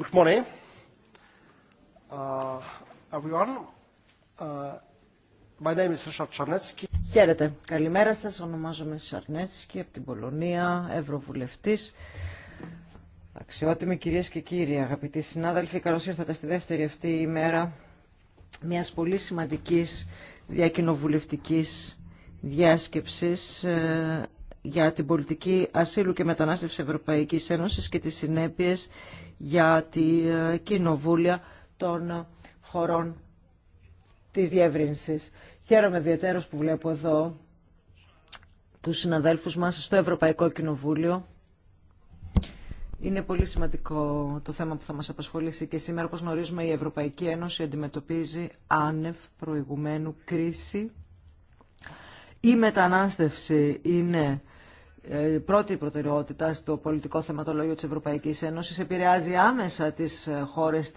Good morning, uh, everyone. Uh, my name is Richard Czarnecki. Χαίρετε. Καλημέρα σας. Ονομάζομαι Σαρνέτσκι από την Πολωνία, Ευρωβουλευτής. Αξιότιμοι κυρίες και κύριοι, αγαπητοί συνάδελφοι, καλώς ήρθατε στη δεύτερη αυτή ημέρα μιας πολύ σημαντικής διακοινοβουλευτικής διάσκεψης ε, για την πολιτική ασύλου και μετανάστευση Ευρωπαϊκής Ένωσης και τις συνέπειες για τη ε, κοινοβούλια των ε, χωρών της διεύρυνσης. Χαίρομαι ιδιαίτερως που βλέπω εδώ τους συναδέλφους μας στο Ευρωπαϊκό Κοινοβούλιο. Είναι πολύ σημαντικό το θέμα που θα μας απασχολήσει και σήμερα, όπως γνωρίζουμε, η Ευρωπαϊκή Ένωση αντιμετωπίζει άνευ προηγουμένου κρίση. Η μετανάστευση είναι ε, πρώτη προτεραιότητα στο πολιτικό θεματολόγιο της Ευρωπαϊκής Ένωσης επηρεάζει άμεσα τις ε, χώρες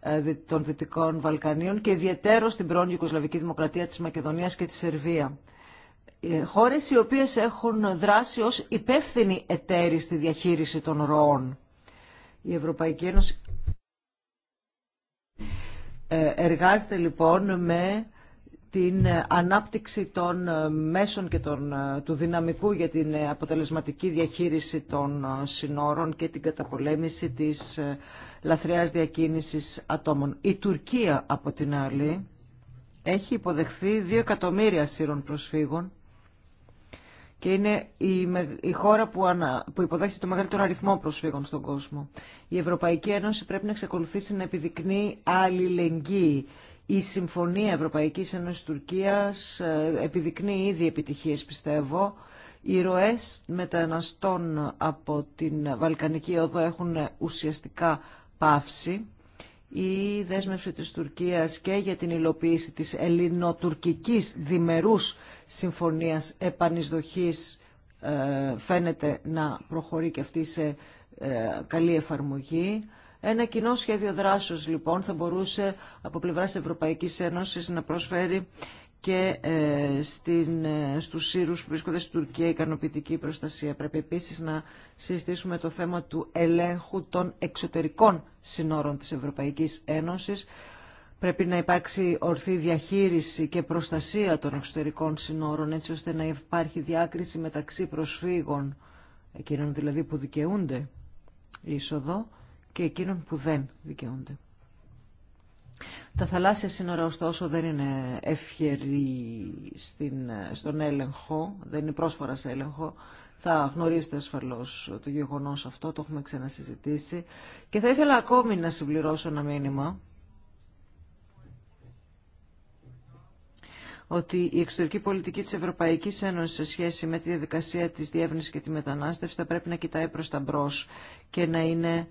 ε, των Δυτικών Βαλκανίων και ιδιαίτερο στην πρώην Ιουκοσλαβική Δημοκρατία της Μακεδονίας και τη Σερβία. Χώρες οι οποίες έχουν δράσει ως υπεύθυνοι εταίροι στη διαχείριση των ροών. Η Ευρωπαϊκή Ένωση εργάζεται λοιπόν με την ε, ανάπτυξη των ε, μέσων και των, ε, του δυναμικού για την αποτελεσματική διαχείριση των συνόρων και την καταπολέμηση της λαθρεάς διακίνησης ατόμων. Η Τουρκία, από την άλλη, έχει υποδεχθεί δύο εκατομμύρια σύρων προσφύγων και είναι η, χώρα που, ανα, που υποδέχεται το μεγαλύτερο αριθμό προσφύγων στον κόσμο. Η Ευρωπαϊκή Ένωση πρέπει να εξακολουθήσει να επιδεικνύει αλληλεγγύη η Συμφωνία Ευρωπαϊκής Ένωσης Τουρκίας ε, επιδεικνύει ήδη επιτυχίες πιστεύω. Οι ροές μεταναστών από την Βαλκανική Οδό έχουν ουσιαστικά πάυσει. Η δέσμευση της Τουρκίας και για την υλοποίηση της ελληνοτουρκικής διμερούς συμφωνίας επανεισδοχής ε, φαίνεται να προχωρεί και αυτή σε ε, καλή εφαρμογή. Ένα κοινό σχέδιο δράσεως λοιπόν θα μπορούσε από πλευράς Ευρωπαϊκής Ένωσης να προσφέρει και ε, στην, ε, στους Σύρους που βρίσκονται στην Τουρκία ικανοποιητική προστασία. Πρέπει επίσης να συζητήσουμε το θέμα του ελέγχου των εξωτερικών συνόρων της Ευρωπαϊκής Ένωσης. Πρέπει να υπάρξει ορθή διαχείριση και προστασία των εξωτερικών συνόρων έτσι ώστε να υπάρχει διάκριση μεταξύ προσφύγων, εκείνων δηλαδή που δικαιούνται είσοδο, και εκείνων που δεν δικαιούνται. Τα θαλάσσια σύνορα ωστόσο δεν είναι ευχεροί στην, στον έλεγχο, δεν είναι πρόσφορα σε έλεγχο. Θα γνωρίζετε ασφαλώς το γεγονός αυτό, το έχουμε ξανασυζητήσει. Και θα ήθελα ακόμη να συμπληρώσω ένα μήνυμα. ότι η εξωτερική πολιτική της Ευρωπαϊκής Ένωσης σε σχέση με τη διαδικασία της διεύνησης και τη μετανάστευση θα πρέπει να κοιτάει προς τα μπρος και να είναι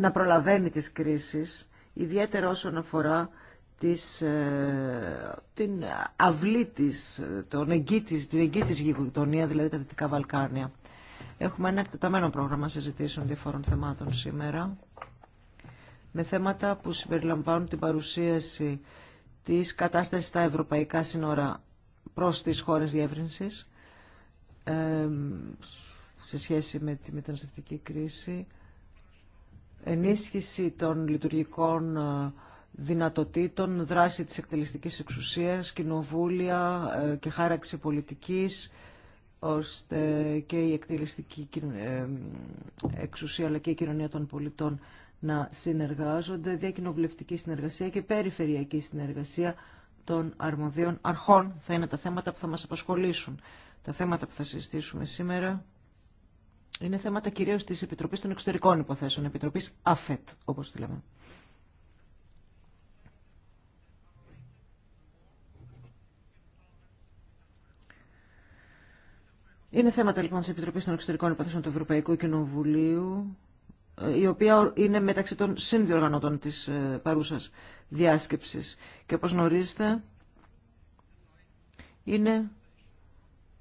να προλαβαίνει τις κρίσεις, ιδιαίτερα όσον αφορά της, ε, την αυλή της, τον την εγγύ της γειτονία, δηλαδή τα Δυτικά Βαλκάνια. Έχουμε ένα εκτεταμένο πρόγραμμα συζητήσεων διαφόρων θεμάτων σήμερα, με θέματα που συμπεριλαμβάνουν την παρουσίαση της κατάστασης στα ευρωπαϊκά σύνορα προς τις χώρες διεύρυνσης, σε σχέση με τη μεταναστευτική κρίση, ενίσχυση των λειτουργικών ε, δυνατοτήτων, δράση της εκτελεστικής εξουσίας, κοινοβούλια ε, και χάραξη πολιτικής, ώστε και η εκτελεστική ε, εξουσία αλλά και η κοινωνία των πολιτών να συνεργάζονται, διακοινοβουλευτική συνεργασία και περιφερειακή συνεργασία των αρμοδίων αρχών θα είναι τα θέματα που θα μας απασχολήσουν. Τα θέματα που θα συζητήσουμε σήμερα είναι θέματα κυρίως της Επιτροπής των Εξωτερικών Υποθέσεων, Επιτροπής ΑΦΕΤ, όπως τη λέμε. Είναι θέματα λοιπόν τη Επιτροπή των Εξωτερικών Υποθέσεων του Ευρωπαϊκού Κοινοβουλίου, ε, η οποία είναι μεταξύ των συνδιοργανωτών της ε, παρούσας διάσκεψης. Και όπως γνωρίζετε, είναι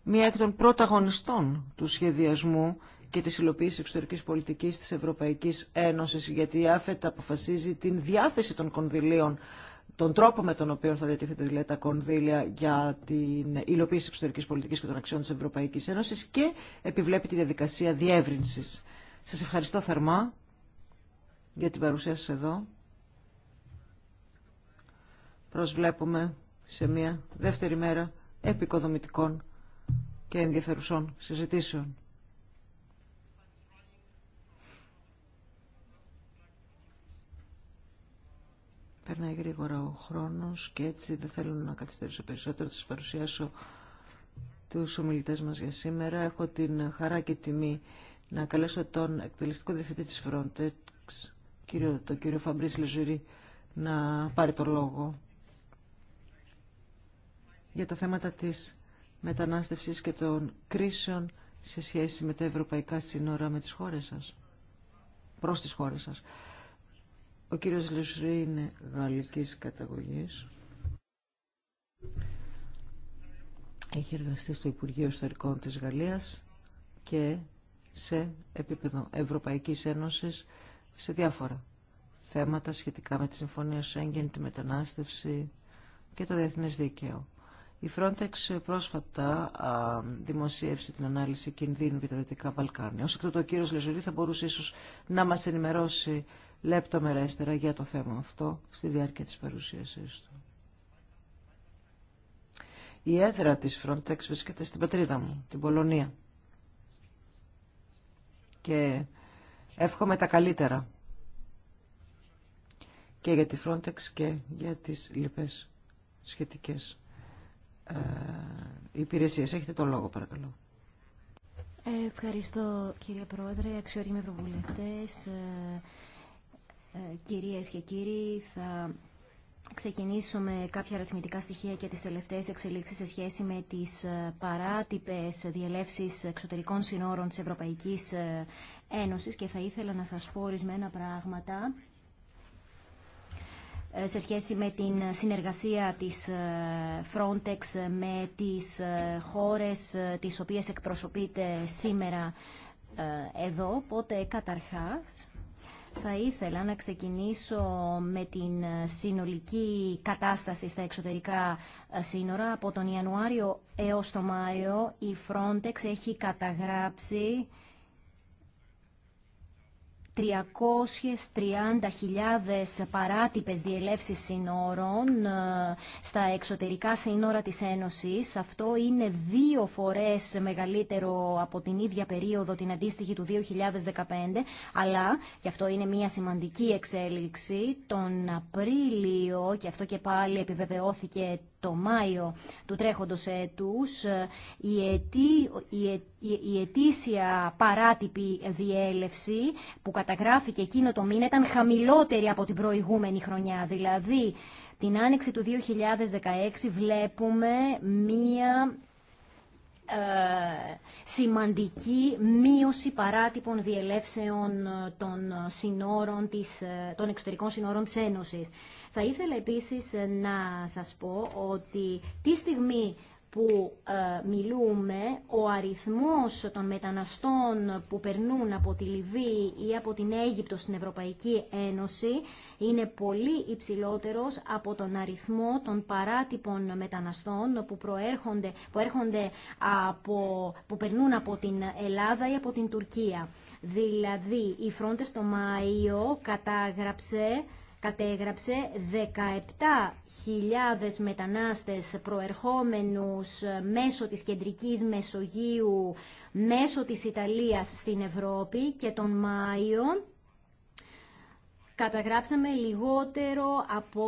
μία εκ των πρωταγωνιστών του σχεδιασμού και της υλοποίησης εξωτερικής πολιτικής της Ευρωπαϊκής Ένωσης, γιατί η ΑΦΕΤ αποφασίζει την διάθεση των κονδυλίων τον τρόπο με τον οποίο θα διατίθεται δηλαδή, τα κονδύλια για την υλοποίηση εξωτερική πολιτική και των αξιών τη Ευρωπαϊκή Ένωση και επιβλέπει τη διαδικασία διεύρυνση. Σα ευχαριστώ θερμά για την παρουσία σα εδώ. Προσβλέπουμε σε μια δεύτερη μέρα επικοδομητικών και ενδιαφερουσών συζητήσεων. Περνάει γρήγορα ο χρόνος και έτσι δεν θέλω να καθυστερήσω περισσότερο. Θα σας παρουσιάσω τους ομιλητές μας για σήμερα. Έχω την χαρά και τιμή να καλέσω τον εκτελεστικό διευθυντή της Frontex, κύριο, τον κύριο Φαμπρίς Λεζουρί, να πάρει το λόγο για τα θέματα της μετανάστευσης και των κρίσεων σε σχέση με τα ευρωπαϊκά σύνορα με τις χώρες σας, προς τις χώρες σας. Ο κύριος Λεσρή είναι γαλλικής καταγωγής. Έχει εργαστεί στο Υπουργείο Ιστορικών της Γαλλίας και σε επίπεδο Ευρωπαϊκής Ένωσης σε διάφορα θέματα σχετικά με τη Συμφωνία Σέγγεν, τη μετανάστευση και το διεθνές δίκαιο. Η Frontex πρόσφατα δημοσίευσε την ανάλυση κινδύνου για τα Δυτικά Βαλκάνια. Ως εκ ο κύριος Λεζουρή θα μπορούσε ίσως να μας ενημερώσει λεπτομερέστερα για το θέμα αυτό στη διάρκεια της παρουσίασής του. Η έδρα της Frontex βρίσκεται στην πατρίδα μου, την Πολωνία. Και εύχομαι τα καλύτερα και για τη Frontex και για τις λοιπές σχετικές ε, υπηρεσίες. Έχετε το λόγο παρακαλώ. Ε, ευχαριστώ κύριε Πρόεδρε, αξιότιμοι ευρωβουλευτές. Ε, ε, κυρίες και κύριοι, θα ξεκινήσουμε κάποια αριθμητικά στοιχεία και τις τελευταίες εξελίξεις σε σχέση με τις ε, παράτυπες διελεύσεις εξωτερικών συνόρων της Ευρωπαϊκής ε, Ένωσης και θα ήθελα να σας πω ορισμένα πράγματα σε σχέση με την συνεργασία της Frontex με τις χώρες τις οποίες εκπροσωπείται σήμερα εδώ. Οπότε καταρχάς θα ήθελα να ξεκινήσω με την συνολική κατάσταση στα εξωτερικά ε, σύνορα. Από τον Ιανουάριο έως τον Μάιο η Frontex έχει καταγράψει 330.000 παράτυπες διελεύσεις σύνορων ε, στα εξωτερικά σύνορα της Ένωσης. Αυτό είναι δύο φορές μεγαλύτερο από την ίδια περίοδο την αντίστοιχη του 2015, αλλά, και αυτό είναι μια σημαντική εξέλιξη, τον Απρίλιο, και αυτό και πάλι επιβεβαιώθηκε το Μάιο του τρέχοντος έτους ε, η, αιτή, ε, η, η αιτήσια παράτυπη διέλευση που καταγράφηκε εκείνο το μήνα ήταν χαμηλότερη από την προηγούμενη χρονιά. Δηλαδή την άνοιξη του 2016 βλέπουμε μία ε, σημαντική μείωση παράτυπων διελεύσεων ε, των, συνόρων της, των εξωτερικών συνόρων της Ένωσης. Θα ήθελα επίσης ε, να σας πω ότι τη στιγμή που ε, μιλούμε, ο αριθμός των μεταναστών που περνούν από τη Λιβύη ή από την Αίγυπτο στην Ευρωπαϊκή Ένωση είναι πολύ υψηλότερος από τον αριθμό των παράτυπων μεταναστών που, προέρχονται, που, από, που περνούν από την Ελλάδα ή από την Τουρκία. Δηλαδή, η Frontex το Μάιο κατάγραψε κατέγραψε 17.000 μετανάστες προερχόμενους ε, μέσω της κεντρικής Μεσογείου, μέσω της Ιταλίας στην Ευρώπη και τον Μάιο καταγράψαμε λιγότερο από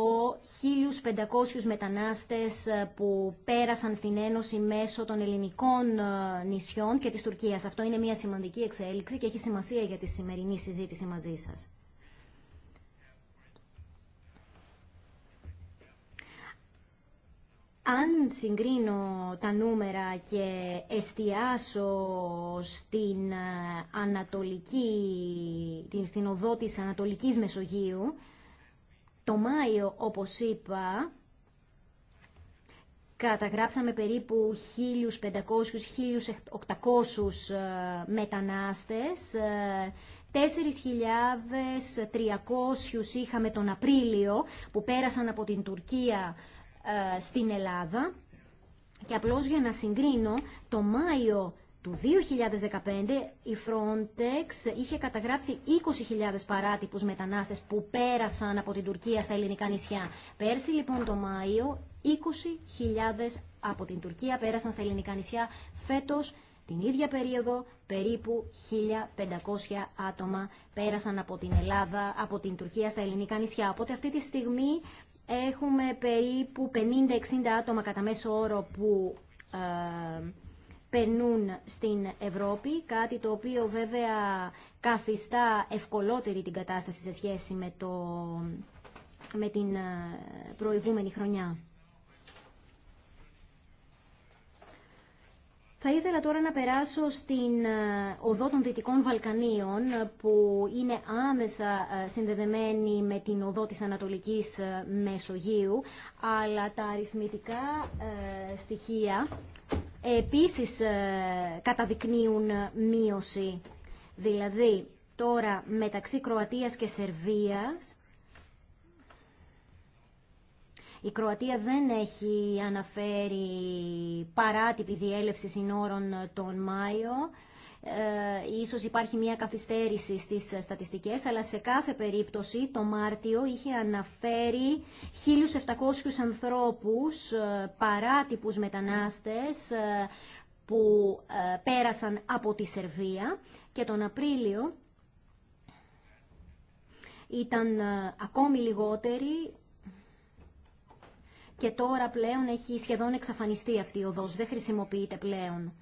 1.500 μετανάστες ε, που πέρασαν στην Ένωση μέσω των ελληνικών ε, νησιών και της Τουρκίας. Αυτό είναι μια σημαντική εξέλιξη και έχει σημασία για τη σημερινή συζήτηση μαζί σας. Αν συγκρίνω τα νούμερα και εστιάσω στην, ε, ανατολική, την, στην οδό της Ανατολικής Μεσογείου, το Μάιο, όπως είπα, καταγράψαμε περίπου 1.500-1.800 ε, μετανάστες, 4.300 ε, είχαμε τον Απρίλιο που πέρασαν από την Τουρκία ε, στην Ελλάδα και απλώς για να συγκρίνω, το Μάιο του 2015 η Frontex είχε καταγράψει 20.000 παράτυπους μετανάστες που πέρασαν από την Τουρκία στα ελληνικά νησιά. Πέρσι λοιπόν το Μάιο 20.000 από την Τουρκία πέρασαν στα ελληνικά νησιά. Φέτος την ίδια περίοδο περίπου 1.500 άτομα πέρασαν από την Ελλάδα, από την Τουρκία στα ελληνικά νησιά. Οπότε αυτή τη στιγμή έχουμε περίπου 50-60 άτομα κατά μέσο όρο που ε, περνούν στην Ευρώπη, κάτι το οποίο βέβαια καθιστά ευκολότερη την κατάσταση σε σχέση με, το, με την ε, προηγούμενη χρονιά. Θα ήθελα τώρα να περάσω στην ε, οδό των Δυτικών Βαλκανίων ε, που είναι άμεσα ε, συνδεδεμένη με την οδό της Ανατολικής Μεσογείου αλλά τα αριθμητικά στοιχεία επίσης καταδεικνύουν μείωση. Δηλαδή τώρα μεταξύ Κροατίας και Σερβίας η Κροατία δεν έχει αναφέρει παράτυπη διέλευση συνόρων τον Μάιο. Ε, ίσως υπάρχει μια καθυστέρηση στις στατιστικές, αλλά σε κάθε περίπτωση το Μάρτιο είχε αναφέρει 1.700 ανθρώπους, ε, παράτυπους μετανάστες, ε, που ε, πέρασαν από τη Σερβία και τον Απρίλιο ήταν ακόμη λιγότεροι και τώρα πλέον έχει σχεδόν εξαφανιστεί αυτή η οδός, δεν χρησιμοποιείται πλέον.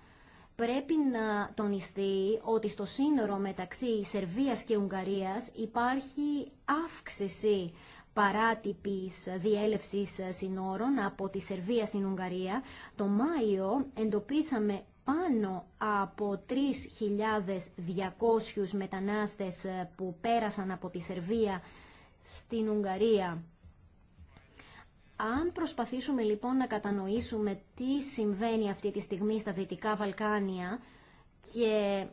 Πρέπει να τονιστεί ότι στο σύνορο μεταξύ Σερβίας και Ουγγαρίας υπάρχει αύξηση παράτυπης διέλευσης συνόρων από τη Σερβία στην Ουγγαρία. Το Μάιο εντοπίσαμε πάνω από 3.200 μετανάστες που πέρασαν από τη Σερβία στην Ουγγαρία αν προσπαθήσουμε λοιπόν να κατανοήσουμε τι συμβαίνει αυτή τη στιγμή στα Δυτικά Βαλκάνια και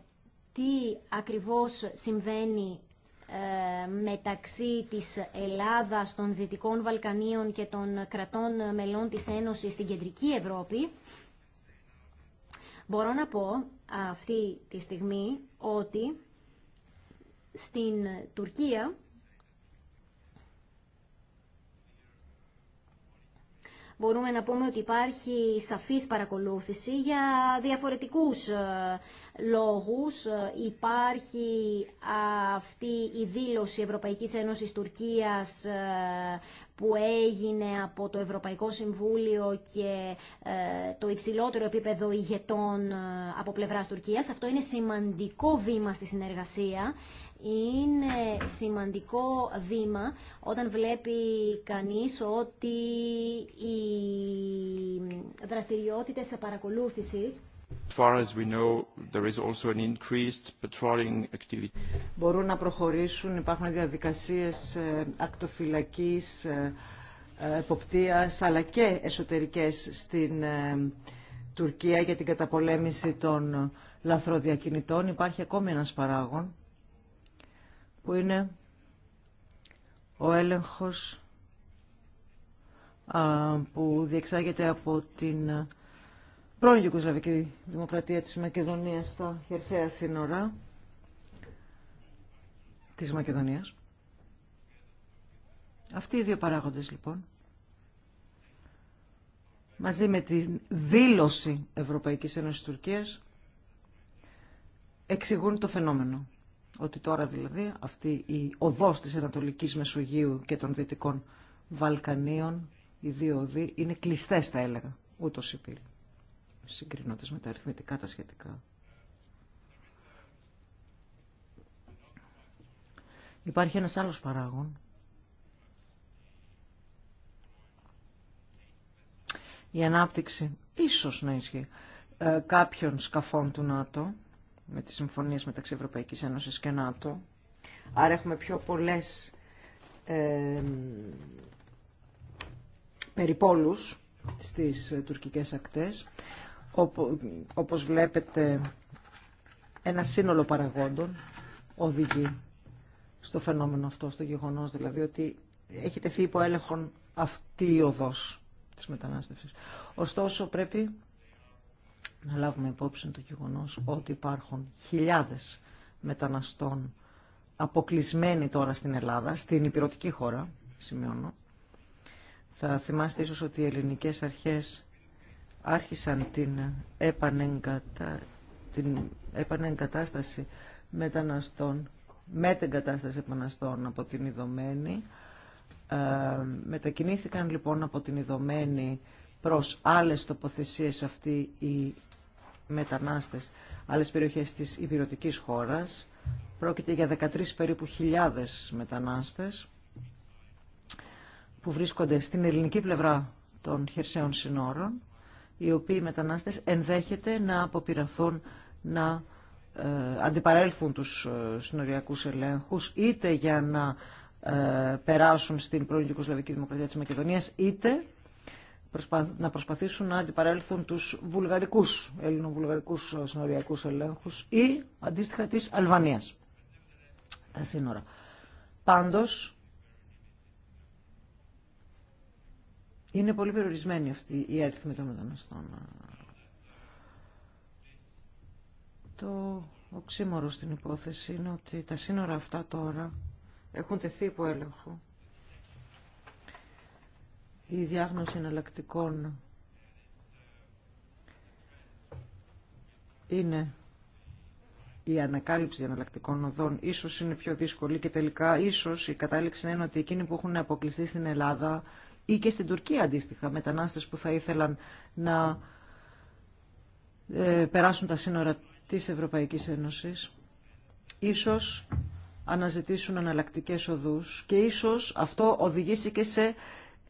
τι ακριβώς συμβαίνει ε, μεταξύ της Ελλάδας, των Δυτικών Βαλκανίων και των κρατών μελών της Ένωσης στην Κεντρική Ευρώπη, μπορώ να πω αυτή τη στιγμή ότι στην Τουρκία μπορούμε να πούμε ότι υπάρχει σαφής παρακολούθηση για διαφορετικούς ε, λόγους. Ε, υπάρχει αυτή η δήλωση Ευρωπαϊκής Ένωσης Τουρκίας ε, που έγινε από το Ευρωπαϊκό Συμβούλιο και το υψηλότερο επίπεδο ηγετών από πλευράς Τουρκίας. Αυτό είναι σημαντικό βήμα στη συνεργασία είναι σημαντικό βήμα όταν βλέπει κανείς ότι οι δραστηριότητες παρακολούθησης Μπορούν να προχωρήσουν, υπάρχουν διαδικασίες ε, ακτοφυλακής, ε, ε, εποπτείας, αλλά και εσωτερικές στην Τουρκία για την καταπολέμηση των λαθροδιακινητών. Υπάρχει ακόμη ένας παράγων που είναι ο έλεγχος που διεξάγεται από την πρώην Ιουγκοσλαβική Δημοκρατία της Μακεδονίας στα χερσαία σύνορα της Μακεδονίας. Αυτοί οι δύο παράγοντες λοιπόν, μαζί με τη δήλωση Ευρωπαϊκής Ένωσης Τουρκίας, εξηγούν το φαινόμενο ότι τώρα δηλαδή αυτή η οδός της Ανατολικής Μεσογείου και των Δυτικών Βαλκανίων, οι δύο οδοί, είναι κλειστές θα έλεγα, ούτως πύλη, συγκρινώντας με τα αριθμητικά τα σχετικά. Υπάρχει ένας άλλος παράγων. Η ανάπτυξη, ίσως να ισχύει, ε, κάποιων σκαφών του ΝΑΤΟ, με τις συμφωνίες μεταξύ Ευρωπαϊκής Ένωσης και ΝΑΤΟ. Άρα έχουμε πιο πολλές ε, περιπόλους στις ε, τουρκικές ακτές. όπως βλέπετε ένα σύνολο παραγόντων οδηγεί στο φαινόμενο αυτό, στο γεγονός δηλαδή ότι έχει τεθεί υπό έλεγχον αυτή η οδός της μετανάστευσης. Ωστόσο πρέπει να λάβουμε υπόψη το γεγονός ότι υπάρχουν χιλιάδες μεταναστών αποκλεισμένοι τώρα στην Ελλάδα, στην υπηρετική χώρα, σημειώνω. Θα θυμάστε ίσως ότι οι ελληνικές αρχές άρχισαν την, επανεγκατα... την επανεγκατάσταση μεταναστών, με την κατάσταση επαναστών από την Ιδωμένη. Ε, μετακινήθηκαν λοιπόν από την Ιδωμένη προς άλλες τοποθεσίες αυτοί οι μετανάστες, άλλες περιοχές της υπηρετικής χώρας. Πρόκειται για 13 περίπου χιλιάδες μετανάστες που βρίσκονται στην ελληνική πλευρά των χερσαίων συνόρων, οι οποίοι μετανάστες ενδέχεται να αποπειραθούν να ε, αντιπαρέλθουν τους ε, συνοριακούς ελέγχους, είτε για να ε, περάσουν στην πρώην Δημοκρατία της Μακεδονίας, είτε να προσπαθήσουν να αντιπαρέλθουν τους βουλγαρικούς, ελληνοβουλγαρικούς συνοριακούς ελέγχους ή αντίστοιχα της Αλβανίας, τα σύνορα. Πάντως, είναι πολύ περιορισμένη αυτή η αριθμή των μεταναστών. Το οξύμορο στην υπόθεση είναι ότι τα σύνορα αυτά τώρα έχουν τεθεί υπό έλεγχο η διάγνωση εναλλακτικών είναι η ανακάλυψη εναλλακτικών οδών ίσως είναι πιο δύσκολη και τελικά ίσως η κατάληξη είναι ότι εκείνοι που έχουν αποκλειστεί στην Ελλάδα ή και στην Τουρκία αντίστοιχα μετανάστες που θα ήθελαν να ε, περάσουν τα σύνορα της Ευρωπαϊκής Ένωσης ίσως αναζητήσουν εναλλακτικέ οδούς και ίσως αυτό οδηγήσει και σε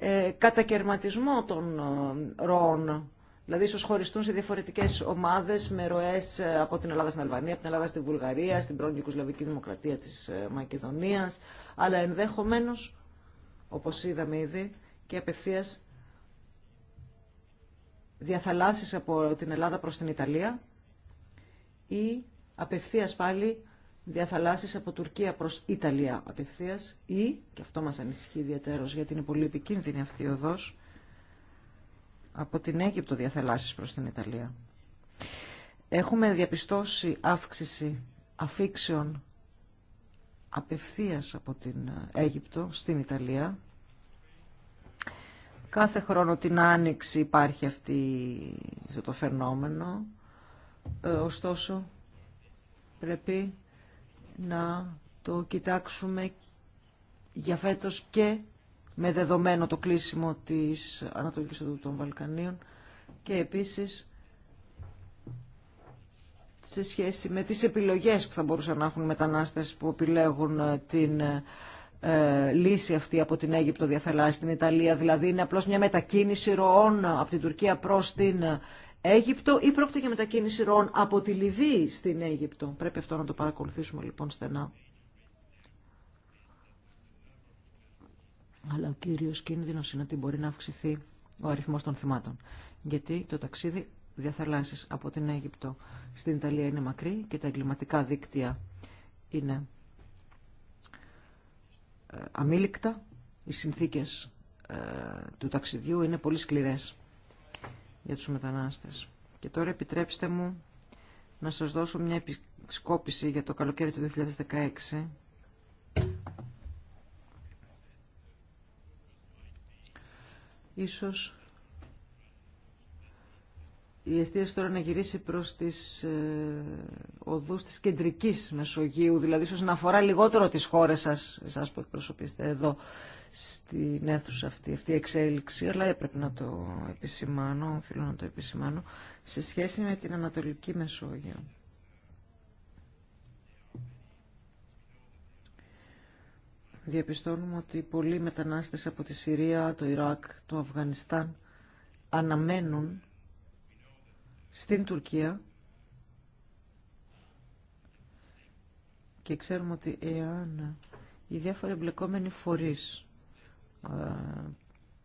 ε, κατακαιρματισμό των ε, ροών. Δηλαδή, ίσω χωριστούν σε διαφορετικέ ομάδε με ροέ ε, από την Ελλάδα στην Αλβανία, από την Ελλάδα στην Βουλγαρία, στην πρώην Ιουκοσλαβική Δημοκρατία τη Μακεδονία. Αλλά ενδεχομένω, όπω είδαμε ήδη, και απευθεία διαθαλάσσει από την Ελλάδα προς την Ιταλία ή απευθεία πάλι διαθαλάσσης από Τουρκία προς Ιταλία απευθείας ή, και αυτό μας ανησυχεί ιδιαίτερος γιατί είναι πολύ επικίνδυνη αυτή η οδός, από την Αίγυπτο διαθαλάσσης προς την Ιταλία. Έχουμε διαπιστώσει αύξηση αφήξεων απευθείας από την Αίγυπτο στην Ιταλία. Κάθε χρόνο την Άνοιξη υπάρχει αυτή το φαινόμενο. Ε, ωστόσο, πρέπει να το κοιτάξουμε για φέτος και με δεδομένο το κλείσιμο της Ανατολικής Οδού των Βαλκανίων και επίσης σε σχέση με τις επιλογές που θα μπορούσαν να έχουν μετανάστες που επιλέγουν ε, την ε, ε, λύση αυτή από την Αίγυπτο διαθελά στην Ιταλία. Δηλαδή είναι απλώς μια μετακίνηση ροών από την Τουρκία προς την Αίγυπτο ή πρόκειται για μετακίνηση ροών από τη Λιβύη στην Αίγυπτο. Πρέπει αυτό να το παρακολουθήσουμε λοιπόν στενά. Αλλά ο κύριος κίνδυνος είναι ότι μπορεί να αυξηθεί ο αριθμός των θυμάτων. Γιατί το ταξίδι διαθαλάσσης από την Αίγυπτο στην Ιταλία είναι μακρύ και τα εγκληματικά δίκτυα είναι ε, αμήλικτα. Οι συνθήκες ε, του ταξιδιού είναι πολύ σκληρές για τους μετανάστες. Και τώρα επιτρέψτε μου να σας δώσω μια επισκόπηση για το καλοκαίρι του 2016. Ίσως η εστίαση τώρα να γυρίσει προς τις ε, οδούς της κεντρικής Μεσογείου, δηλαδή ίσως να αφορά λιγότερο τις χώρες σας, εσάς που εκπροσωπήσετε εδώ, στην αίθουσα αυτή, αυτή η εξέλιξη, αλλά έπρεπε να το επισημάνω, οφείλω να το επισημάνω, σε σχέση με την Ανατολική Μεσόγειο. Διαπιστώνουμε ότι πολλοί μετανάστες από τη Συρία, το Ιράκ, το Αφγανιστάν αναμένουν στην Τουρκία και ξέρουμε ότι εάν οι διάφοροι εμπλεκόμενοι φορείς ε,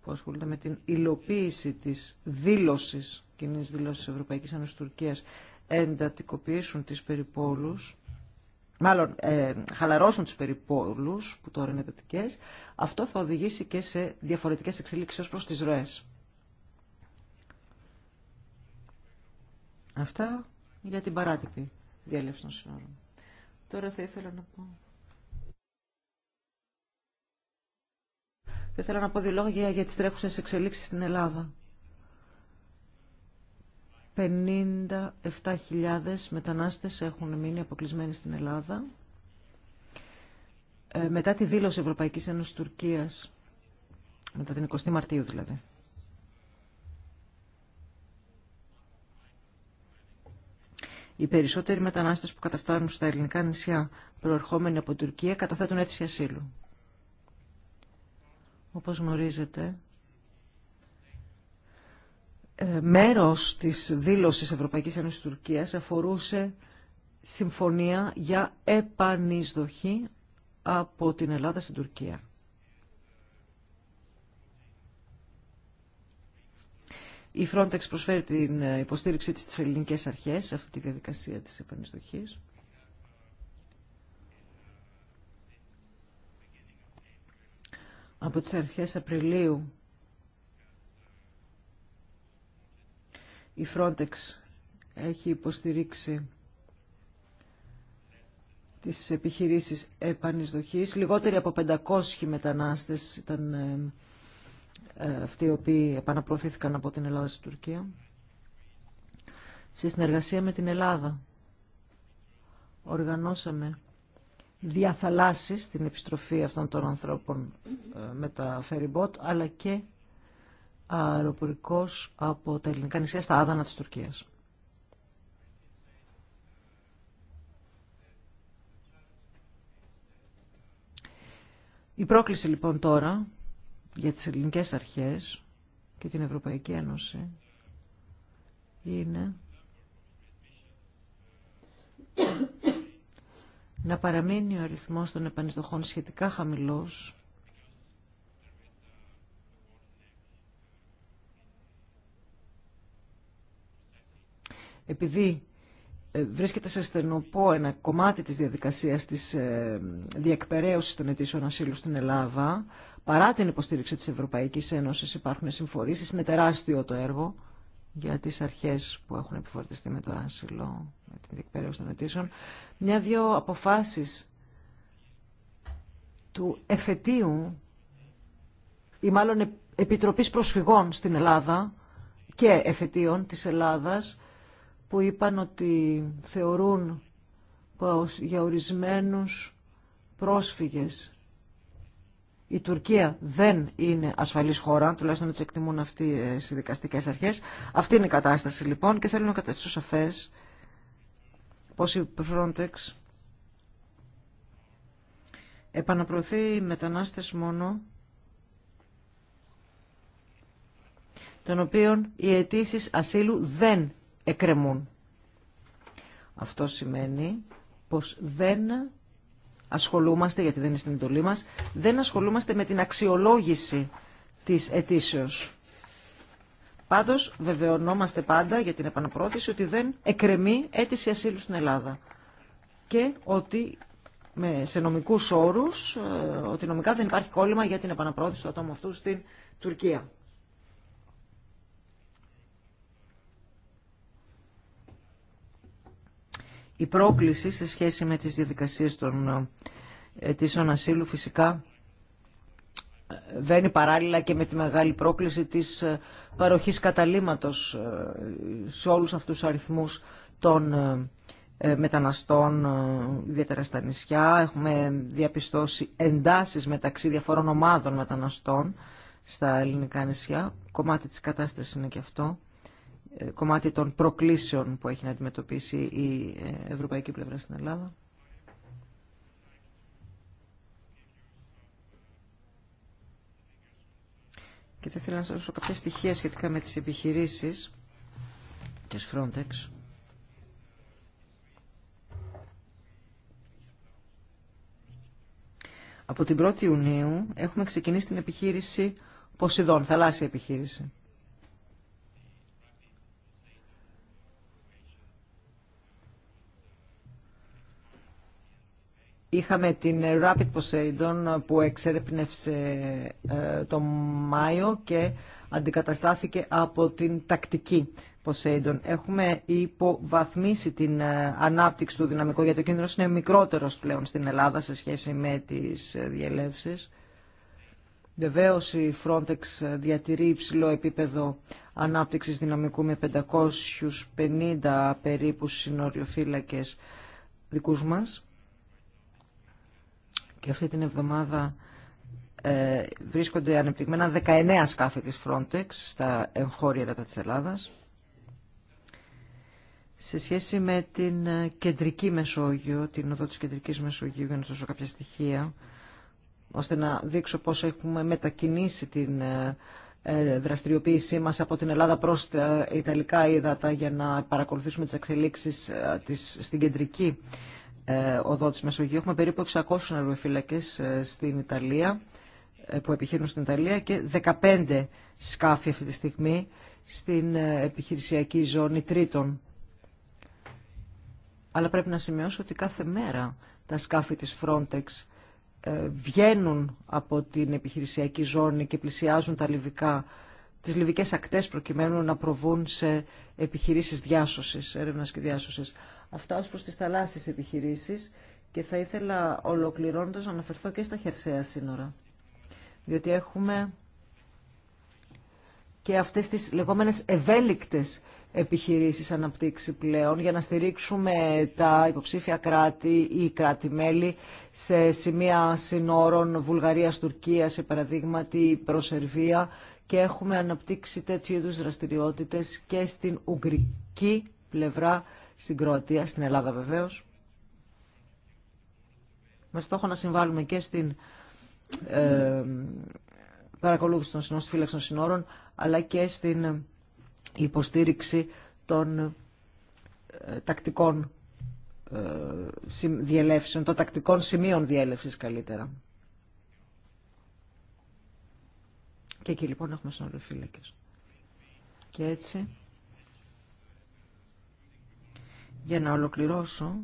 που ασχολείται με την υλοποίηση της δήλωσης, κοινή δήλωση Ευρωπαϊκής Ένωσης Τουρκίας, εντατικοποιήσουν τις περιπόλους, μάλλον ε, χαλαρώσουν τις περιπόλους που τώρα είναι εντατικές, αυτό θα οδηγήσει και σε διαφορετικές εξελίξεις ως προς τις ροές. Αυτά για την παράτυπη διέλευση των συνόρων. Τώρα θα ήθελα να πω Θα ήθελα να πω δύο λόγια για τις τρέχουσες εξελίξεις στην Ελλάδα. 57.000 μετανάστες έχουν μείνει αποκλεισμένοι στην Ελλάδα. Ε, μετά τη δήλωση Ευρωπαϊκής Ένωσης Τουρκίας, μετά την 20η Μαρτίου δηλαδή. Οι περισσότεροι μετανάστες που καταφτάνουν στα ελληνικά νησιά προερχόμενοι από Τουρκία καταθέτουν αίτηση ασύλου όπως γνωρίζετε, ε, μέρος της δήλωσης Ευρωπαϊκής Ένωσης Τουρκίας αφορούσε συμφωνία για επανεισδοχή από την Ελλάδα στην Τουρκία. Η Frontex προσφέρει την υποστήριξή της στις ελληνικές αρχές σε αυτή τη διαδικασία της επανεισδοχής. από τις αρχές Απριλίου η Frontex έχει υποστηρίξει τις επιχειρήσεις επανεισδοχής. Λιγότεροι από 500 μετανάστες ήταν ε, ε, αυτοί οι οποίοι επαναπροωθήθηκαν από την Ελλάδα στην Τουρκία. Σε συνεργασία με την Ελλάδα οργανώσαμε διαθαλάσσεις την επιστροφή αυτών των ανθρώπων ε, με τα φεριμπότ, αλλά και αεροπορικός από τα ελληνικά νησιά στα άδανα της Τουρκίας. Η πρόκληση λοιπόν τώρα για τις ελληνικές αρχές και την Ευρωπαϊκή Ένωση είναι να παραμένει ο αριθμός των επανειστοχών σχετικά χαμηλός επειδή ε, βρίσκεται σε στενοπό ένα κομμάτι της διαδικασίας της ε, διεκπαιρέωσης των αιτήσεων ασύλου στην Ελλάδα, παρά την υποστήριξη της Ευρωπαϊκής Ένωσης υπάρχουν συμφορήσεις, είναι τεράστιο το έργο για τις αρχές που έχουν επιφορτιστεί με το άσυλο, με την διεκπαιρέωση των αιτήσεων, μια-δυο αποφάσεις του εφετείου ή μάλλον Επιτροπής Προσφυγών στην Ελλάδα και εφετείων της Ελλάδας που είπαν ότι θεωρούν πως για ορισμένους πρόσφυγες η Τουρκία δεν είναι ασφαλής χώρα, τουλάχιστον έτσι εκτιμούν αυτοί ε, οι δικαστικές αρχές. Αυτή είναι η κατάσταση λοιπόν και θέλω να καταστήσω σαφές πως η Frontex επαναπροωθεί μετανάστες μόνο των οποίων οι αιτήσει ασύλου δεν εκκρεμούν. Αυτό σημαίνει πως δεν ασχολούμαστε, γιατί δεν είναι στην εντολή μας, δεν ασχολούμαστε με την αξιολόγηση της αιτήσεως. Πάντως βεβαιωνόμαστε πάντα για την επαναπρόθεση ότι δεν εκρεμεί αίτηση ασύλου στην Ελλάδα και ότι με, σε νομικούς όρους, ε, ότι νομικά δεν υπάρχει κόλλημα για την επαναπρόθεση του ατόμου αυτού στην Τουρκία. η πρόκληση σε σχέση με τις διαδικασίες των ε, αιτήσεων ασύλου φυσικά ε, βαίνει παράλληλα και με τη μεγάλη πρόκληση της ε, παροχής καταλήματος σε όλους αυτούς τους αριθμούς των μεταναστών, ιδιαίτερα στα νησιά. Έχουμε διαπιστώσει εντάσεις μεταξύ διαφορών ομάδων μεταναστών στα ελληνικά νησιά. Κομμάτι της κατάστασης είναι και αυτό. Ε, κομμάτι των προκλήσεων που έχει να αντιμετωπίσει η ε, ευρωπαϊκή πλευρά στην Ελλάδα. Και θα ήθελα να σας δώσω κάποια στοιχεία σχετικά με τις επιχειρήσεις της Frontex. Από την 1η Ιουνίου έχουμε ξεκινήσει την επιχείρηση Ποσειδών, θαλάσσια επιχείρηση. Είχαμε την Rapid Poseidon που εξερεπνεύσε ε, το Μάιο και αντικαταστάθηκε από την τακτική Poseidon. Έχουμε υποβαθμίσει την ε, ανάπτυξη του δυναμικού γιατί ο κίνδυνος είναι μικρότερος πλέον στην Ελλάδα σε σχέση με τις ε, διελεύσεις. Βεβαίω η Frontex διατηρεί υψηλό επίπεδο ανάπτυξης δυναμικού με 550 περίπου συνοριοφύλακες δικούς μας και αυτή την εβδομάδα ε, βρίσκονται ανεπτυγμένα 19 σκάφη της Frontex στα εγχώρια δετα της Ελλάδας. Σε σχέση με την ε, κεντρική Μεσόγειο, την οδό της κεντρικής Μεσογείου, για να δώσω κάποια στοιχεία, ώστε να δείξω πώς έχουμε μετακινήσει την ε, ε, δραστηριοποίησή μας από την Ελλάδα προς τα Ιταλικά ύδατα για να παρακολουθήσουμε τις εξελίξεις της, στην κεντρική ε, οδό της Μεσογείου. Έχουμε περίπου 600 αεροφυλακές ε, στην Ιταλία ε, που επιχειρούν στην Ιταλία και 15 σκάφη αυτή τη στιγμή στην επιχειρησιακή ζώνη τρίτων. Αλλά πρέπει να σημειώσω ότι κάθε μέρα τα σκάφη της Frontex βγαίνουν από την επιχειρησιακή ζώνη και πλησιάζουν τα λιβικά, τις λιβικές ακτές προκειμένου να προβούν σε επιχειρήσεις διάσωσης, έρευνας και διάσωσης. Αυτά ως προς τις θαλάσσιες επιχειρήσεις και θα ήθελα ολοκληρώνοντας να αναφερθώ και στα χερσαία σύνορα. Διότι έχουμε και αυτές τις λεγόμενες ευέλικτες επιχειρήσεις αναπτύξει πλέον για να στηρίξουμε τα υποψήφια κράτη ή κράτη-μέλη σε σημεία συνόρων Βουλγαρίας-Τουρκίας, σε παραδείγματι προσερβία και έχουμε αναπτύξει τέτοιου είδου δραστηριότητες και στην Ουγγρική πλευρά στην Κροατία, στην Ελλάδα βεβαίως, με στόχο να συμβάλλουμε και στην ε, παρακολούθηση των συνόρων, στη των συνόρων, αλλά και στην υποστήριξη των ε, τακτικών ε, διελεύσεων, των τακτικών σημείων διέλευση καλύτερα. Και εκεί λοιπόν έχουμε φύλακες. Και έτσι για να ολοκληρώσω,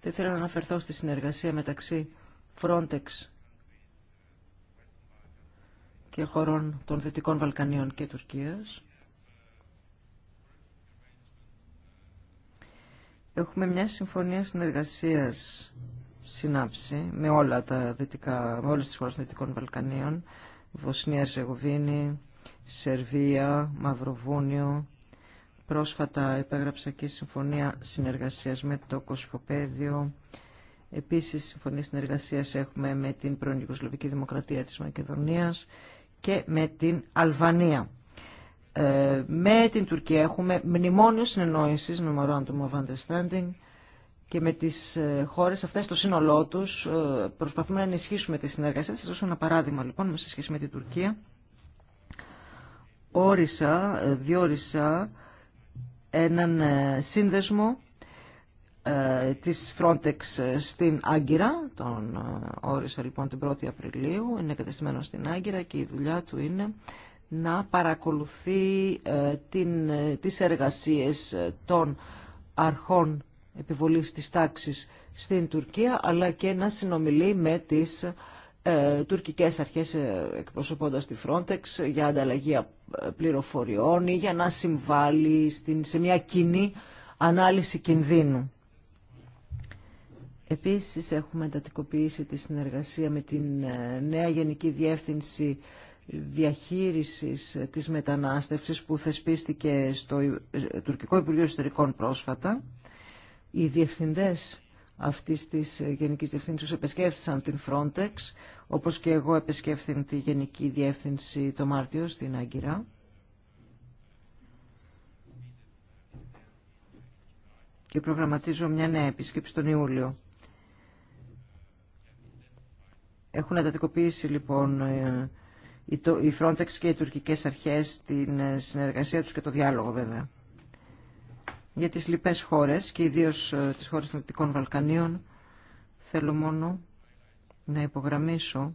θα ήθελα να αναφερθώ στη συνεργασία μεταξύ Frontex και χωρών των Δυτικών Βαλκανίων και Τουρκίας. Έχουμε μια συμφωνία συνεργασίας συνάψη με, όλα τα δυτικά, με όλες τις χώρες των Δυτικών Βαλκανίων, Βοσνία, Ριζεγοβίνη, Σερβία, Μαυροβούνιο, Πρόσφατα υπέγραψα και συμφωνία συνεργασίας με το Κοσφοπέδιο. Επίσης, συμφωνία συνεργασίας έχουμε με την πρώην Δημοκρατία της Μακεδονίας και με την Αλβανία. Ε, με την Τουρκία έχουμε μνημόνιο συνεννόησης, Memorandum of Understanding, και με τις ε, χώρες αυτές στο σύνολό τους ε, προσπαθούμε να ενισχύσουμε τη συνεργασία. Σας δώσω ένα παράδειγμα λοιπόν σε σχέση με την Τουρκία. Όρισα, ε, διόρισα έναν ε, σύνδεσμο ε, της Frontex ε, στην Άγκυρα. Τον όρισα λοιπόν την 1η Απριλίου, είναι κατεστημένο στην Άγκυρα και η δουλειά του είναι να παρακολουθεί την, τις εργασίες των αρχών επιβολής της τάξης στην Τουρκία, αλλά και να συνομιλεί με τις ε, τουρκικές αρχές ε, εκπροσωπώντας τη Frontex για ανταλλαγή ε, πληροφοριών ή για να συμβάλλει στην, σε μια κοινή ανάλυση κινδύνου. Επίσης έχουμε εντατικοποιήσει τη συνεργασία με την νέα Γενική Διεύθυνση Διαχείρισης της Μετανάστευσης που θεσπίστηκε στο τουρκικό Υπουργείο Ιστορικών πρόσφατα. Οι διευθυντές αυτή τη γενική Διευθύνσης επεσκέφθησαν την Frontex, όπως και εγώ επεσκέφθην τη Γενική Διεύθυνση το Μάρτιο στην Άγκυρα. Και προγραμματίζω μια νέα επίσκεψη τον Ιούλιο. Έχουν εντατικοποιήσει λοιπόν ε, η Frontex και οι τουρκικές αρχές την ε, συνεργασία τους και το διάλογο βέβαια. Για τις λοιπές χώρες και ιδίως ε, τις χώρες των Δυτικών Βαλκανίων θέλω μόνο να υπογραμμίσω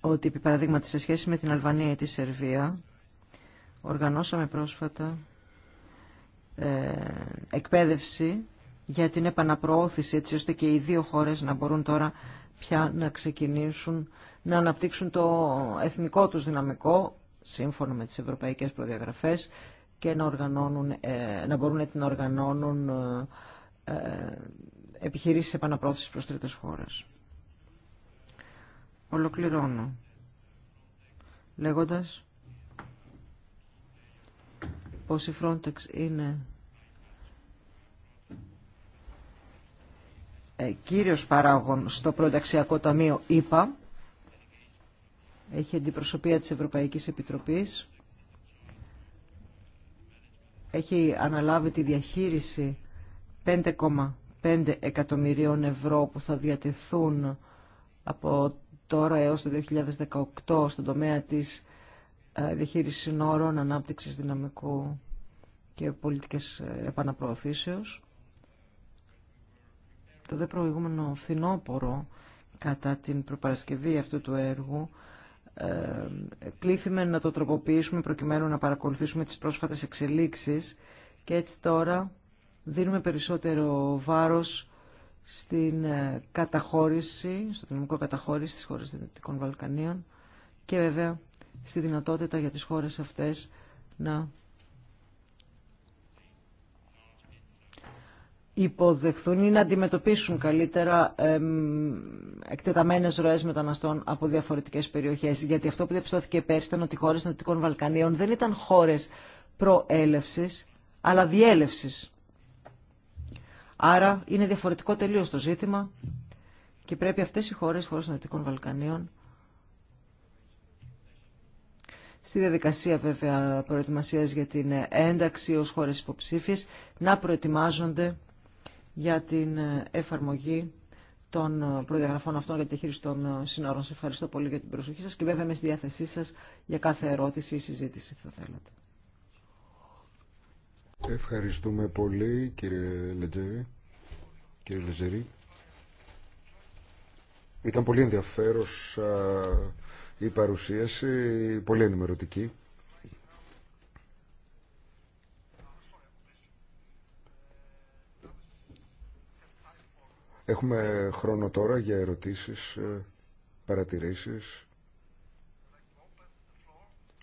ότι επί παραδείγματι σε σχέση με την Αλβανία ή τη Σερβία οργανώσαμε πρόσφατα ε, εκπαίδευση για την επαναπροώθηση έτσι ώστε και οι δύο χώρες να μπορούν τώρα πια να ξεκινήσουν να αναπτύξουν το εθνικό τους δυναμικό σύμφωνα με τις ευρωπαϊκές προδιαγραφές και να, οργανώνουν, ε, να μπορούν να οργανώνουν ε, ε, επιχειρήσεις επαναπρόθεσης προς τρίτες χώρες. Ολοκληρώνω λέγοντας πως η Frontex είναι κύριος παράγων στο Προενταξιακό Ταμείο ΙΠΑ, έχει αντιπροσωπεία της Ευρωπαϊκής Επιτροπής έχει αναλάβει τη διαχείριση 5,5 εκατομμυρίων ευρώ που θα διατεθούν από τώρα έως το 2018 στον τομέα της ε, διαχείρισης συνόρων, ανάπτυξης δυναμικού και πολιτικές ε, επαναπροωθήσεως. Το δε προηγούμενο φθινόπορο κατά την προπαρασκευή αυτού του έργου ε, κλήθημε να το τροποποιήσουμε προκειμένου να παρακολουθήσουμε τις πρόσφατες εξελίξεις και έτσι τώρα δίνουμε περισσότερο βάρος στην ε, καταχώρηση, στο δυναμικό καταχώρηση της χώρας των Δυτικών Βαλκανίων και βέβαια στη δυνατότητα για τις χώρες αυτές να υποδεχθούν ή να αντιμετωπίσουν καλύτερα εμ, εκτεταμένες ροές μεταναστών από διαφορετικές περιοχές. Γιατί αυτό που διαπιστώθηκε πέρσι ήταν ότι οι χώρες των Νοτικών Βαλκανίων δεν ήταν χώρες προέλευσης, αλλά διέλευσης. Άρα είναι διαφορετικό τελείως το ζήτημα και πρέπει αυτές οι χώρες, χώρες Νοτικών Βαλκανίων, στη διαδικασία βέβαια προετοιμασίας για την ένταξη ως χώρες υποψήφιες, να προετοιμάζονται για την εφαρμογή των προδιαγραφών αυτών για τη διαχείριση των συνόρων. Σε ευχαριστώ πολύ για την προσοχή σας και βέβαια είμαι στη διάθεσή σας για κάθε ερώτηση ή συζήτηση θα θέλατε. Ευχαριστούμε πολύ κύριε Λετζέρη. Κύριε Λετζέρη. Ήταν πολύ ενδιαφέρον η παρουσίαση, πολύ ενημερωτική. Έχουμε χρόνο τώρα για ερωτήσεις, ε, παρατηρήσεις.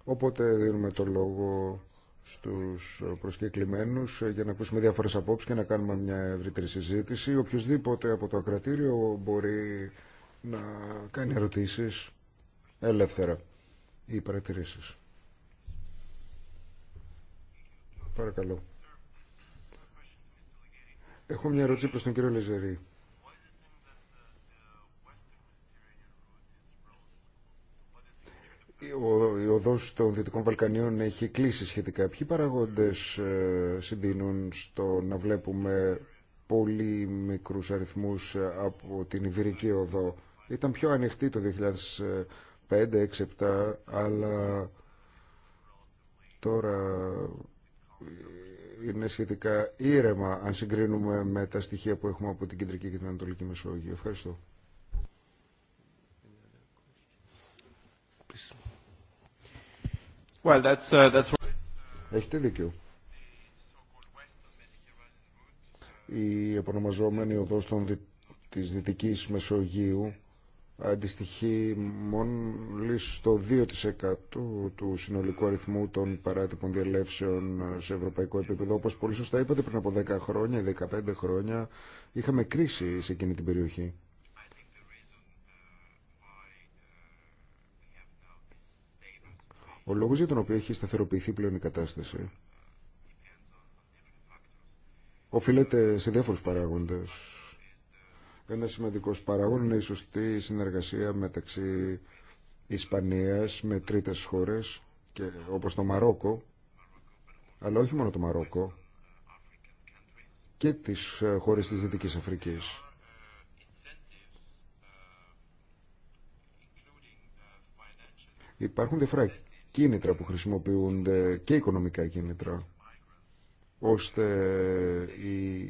Οπότε δίνουμε το λόγο στους προσκεκλημένους ε, για να ακούσουμε διάφορες απόψεις και να κάνουμε μια ευρύτερη συζήτηση. Οποιουσδήποτε από το ακρατήριο μπορεί να κάνει ερωτήσεις ελεύθερα ή παρατηρήσεις. Παρακαλώ. Έχω μια ερώτηση προς τον κύριο Λεζερή. η οδός των Δυτικών Βαλκανίων έχει κλείσει σχετικά. Ποιοι παραγόντες ε, συντείνουν στο να βλέπουμε πολύ μικρούς αριθμούς ε, από την Ιβυρική οδό. Ήταν πιο ανοιχτή το 2005-2007, αλλά τώρα είναι σχετικά ήρεμα αν συγκρίνουμε με τα στοιχεία που έχουμε από την Κεντρική και την Ανατολική Μεσόγειο. Ευχαριστώ. Well, that's, uh, that's... Έχετε δίκιο. Η επωνομαζόμενη οδός των δι... της Δυτικής Μεσογείου αντιστοιχεί μόλις στο 2% του συνολικού αριθμού των παράτυπων διαλέψεων σε ευρωπαϊκό επίπεδο. Όπως πολύ σωστά είπατε πριν από 10 χρόνια ή 15 χρόνια είχαμε κρίση σε εκείνη την περιοχή. Ο λόγο για τον οποίο έχει σταθεροποιηθεί πλέον η κατάσταση οφείλεται σε διάφορου παράγοντε. Ένα σημαντικό παράγον είναι η σωστή συνεργασία μεταξύ Ισπανία με τρίτες χώρες και, όπως το Μαρόκο, αλλά όχι μόνο το Μαρόκο, και τις χώρες της Δυτικής Αφρικής. Υπάρχουν διαφορά κίνητρα που χρησιμοποιούνται και οικονομικά κίνητρα ώστε οι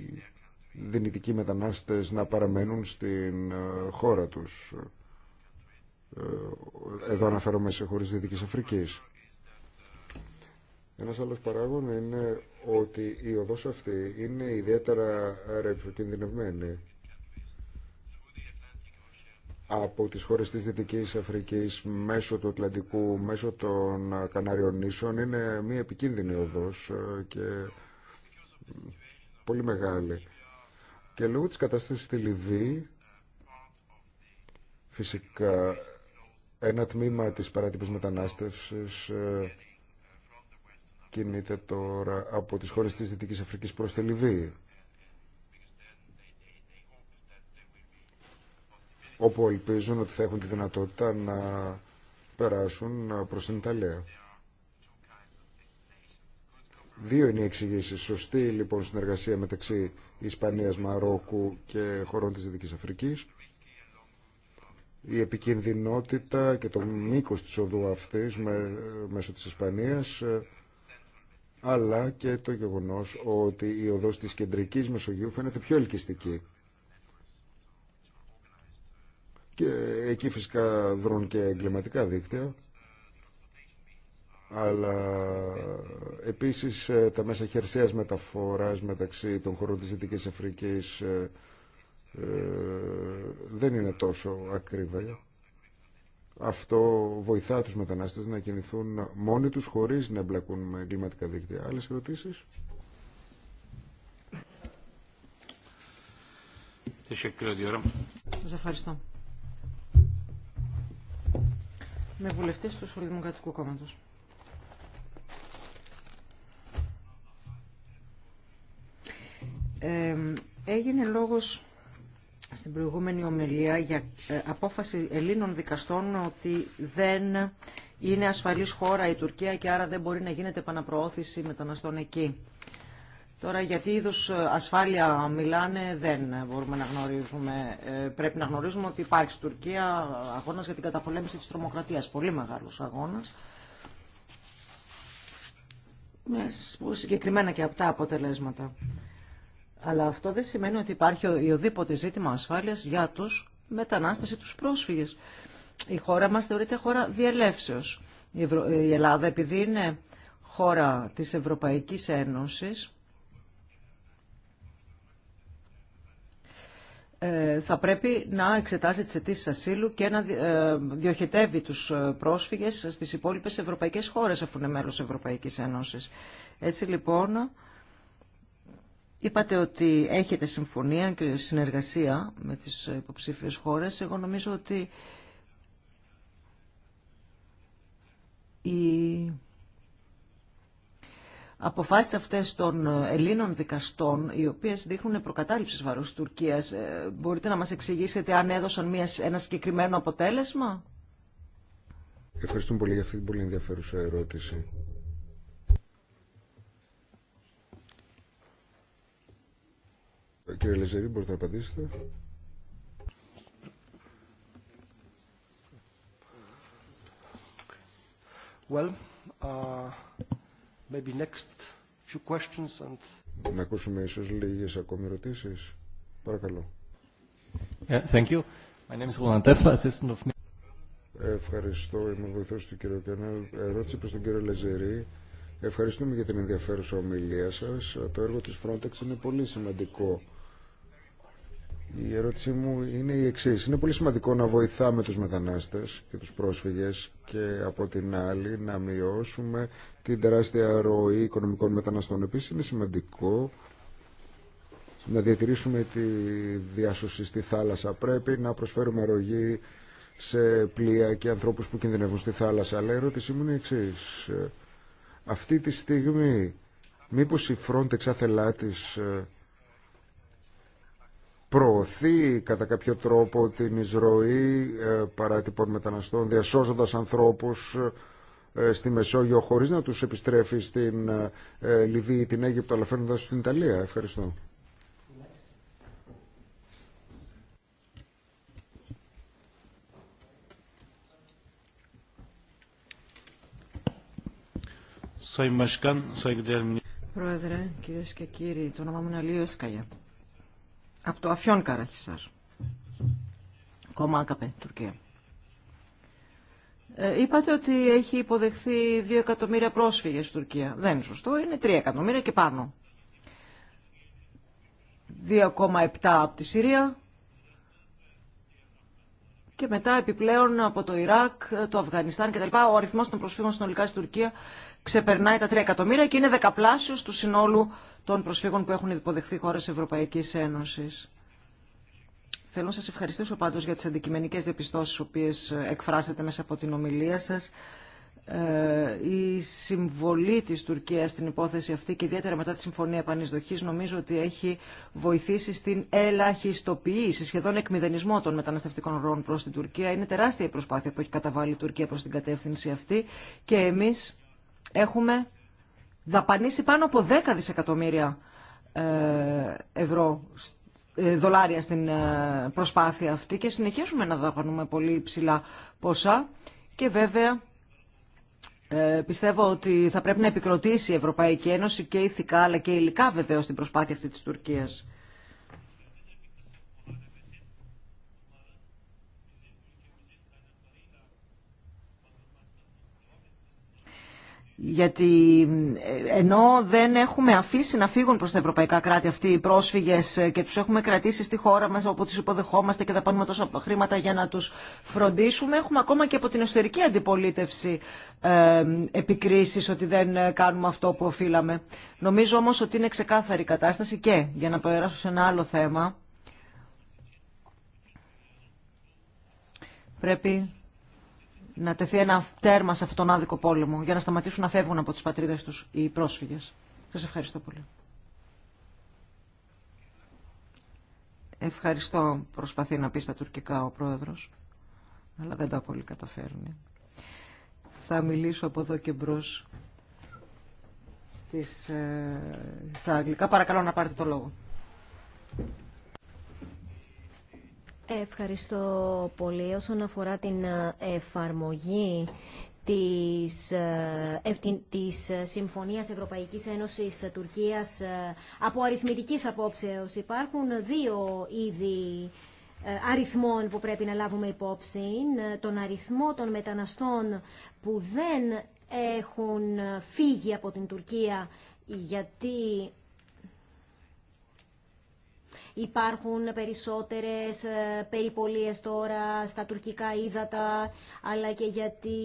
δυνητικοί μετανάστες να παραμένουν στην ε, χώρα τους. Ε, εδώ αναφέρομαι σε χώρες Δυτικής Αφρικής. Ένας άλλος παράγων είναι ότι η οδός αυτή είναι ιδιαίτερα ρεψοκινδυνευμένη από τις χώρες της Δυτικής Αφρικής μέσω του Ατλαντικού, μέσω των Κανάριων νήσων είναι μια επικίνδυνη οδός ε, και πολύ μεγάλη. Και λόγω της κατάστασης στη Λιβύη φυσικά ένα τμήμα της παράτυπης μετανάστευσης ε, κινείται τώρα από τις χώρες της Δυτικής Αφρικής προς τη Λιβύη. όπου ελπίζουν ότι θα έχουν τη δυνατότητα να περάσουν προς την Ιταλία. Δύο είναι οι εξηγήσει. Σωστή λοιπόν συνεργασία μεταξύ Ισπανίας, Μαρόκου και χωρών της Δυτικής Αφρικής. Η επικινδυνότητα και το μήκος της οδού αυτής με, μέσω της Ισπανίας αλλά και το γεγονός ότι η οδός της κεντρικής Μεσογείου φαίνεται πιο ελκυστική και εκεί φυσικά δρούν και εγκληματικά δίκτυα. Αλλά επίσης ε, τα μέσα χερσαίας μεταφοράς μεταξύ των χωρών της Δυτικής Αφρικής ε, ε, δεν είναι τόσο ακρίβεια. Αυτό βοηθά τους μετανάστες να κινηθούν μόνοι τους χωρίς να εμπλακούν με εγκληματικά δίκτυα. Άλλες ερωτήσεις? Σας ευχαριστώ με βουλευτές του Σοδημοκρατικού Κόμματος. Ε, έγινε λόγος στην προηγούμενη ομιλία για ε, απόφαση Ελλήνων δικαστών ότι δεν είναι ασφαλής χώρα η Τουρκία και άρα δεν μπορεί να γίνεται επαναπροώθηση μεταναστών εκεί. Τώρα γιατί είδους ε, ασφάλεια μιλάνε δεν μπορούμε να γνωρίζουμε. Ε, πρέπει να γνωρίζουμε ότι υπάρχει στην Τουρκία αγώνας για την καταπολέμηση της τρομοκρατίας. Πολύ μεγάλος αγώνας. Με συγκεκριμένα και αυτά αποτελέσματα. Αλλά αυτό δεν σημαίνει ότι υπάρχει οδήποτε ζήτημα ασφάλειας για τους μετανάστες ή τους πρόσφυγες. Η χώρα μας θεωρείται χώρα διελεύσεως. Η Ελλάδα επειδή είναι χώρα της Ευρωπαϊκής Ένωσης Ε, θα πρέπει να εξετάζει τις αιτήσει ασύλου και να ε, διοχετεύει τους ε, πρόσφυγες στις υπόλοιπες ευρωπαϊκές χώρες αφού είναι μέλος Ευρωπαϊκής Ένωσης. Έτσι λοιπόν, είπατε ότι έχετε συμφωνία και συνεργασία με τις υποψήφιες χώρες. Εγώ νομίζω ότι αποφάσεις αυτές των ε, Ελλήνων δικαστών, οι οποίες δείχνουν προκατάληψης βαρούς Τουρκίας, ε, μπορείτε να μας εξηγήσετε αν έδωσαν μια, ένα συγκεκριμένο αποτέλεσμα. Ευχαριστούμε πολύ για αυτή την πολύ ενδιαφέρουσα ερώτηση. Ε, κύριε Λεζερή, μπορείτε να απαντήσετε. Well, uh... Maybe next few questions and... Να ακούσουμε ίσως λίγες ακόμη ερωτήσεις. Παρακαλώ. thank you. My name is assistant of... Ευχαριστώ. Είμαι βοηθός του κύριου Κενά. Ερώτηση προς τον κύριο Λεζερή. Ευχαριστούμε για την ενδιαφέρουσα ομιλία σας. Το έργο της Frontex είναι πολύ σημαντικό η ερώτησή μου είναι η εξή. Είναι πολύ σημαντικό να βοηθάμε τους μετανάστες και τους πρόσφυγες και από την άλλη να μειώσουμε την τεράστια ροή οικονομικών μεταναστών. Επίσης είναι σημαντικό να διατηρήσουμε τη διάσωση στη θάλασσα. Πρέπει να προσφέρουμε ρογή σε πλοία και ανθρώπους που κινδυνεύουν στη θάλασσα. Αλλά η ερώτησή μου είναι η εξή. Αυτή τη στιγμή μήπως η Frontex άθελά προωθεί κατά κάποιο τρόπο την εισρωή ε, παράτυπων μεταναστών, διασώζοντας ανθρώπους ε, στη Μεσόγειο χωρίς να τους επιστρέφει στην ε, Λιβύη ή την Αίγυπτο, αλλά φέρνοντας στην Ιταλία. Ευχαριστώ. Πρόεδρε, κυρίες και κύριοι, το όνομά μου είναι από το Αφιόν Καραχισάρ. Κόμμα Τουρκία. Ε, είπατε ότι έχει υποδεχθεί 2 εκατομμύρια πρόσφυγες στην Τουρκία. Δεν είναι σωστό, είναι 3 εκατομμύρια και πάνω. 2,7 από τη Συρία και μετά επιπλέον από το Ιράκ, το Αφγανιστάν κτλ. Ο αριθμός των προσφύγων συνολικά στην Τουρκία ξεπερνάει τα 3 εκατομμύρια και είναι δεκαπλάσιος του συνόλου των προσφύγων που έχουν υποδεχθεί χώρες Ευρωπαϊκής Ένωσης. Θέλω να σας ευχαριστήσω πάντως για τις αντικειμενικές διαπιστώσεις οποίες εκφράσατε μέσα από την ομιλία σας. Ε, η συμβολή της Τουρκίας στην υπόθεση αυτή και ιδιαίτερα μετά τη Συμφωνία Επανεισδοχής νομίζω ότι έχει βοηθήσει στην ελαχιστοποίηση, σχεδόν εκμηδενισμό των μεταναστευτικών ροών προς την Τουρκία. Είναι τεράστια η προσπάθεια που έχει καταβάλει η Τουρκία προς την κατεύθυνση αυτή και εμείς έχουμε δαπανίσει πάνω από 10 δισεκατομμύρια ε, ευρώ ε, δολάρια στην ε, προσπάθεια αυτή και συνεχίζουμε να δαπανούμε πολύ ψηλά ποσά και βέβαια πιστεύω ότι θα πρέπει να επικροτήσει η Ευρωπαϊκή Ένωση και ηθικά αλλά και υλικά βεβαίως στην προσπάθεια αυτή της Τουρκίας. Γιατί ε, ενώ δεν έχουμε αφήσει να φύγουν προς τα ευρωπαϊκά κράτη αυτοί οι πρόσφυγες ε, και τους έχουμε κρατήσει στη χώρα μας όπου τους υποδεχόμαστε και δαπανούμε τόσα χρήματα για να τους φροντίσουμε, έχουμε ακόμα και από την εσωτερική αντιπολίτευση ε, επικρίσεις ότι δεν ε, κάνουμε αυτό που οφείλαμε. Νομίζω όμως ότι είναι ξεκάθαρη η κατάσταση και για να περάσω σε ένα άλλο θέμα πρέπει να τεθεί ένα τέρμα σε αυτόν τον άδικο πόλεμο για να σταματήσουν να φεύγουν από τις πατρίδες τους οι πρόσφυγες. Σας ευχαριστώ πολύ. Ευχαριστώ, προσπαθεί να πει στα τουρκικά ο πρόεδρος, αλλά δεν τα πολύ καταφέρνει. Θα μιλήσω από εδώ και μπρος στις, ε, στα αγγλικά. Παρακαλώ να πάρετε το λόγο. Ευχαριστώ πολύ. Όσον αφορά την ε, εφαρμογή της, ε, της ε, Συμφωνίας Ευρωπαϊκής Ένωσης Τουρκίας από αριθμητικής απόψεως υπάρχουν δύο είδη αριθμών που πρέπει να λάβουμε υπόψη. Τον αριθμό των μεταναστών που δεν έχουν φύγει από την Τουρκία γιατί Υπάρχουν περισσότερες ε, περιπολίες τώρα στα τουρκικά ύδατα, αλλά και γιατί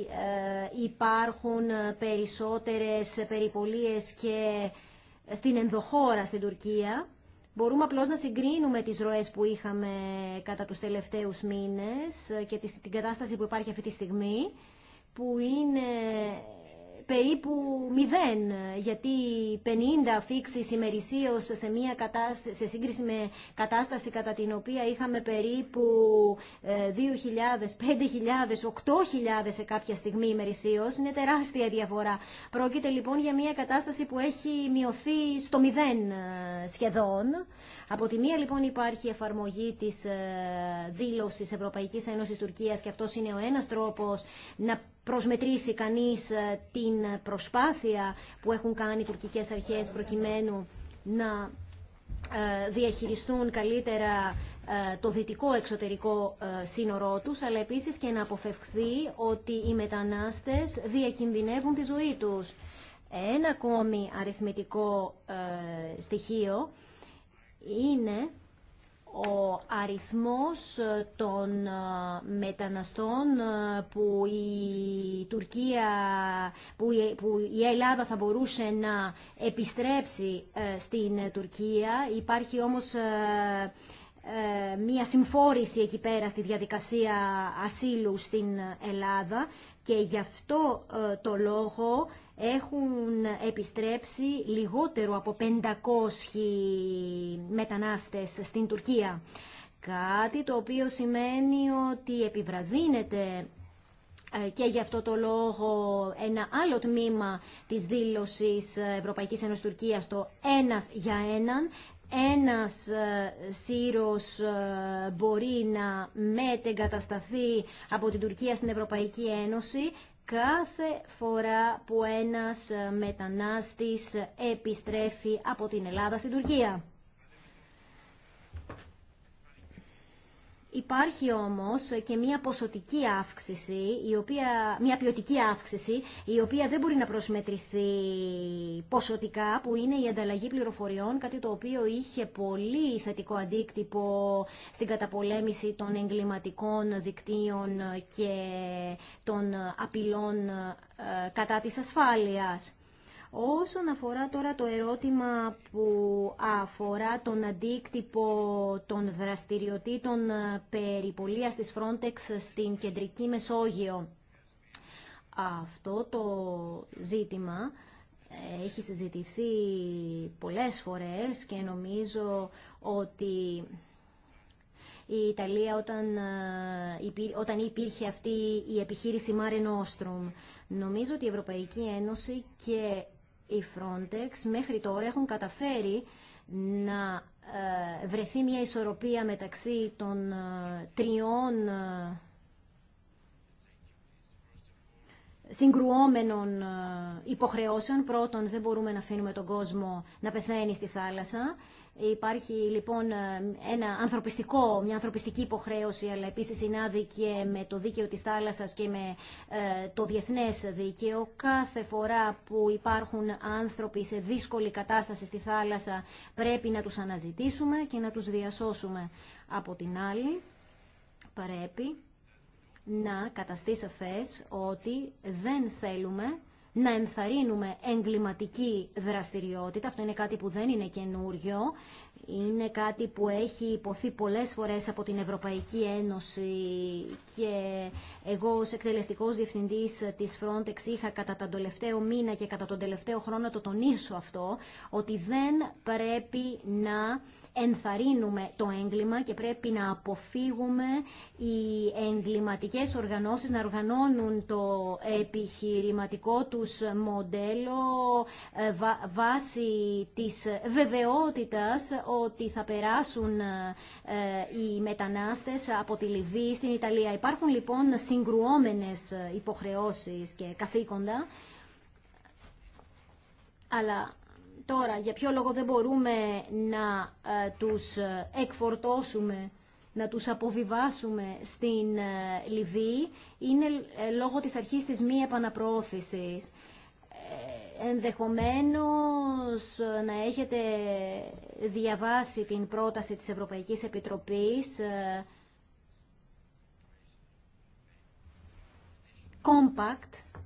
ε, υπάρχουν περισσότερες περιπολίες και στην ενδοχώρα στην Τουρκία. Μπορούμε απλώς να συγκρίνουμε τις ροές που είχαμε κατά τους τελευταίους μήνες και την κατάσταση που υπάρχει αυτή τη στιγμή, που είναι περίπου μηδέν, γιατί 50 αφήξει ημερησίω σε, μια σε σύγκριση με κατάσταση κατά την οποία είχαμε περίπου 2.000, 5.000, 8.000 σε κάποια στιγμή ημερησίω, είναι τεράστια διαφορά. Πρόκειται λοιπόν για μια κατάσταση που έχει μειωθεί στο μηδέν ε, σχεδόν. Από τη μία λοιπόν υπάρχει εφαρμογή της ε, δήλωσης Ευρωπαϊκής Ένωσης Τουρκίας και αυτό είναι ο ένας τρόπος να προσμετρήσει κανείς ε, την προσπάθεια που έχουν κάνει οι τουρκικές αρχές προκειμένου να ε, διαχειριστούν καλύτερα ε, το δυτικό εξωτερικό σύνορό τους, αλλά επίσης και να αποφευχθεί ότι οι μετανάστες διακινδυνεύουν τη ζωή τους. Ένα ακόμη αριθμητικό στοιχείο είναι ο αριθμός ε, των ε, μεταναστών ε, που η Τουρκία, που η, Ελλάδα θα μπορούσε να επιστρέψει στην Τουρκία. Υπάρχει όμως μία συμφόρηση εκεί πέρα στη διαδικασία ασύλου στην Ελλάδα και γι' αυτό το λόγο έχουν επιστρέψει λιγότερο από 500 μετανάστες στην Τουρκία. Κάτι το οποίο σημαίνει ότι επιβραδύνεται ε, και γι' αυτό το λόγο ένα άλλο τμήμα της δήλωσης Ευρωπαϊκής Ένωσης Τουρκίας το «ένας για έναν». Ένας ε, σύρος ε, μπορεί να μετεγκατασταθεί από την Τουρκία στην Ευρωπαϊκή Ένωση κάθε φορά που ένας μετανάστης επιστρέφει από την Ελλάδα στην Τουρκία. Υπάρχει όμως και μια ποσοτική αύξηση, η οποία, μια ποιοτική αύξηση, η οποία δεν μπορεί να προσμετρηθεί ποσοτικά, που είναι η ανταλλαγή πληροφοριών, κάτι το οποίο είχε πολύ θετικό αντίκτυπο στην καταπολέμηση των εγκληματικών δικτύων και των απειλών ε, κατά της ασφάλειας. Όσον αφορά τώρα το ερώτημα που αφορά τον αντίκτυπο των δραστηριοτήτων ε, περιπολίας της Frontex στην Κεντρική Μεσόγειο, αυτό το ζήτημα ε, έχει συζητηθεί πολλές φορές και νομίζω ότι η Ιταλία όταν, ε, όταν υπήρχε αυτή η επιχείρηση Mare Nostrum. Νομίζω ότι η Ευρωπαϊκή Ένωση και η Frontex μέχρι τώρα έχουν καταφέρει να ε, βρεθεί μια ισορροπία μεταξύ των ε, τριών ε, συγκρουόμενων υποχρεώσεων. Πρώτον, δεν μπορούμε να αφήνουμε τον κόσμο να πεθαίνει στη θάλασσα. Υπάρχει λοιπόν ένα ανθρωπιστικό, μια ανθρωπιστική υποχρέωση, αλλά επίσης συνάδει και με το δίκαιο της θάλασσας και με ε, το διεθνές δίκαιο. Κάθε φορά που υπάρχουν άνθρωποι σε δύσκολη κατάσταση στη θάλασσα, πρέπει να τους αναζητήσουμε και να τους διασώσουμε. Από την άλλη, πρέπει να καταστεί σαφέ ότι δεν θέλουμε να ενθαρρύνουμε εγκληματική δραστηριότητα. Αυτό είναι κάτι που δεν είναι καινούριο είναι κάτι που έχει υποθεί πολλές φορές από την Ευρωπαϊκή Ένωση και εγώ ως εκτελεστικός διευθυντής της Frontex είχα κατά τον τελευταίο μήνα και κατά τον τελευταίο χρόνο το τονίσω αυτό, ότι δεν πρέπει να ενθαρρύνουμε το έγκλημα και πρέπει να αποφύγουμε οι εγκληματικές οργανώσεις να οργανώνουν το επιχειρηματικό τους μοντέλο ε, βάσει της βεβαιότητας ότι θα περάσουν ε, ε, οι μετανάστες από τη Λιβύη στην Ιταλία. Υπάρχουν λοιπόν συγκρουόμενες ε, υποχρεώσεις και καθήκοντα. Αλλά τώρα για ποιο λόγο δεν μπορούμε να τους εκφορτώσουμε να τους αποβιβάσουμε στην Λιβύη είναι λόγω της αρχής της μη επαναπροώθησης. Ενδεχομένως να έχετε διαβάσει την πρόταση της Ευρωπαϊκής Επιτροπής ε, Compact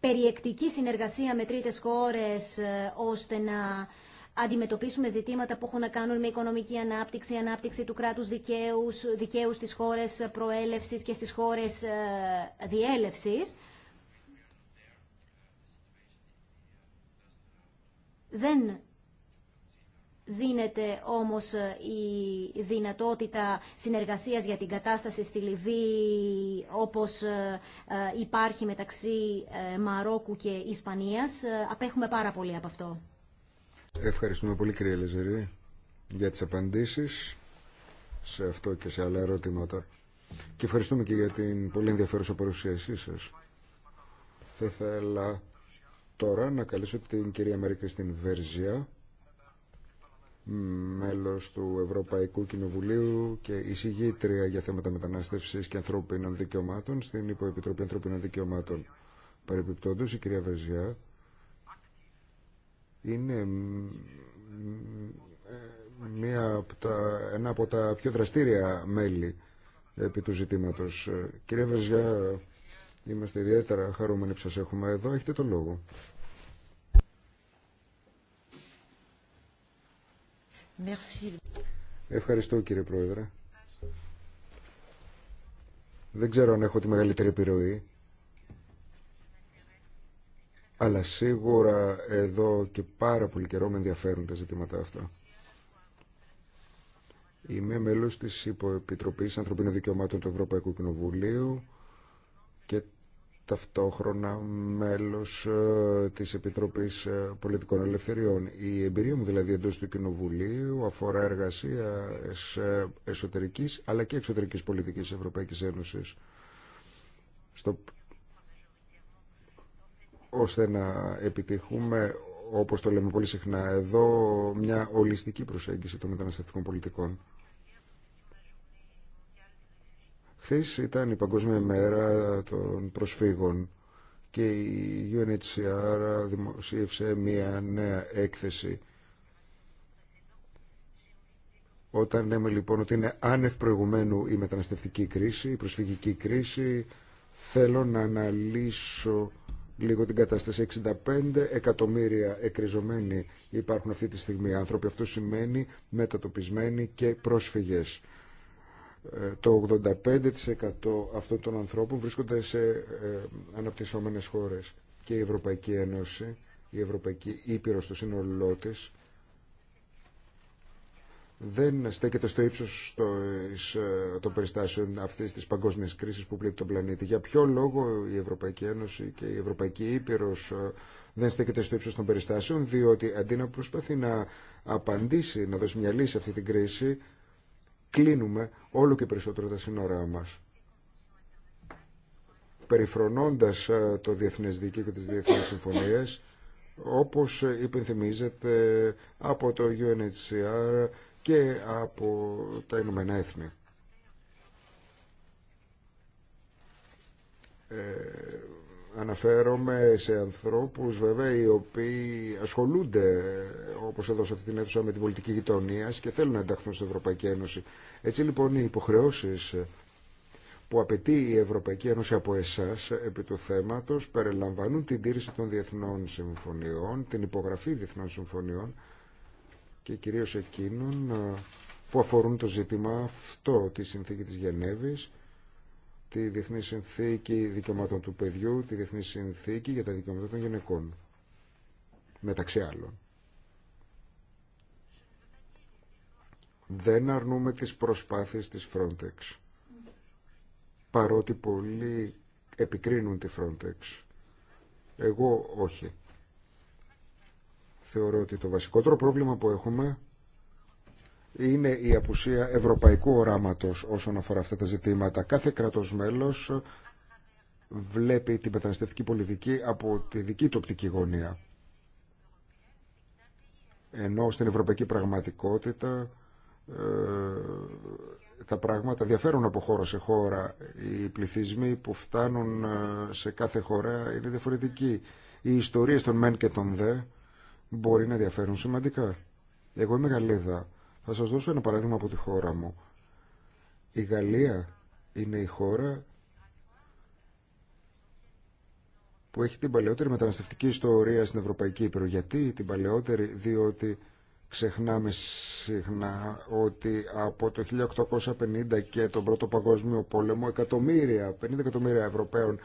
περιεκτική συνεργασία με τρίτες χώρες ε, ώστε να αντιμετωπίσουμε ζητήματα που έχουν να κάνουν με οικονομική ανάπτυξη, ανάπτυξη του κράτους δικαίου, δικαίου στις χώρες προέλευσης και στις χώρες ε, διέλευσης. Δεν δίνεται όμως ε, η δυνατότητα συνεργασίας για την κατάσταση στη Λιβύη όπως ε, υπάρχει μεταξύ Μαρόκου και Ισπανίας. Απέχουμε πάρα πολύ από αυτό. Ευχαριστούμε πολύ κύριε Λεζερή για τις απαντήσεις σε αυτό και σε άλλα ερώτηματα και ευχαριστούμε και για την πολύ ενδιαφέρουσα παρουσίασή σας. Θα ήθελα τώρα να καλέσω την κυρία Μαρίκα στην Βέρζια μέλος του Ευρωπαϊκού Κοινοβουλίου και εισηγήτρια για θέματα μετανάστευσης και ανθρώπινων δικαιωμάτων στην Υποεπιτροπή Ανθρώπινων Δικαιωμάτων. Παρεπιπτόντως, η κυρία Βερζιά είναι ε, μία από τα, ένα από τα πιο δραστήρια μέλη επί του ζητήματος. Ε, κύριε Βεζιά, είμαστε ιδιαίτερα χαρούμενοι που σας έχουμε εδώ. Έχετε τον λόγο. Merci. Ευχαριστώ κύριε Πρόεδρε. Δεν ξέρω αν έχω τη μεγαλύτερη επιρροή αλλά σίγουρα εδώ και πάρα πολύ καιρό με ενδιαφέρουν τα ζητήματα αυτά. Είμαι μέλος της Υποεπιτροπής Ανθρωπίνων Δικαιωμάτων του Ευρωπαϊκού Κοινοβουλίου και ταυτόχρονα μέλος ε, της Επιτροπής ε, Πολιτικών Ελευθεριών. Η εμπειρία μου δηλαδή εντός του Κοινοβουλίου αφορά εργασία ε, εσωτερικής αλλά και εξωτερικής πολιτικής Ευρωπαϊκής Ένωσης. Στο ώστε να επιτύχουμε, όπως το λέμε πολύ συχνά εδώ, μια ολιστική προσέγγιση των μεταναστευτικών πολιτικών. Χθε ήταν η Παγκόσμια Μέρα των Προσφύγων και η UNHCR δημοσίευσε μια νέα έκθεση. Όταν λέμε λοιπόν ότι είναι άνευ προηγουμένου η μεταναστευτική κρίση, η προσφυγική κρίση, θέλω να αναλύσω λίγο την κατάσταση. 65 εκατομμύρια εκριζωμένοι υπάρχουν αυτή τη στιγμή άνθρωποι. Αυτό σημαίνει μετατοπισμένοι και πρόσφυγες. Ε, το 85% αυτών των ανθρώπων βρίσκονται σε ε, αναπτυσσόμενες χώρες. Και η Ευρωπαϊκή Ένωση, η Ευρωπαϊκή Ήπειρο στο σύνολό της, δεν στέκεται στο ύψος ε, των περιστάσεων αυτής της παγκόσμιας κρίσης που πλήττει τον πλανήτη. Για ποιο λόγο η Ευρωπαϊκή Ένωση και η Ευρωπαϊκή Ήπειρος ε, δεν στέκεται στο ύψος των περιστάσεων, διότι αντί να προσπαθεί να απαντήσει, να δώσει μια λύση σε αυτή την κρίση, κλείνουμε όλο και περισσότερο τα σύνορά μας. Περιφρονώντας ε, το διεθνές δίκαιο και τις Διεθνές συμφωνίες, όπως υπενθυμίζεται από το UNHCR, και από τα Ηνωμένα Έθνη. Ε, αναφέρομαι σε ανθρώπους βέβαια οι οποίοι ασχολούνται όπως εδώ σε αυτή την αίθουσα με την πολιτική γειτονία και θέλουν να ενταχθούν στην Ευρωπαϊκή Ένωση. Έτσι λοιπόν οι υποχρεώσεις που απαιτεί η Ευρωπαϊκή Ένωση από εσάς επί του θέματος περιλαμβάνουν την τήρηση των διεθνών συμφωνιών, την υπογραφή διεθνών συμφωνιών και κυρίως εκείνων ε, που αφορούν το ζήτημα αυτό, τη συνθήκη της Γενέβης, τη Διεθνή Συνθήκη Δικαιωμάτων του Παιδιού, τη Διεθνή Συνθήκη για τα Δικαιώματα των Γυναικών, μεταξύ άλλων. Δεν αρνούμε τις προσπάθειες της Frontex, παρότι πολλοί επικρίνουν τη Frontex. Εγώ όχι θεωρώ ότι το βασικότερο πρόβλημα που έχουμε είναι η απουσία ευρωπαϊκού οράματος όσον αφορά αυτά τα ζητήματα. Κάθε κράτος μέλος βλέπει την μεταναστευτική πολιτική από τη δική του οπτική γωνία. Ενώ στην ευρωπαϊκή πραγματικότητα ε, τα πράγματα διαφέρουν από χώρο σε χώρα. Οι πληθυσμοί που φτάνουν ε, σε κάθε χώρα είναι διαφορετικοί. Οι ιστορίες των μεν και των δε μπορεί να διαφέρουν σημαντικά. Εγώ είμαι Γαλλίδα. Θα σας δώσω ένα παράδειγμα από τη χώρα μου. Η Γαλλία είναι η χώρα που έχει την παλαιότερη μεταναστευτική ιστορία στην Ευρωπαϊκή Ήπειρο. Γιατί την παλαιότερη, διότι ξεχνάμε συχνά ότι από το 1850 και τον Πρώτο Παγκόσμιο Πόλεμο εκατομμύρια, 50 εκατομμύρια Ευρωπαίων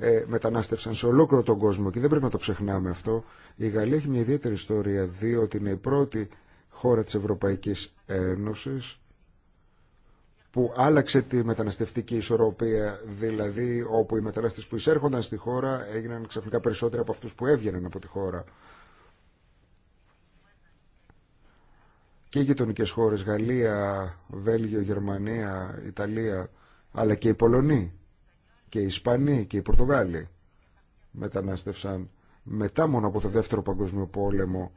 ε, μετανάστευσαν σε ολόκληρο τον κόσμο και δεν πρέπει να το ξεχνάμε αυτό. Η Γαλλία έχει μια ιδιαίτερη ιστορία διότι είναι η πρώτη χώρα της Ευρωπαϊκής Ένωσης που άλλαξε τη μεταναστευτική ισορροπία, δηλαδή όπου οι μετανάστες που εισέρχονταν στη χώρα έγιναν ξαφνικά περισσότεροι από αυτούς που έβγαιναν από τη χώρα. Και οι γειτονικέ χώρες, Γαλλία, Βέλγιο, Γερμανία, Ιταλία, αλλά και οι Πολωνοί και οι Ισπανοί και οι Πορτογάλοι μετανάστευσαν. Μετά μόνο από το Δεύτερο Παγκόσμιο Πόλεμο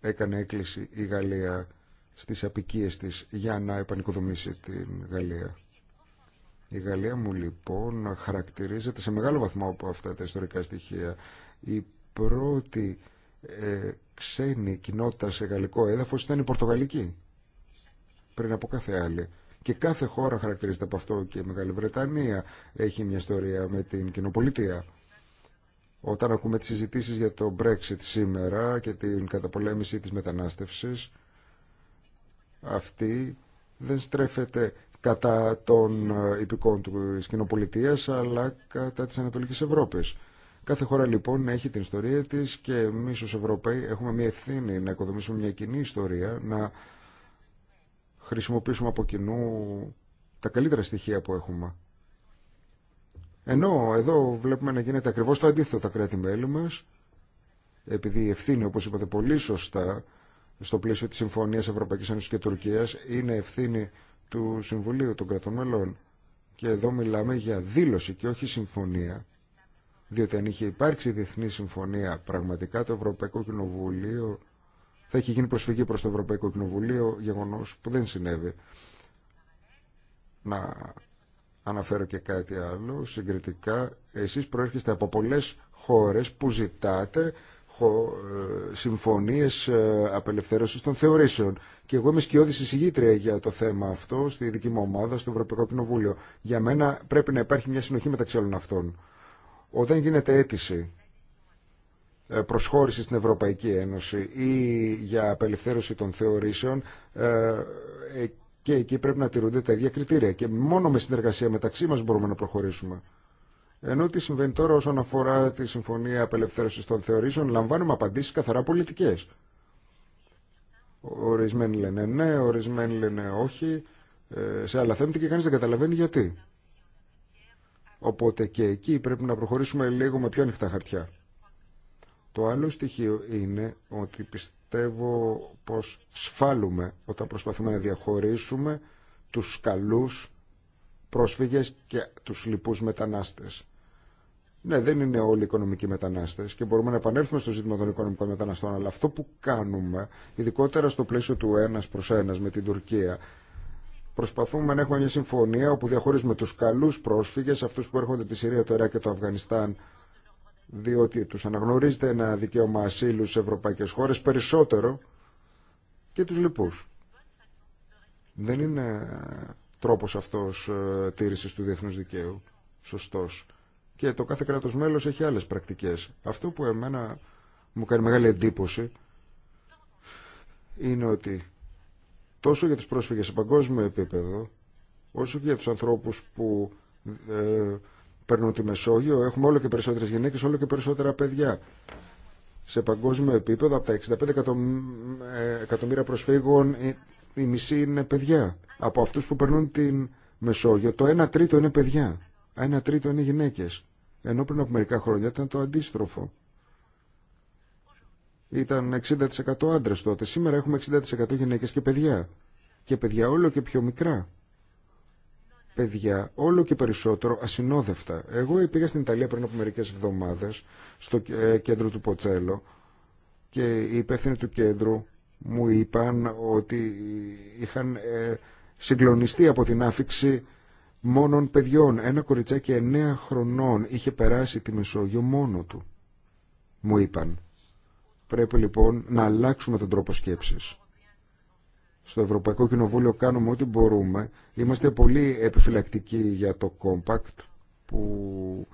έκανε έκκληση η Γαλλία στις απικίες της για να επανοικοδομήσει την Γαλλία. Η Γαλλία μου λοιπόν χαρακτηρίζεται σε μεγάλο βαθμό από αυτά τα ιστορικά στοιχεία. Η πρώτη ε, ξένη κοινότητα σε γαλλικό έδαφος ήταν η Πορτογαλική πριν από κάθε άλλη. Και κάθε χώρα χαρακτηρίζεται από αυτό και η Μεγάλη Βρετανία έχει μια ιστορία με την κοινοπολιτεία. Όταν ακούμε τις συζητήσεις για το Brexit σήμερα και την καταπολέμηση της μετανάστευσης, αυτή δεν στρέφεται κατά των ε, υπηκών ε, της κοινοπολιτείας, αλλά κατά της Ανατολικής Ευρώπης. Κάθε χώρα λοιπόν έχει την ιστορία της και εμείς ως Ευρωπαίοι έχουμε μια ευθύνη να οικοδομήσουμε μια κοινή ιστορία, να χρησιμοποιήσουμε από κοινού τα καλύτερα στοιχεία που έχουμε. Ενώ εδώ βλέπουμε να γίνεται ακριβώ το αντίθετο τα κράτη-μέλη μας, επειδή η ευθύνη, όπως είπατε πολύ σωστά, στο πλαίσιο της Συμφωνία Ευρωπαϊκής Ένωσης και Τουρκίας, είναι ευθύνη του Συμβουλίου των Κρατών Μελών. Και εδώ μιλάμε για δήλωση και όχι συμφωνία, διότι αν είχε υπάρξει διεθνή συμφωνία, πραγματικά το Ευρωπαϊκό Κοινοβούλιο θα έχει γίνει προσφυγή προς το Ευρωπαϊκό Κοινοβουλίο, γεγονός που δεν συνέβη. Να αναφέρω και κάτι άλλο, συγκριτικά, εσείς προέρχεστε από πολλές χώρες που ζητάτε ε, συμφωνίες ε, απελευθέρωσης των θεωρήσεων. Και εγώ είμαι σκιώδη εισηγήτρια για το θέμα αυτό στη δική μου ομάδα, στο Ευρωπαϊκό Κοινοβούλιο. Για μένα πρέπει να υπάρχει μια συνοχή μεταξύ όλων αυτών. Όταν γίνεται αίτηση ε, προσχώρηση στην Ευρωπαϊκή Ένωση ή για απελευθέρωση των θεωρήσεων ε, ε, και εκεί πρέπει να τηρούνται τα ίδια κριτήρια και μόνο με συνεργασία μεταξύ μας μπορούμε να προχωρήσουμε. Ενώ τι συμβαίνει τώρα όσον αφορά τη Συμφωνία Απελευθέρωση των Θεωρήσεων, λαμβάνουμε απαντήσει καθαρά πολιτικέ. Ορισμένοι λένε ναι, ορισμένοι λένε όχι. σε άλλα θέματα και κανεί δεν καταλαβαίνει γιατί. Οπότε και εκεί πρέπει να προχωρήσουμε λίγο με πιο ανοιχτά χαρτιά. Το άλλο στοιχείο είναι ότι πιστεύω πως σφάλουμε όταν προσπαθούμε να διαχωρίσουμε τους καλούς πρόσφυγες και τους λοιπούς μετανάστες. Ναι, δεν είναι όλοι οι οικονομικοί μετανάστε και μπορούμε να επανέλθουμε στο ζήτημα των οικονομικών μεταναστών, αλλά αυτό που κάνουμε, ειδικότερα στο πλαίσιο του ένα προ ένα με την Τουρκία, προσπαθούμε να έχουμε μια συμφωνία όπου διαχωρίζουμε του καλού πρόσφυγε, αυτού που έρχονται από τη Συρία, το Ιράκ και το Αφγανιστάν, διότι τους αναγνωρίζεται ένα δικαίωμα ασύλου σε ευρωπαϊκές χώρες περισσότερο και τους λοιπούς. Δεν είναι τρόπος αυτός ε, τήρησης του διεθνούς δικαίου, σωστός. Και το κάθε κράτος μέλος έχει άλλες πρακτικές. Αυτό που εμένα μου κάνει μεγάλη εντύπωση είναι ότι τόσο για τις πρόσφυγες σε παγκόσμιο επίπεδο, όσο και για τους ανθρώπους που ε, περνούν τη Μεσόγειο, έχουμε όλο και περισσότερες γυναίκες, όλο και περισσότερα παιδιά. Σε παγκόσμιο επίπεδο, από τα 65 ε, εκατομμύρια προσφύγων, η μισή είναι παιδιά. Από αυτούς που περνούν τη Μεσόγειο, το 1 τρίτο είναι παιδιά. 1 τρίτο είναι γυναίκες. Ενώ πριν από μερικά χρόνια ήταν το αντίστροφο. Ήταν 60% άντρες τότε. Σήμερα έχουμε 60% γυναίκες και παιδιά. Και παιδιά όλο και πιο μικρά παιδιά όλο και περισσότερο ασυνόδευτα. Εγώ πήγα στην Ιταλία πριν από μερικές εβδομάδες στο ε, κέντρο του Ποτσέλο και οι υπεύθυνοι του κέντρου μου είπαν ότι είχαν ε, συγκλονιστεί από την άφηξη μόνων παιδιών. Ένα κοριτσάκι 9 χρονών είχε περάσει τη Μεσόγειο μόνο του, μου είπαν. Πρέπει λοιπόν να αλλάξουμε τον τρόπο σκέψης στο Ευρωπαϊκό Κοινοβούλιο κάνουμε ό,τι μπορούμε. Είμαστε πολύ επιφυλακτικοί για το Compact που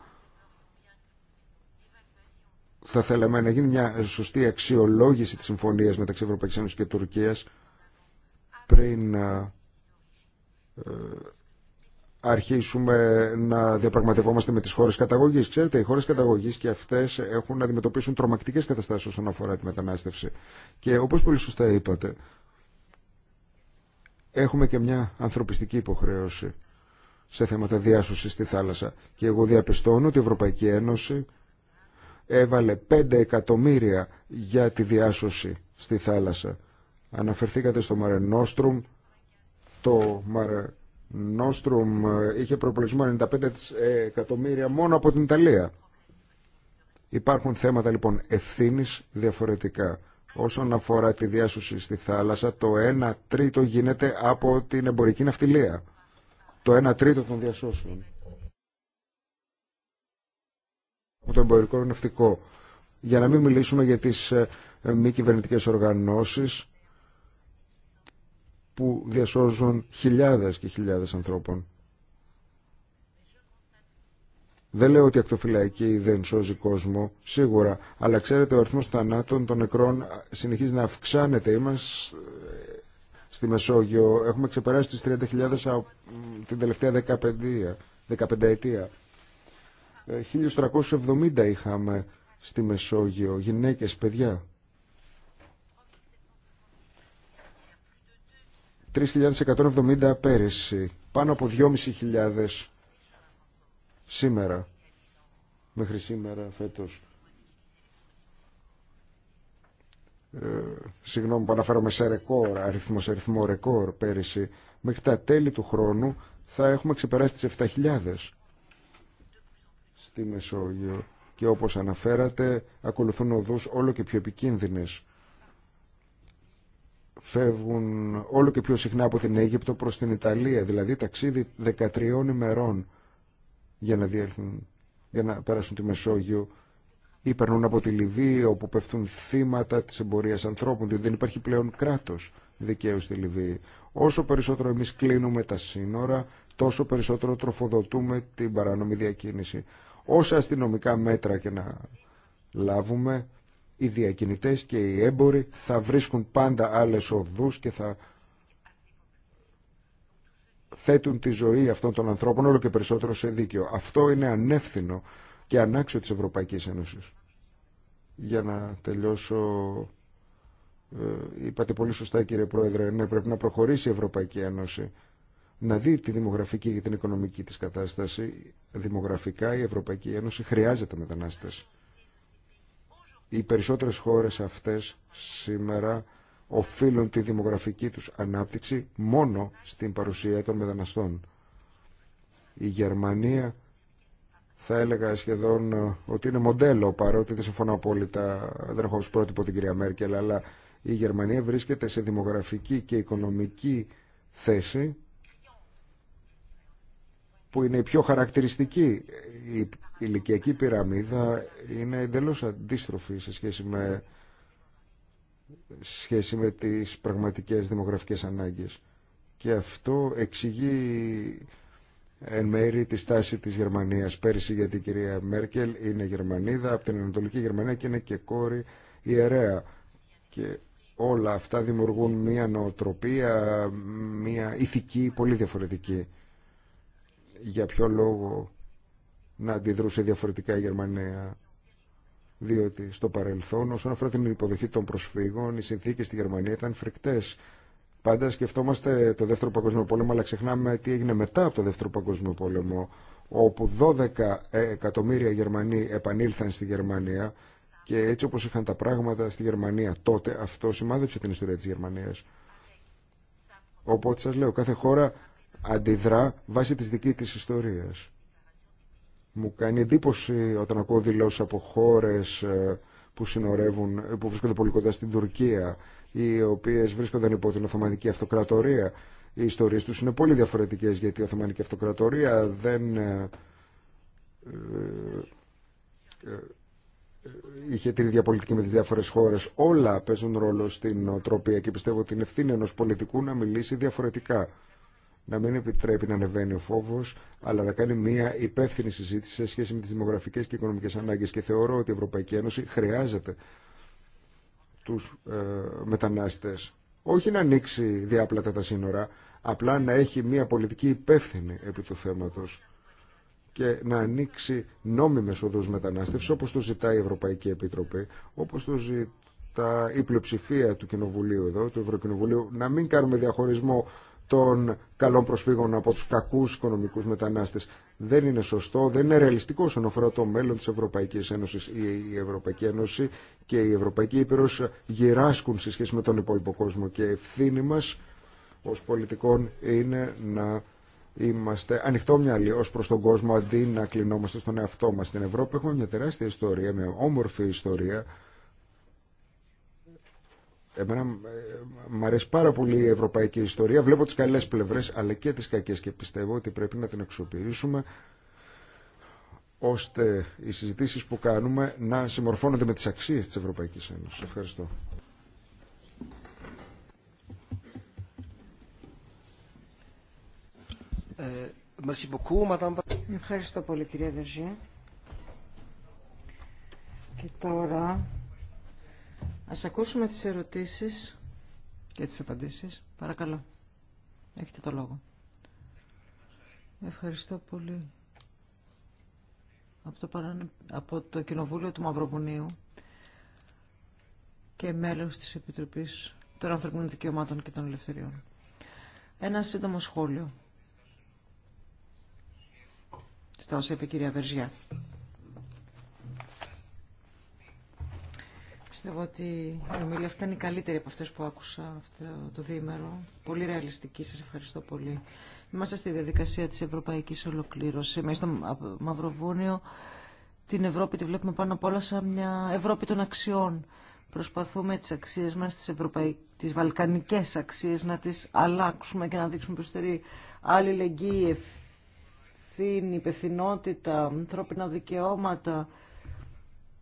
θα θέλαμε να γίνει μια σωστή αξιολόγηση της συμφωνίας μεταξύ Ευρωπαϊκής Ένωσης και Τουρκίας πριν ε, αρχίσουμε να διαπραγματευόμαστε με τις χώρες καταγωγής. Ξέρετε, οι χώρες καταγωγής και αυτές έχουν να αντιμετωπίσουν τρομακτικές καταστάσεις όσον αφορά τη μετανάστευση. Και όπως πολύ σωστά είπατε, έχουμε και μια ανθρωπιστική υποχρέωση σε θέματα διάσωσης στη θάλασσα. Και εγώ διαπιστώνω ότι η Ευρωπαϊκή Ένωση έβαλε 5 εκατομμύρια για τη διάσωση στη θάλασσα. Αναφερθήκατε στο Μαρενόστρουμ. Το Μαρενόστρουμ ε, είχε προπολογισμό 95 εκατομμύρια μόνο από την Ιταλία. Υπάρχουν θέματα λοιπόν ευθύνης διαφορετικά. Όσον αφορά τη διάσωση στη θάλασσα, το 1 τρίτο γίνεται από την εμπορική ναυτιλία. Το 1 τρίτο των διασώσεων. το εμπορικό ναυτικό. Για να μην μιλήσουμε για τις ε, μη κυβερνητικέ οργανώσεις που διασώζουν χιλιάδες και χιλιάδες ανθρώπων. Δεν λέω ότι η ακτοφυλακή δεν σώζει κόσμο, σίγουρα, αλλά ξέρετε ο αριθμός θανάτων των νεκρών συνεχίζει να αυξάνεται. Είμαστε ε, στη Μεσόγειο, έχουμε ξεπεράσει τις 30.000 την τελευταία 15, ετία. 1.370 είχαμε στη Μεσόγειο, γυναίκες, παιδιά. 3.170 πέρυσι, πάνω από 2.500 σήμερα, μέχρι σήμερα φέτος. Ε, συγγνώμη που αναφέρομαι σε ρεκόρ, αριθμό σε αριθμό ρεκόρ πέρυσι, μέχρι τα τέλη του χρόνου θα έχουμε ξεπεράσει τις 7.000 στη Μεσόγειο και όπως αναφέρατε ακολουθούν οδούς όλο και πιο επικίνδυνες. Φεύγουν όλο και πιο συχνά από την Αίγυπτο προς την Ιταλία, δηλαδή ταξίδι 13 ημερών για να, διέλθουν, για να περάσουν τη Μεσόγειο ή περνούν από τη Λιβύη όπου πέφτουν θύματα της εμπορίας ανθρώπων διότι δεν υπάρχει πλέον κράτος δικαίου στη Λιβύη. Όσο περισσότερο εμείς κλείνουμε τα σύνορα τόσο περισσότερο τροφοδοτούμε την παράνομη διακίνηση. Όσα αστυνομικά μέτρα και να λάβουμε οι διακινητές και οι έμποροι θα βρίσκουν πάντα άλλες οδούς και θα θέτουν τη ζωή αυτών των ανθρώπων όλο και περισσότερο σε δίκαιο. Αυτό είναι ανεύθυνο και ανάξιο της Ευρωπαϊκής Ένωσης. Για να τελειώσω, ε, είπατε πολύ σωστά κύριε Πρόεδρε, ναι, πρέπει να προχωρήσει η Ευρωπαϊκή Ένωση να δει τη δημογραφική και την οικονομική της κατάσταση. Δημογραφικά η Ευρωπαϊκή Ένωση χρειάζεται μετανάστες. Οι περισσότερες χώρες αυτές σήμερα οφείλουν τη δημογραφική τους ανάπτυξη μόνο στην παρουσία των μεταναστών. Η Γερμανία θα έλεγα σχεδόν ε, ότι είναι μοντέλο παρότι δεν συμφωνώ απόλυτα, δεν έχω ως πρότυπο την κυρία Μέρκελ, αλλά η Γερμανία βρίσκεται σε δημογραφική και οικονομική θέση που είναι η πιο χαρακτηριστική. Η ηλικιακή πυραμίδα είναι εντελώς αντίστροφη σε σχέση με σχέση με τις πραγματικές δημογραφικές ανάγκες. Και αυτό εξηγεί εν μέρη τη στάση της Γερμανίας πέρυσι γιατί η κυρία Μέρκελ είναι Γερμανίδα από την Ανατολική Γερμανία και είναι και κόρη ιερέα. Και όλα αυτά δημιουργούν μια νοοτροπία, μια ηθική πολύ διαφορετική. Για ποιο λόγο να αντιδρούσε διαφορετικά η Γερμανία διότι στο παρελθόν όσον αφορά την υποδοχή των προσφύγων οι συνθήκε στη Γερμανία ήταν φρικτέ. Πάντα σκεφτόμαστε το Δεύτερο Παγκόσμιο Πόλεμο, αλλά ξεχνάμε τι έγινε μετά από το Δεύτερο Παγκόσμιο Πόλεμο, όπου 12 εκατομμύρια Γερμανοί επανήλθαν στη Γερμανία και έτσι όπω είχαν τα πράγματα στη Γερμανία τότε, αυτό σημάδεψε την ιστορία τη Γερμανία. Οπότε σα λέω, κάθε χώρα αντιδρά βάσει τη δική τη ιστορία. Μου κάνει εντύπωση όταν ακούω δηλώσει από χώρε ε, που ε, που βρίσκονται πολύ κοντά στην Τουρκία, οι οποίε βρίσκονται υπό την Οθωμανική Αυτοκρατορία. Οι ιστορίε του είναι πολύ διαφορετικέ γιατί η Οθωμανική Αυτοκρατορία δεν ε, είχε την ίδια πολιτική με τι διάφορε χώρε. Όλα παίζουν ρόλο στην οτροπία και πιστεύω την ευθύνη ενό πολιτικού να μιλήσει διαφορετικά να μην επιτρέπει να ανεβαίνει ο φόβο, αλλά να κάνει μια υπεύθυνη συζήτηση σε σχέση με τι δημογραφικέ και οικονομικέ ανάγκε. Και θεωρώ ότι η Ευρωπαϊκή Ένωση χρειάζεται του ε, μετανάστε. Όχι να ανοίξει διάπλατα τα σύνορα, απλά να έχει μια πολιτική υπεύθυνη επί του θέματο και να ανοίξει νόμιμες οδούς μετανάστευσης όπως το ζητάει η Ευρωπαϊκή Επιτροπή, όπως το ζητά η πλειοψηφία του Κοινοβουλίου εδώ, του Ευρωκοινοβουλίου, να μην κάνουμε διαχωρισμό των καλών προσφύγων από τους κακούς οικονομικούς μετανάστες δεν είναι σωστό, δεν είναι ρεαλιστικό όσον αφορά το μέλλον της Ευρωπαϊκής Ένωσης. Η Ευρωπαϊκή Ένωση και η Ευρωπαϊκή Ήπειρος γυράσκουν σε σχέση με τον υπόλοιπο κόσμο και ευθύνη μας ως πολιτικών είναι να είμαστε ανοιχτό ανοιχτόμυαλοι ως προς τον κόσμο αντί να κλεινόμαστε στον εαυτό μας. Στην Ευρώπη έχουμε μια τεράστια ιστορία, μια όμορφη ιστορία Εμένα ε, μου αρέσει πάρα πολύ η ευρωπαϊκή ιστορία. Βλέπω τις καλές πλευρές αλλά και τις κακές και πιστεύω ότι πρέπει να την αξιοποιήσουμε ώστε οι συζητήσεις που κάνουμε να συμμορφώνονται με τις αξίες της Ευρωπαϊκής Ένωσης. Ευχαριστώ. Ευχαριστώ πολύ κυρία Και τώρα Ας ακούσουμε τις ερωτήσεις και τις απαντήσεις. Παρακαλώ. Έχετε το λόγο. Ευχαριστώ πολύ. Από το, από το Κοινοβούλιο του Μαυροβουνίου και μέλος της Επιτροπής των Ανθρωπίνων Δικαιωμάτων και των Ελευθεριών. Ένα σύντομο σχόλιο. Στα όσα είπε η κυρία Βερζιά. Πιστεύω ότι η ομιλία αυτή είναι η καλύτερη από αυτές που άκουσα αυτό το διήμερο. Πολύ ρεαλιστική, σας ευχαριστώ πολύ. Είμαστε στη διαδικασία της ευρωπαϊκής ολοκλήρωσης. Εμείς στο Μαυροβούνιο την Ευρώπη τη βλέπουμε πάνω απ' όλα σαν μια Ευρώπη των αξιών. Προσπαθούμε τις αξίες μας, τι ευρωπαϊ... τις βαλκανικές αξίες, να τις αλλάξουμε και να δείξουμε προστερή αλληλεγγύη, ευθύνη, υπευθυνότητα, ανθρώπινα δικαιώματα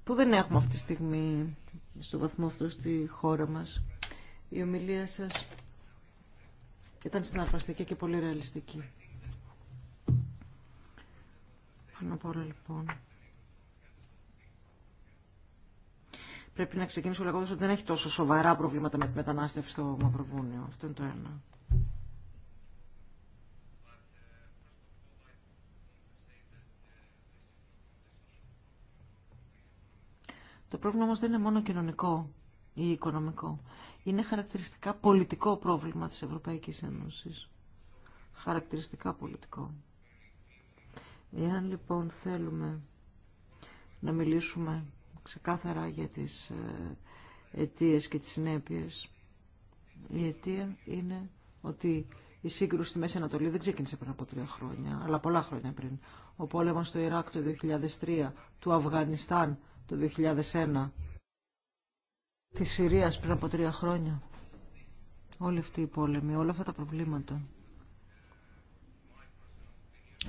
που δεν έχουμε αυτή τη στιγμή στο βαθμό αυτό στη χώρα μας. Η ομιλία σας ήταν συναρπαστική και πολύ ρεαλιστική. Πάνω απ' λοιπόν. Πρέπει να ξεκινήσω λέγοντα ότι δεν έχει τόσο σοβαρά προβλήματα με τη μετανάστευση στο Μαυροβούνιο. Αυτό είναι το ένα. Το πρόβλημα όμως δεν είναι μόνο κοινωνικό ή οικονομικό. Είναι χαρακτηριστικά πολιτικό πρόβλημα της Ευρωπαϊκής Ένωσης. Χαρακτηριστικά πολιτικό. Εάν λοιπόν θέλουμε να μιλήσουμε ξεκάθαρα για τις ε, αιτίες και τις συνέπειες, η αιτία είναι ότι η σύγκρουση στη Μέση Ανατολή δεν ξεκίνησε πριν από τρία χρόνια, αλλά πολλά χρόνια πριν. Ο πόλεμος στο Ιράκ το 2003, του Αφγανιστάν το 2001 της Συρίας πριν από τρία χρόνια. Όλοι αυτοί οι πόλεμοι, όλα αυτά τα προβλήματα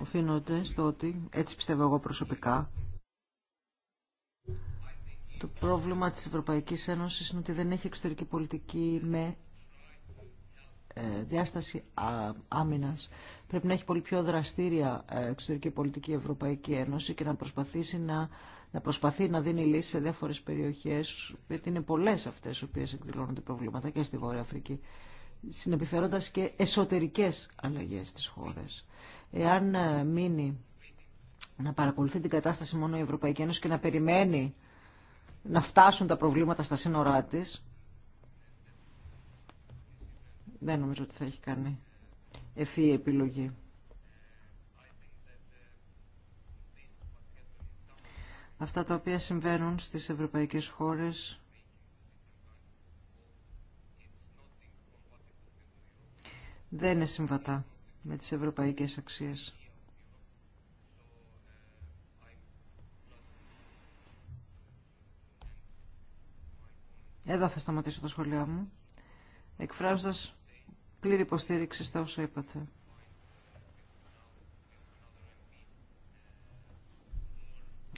οφείλονται στο ότι, έτσι πιστεύω εγώ προσωπικά, το πρόβλημα της Ευρωπαϊκής Ένωσης είναι ότι δεν έχει εξωτερική πολιτική με ε, διάσταση άμυνας. Πρέπει να έχει πολύ πιο δραστήρια ε, εξωτερική πολιτική η Ευρωπαϊκή Ένωση και να προσπαθήσει να να προσπαθεί να δίνει λύσεις σε διάφορε περιοχέ, γιατί είναι πολλέ αυτέ οι οποίε εκδηλώνονται προβλήματα και στη Βόρεια Αφρική, συνεπιφέροντας και εσωτερικέ αλλαγέ στι χώρε. Εάν ε, μείνει να παρακολουθεί την κατάσταση μόνο η Ευρωπαϊκή Ένωση και να περιμένει να φτάσουν τα προβλήματα στα σύνορά τη, δεν νομίζω ότι θα έχει κάνει ευφύ επιλογή. αυτά τα οποία συμβαίνουν στις ευρωπαϊκές χώρες δεν είναι συμβατά με τις ευρωπαϊκές αξίες. Εδώ θα σταματήσω το σχολείο μου, εκφράζοντας πλήρη υποστήριξη στα όσα είπατε.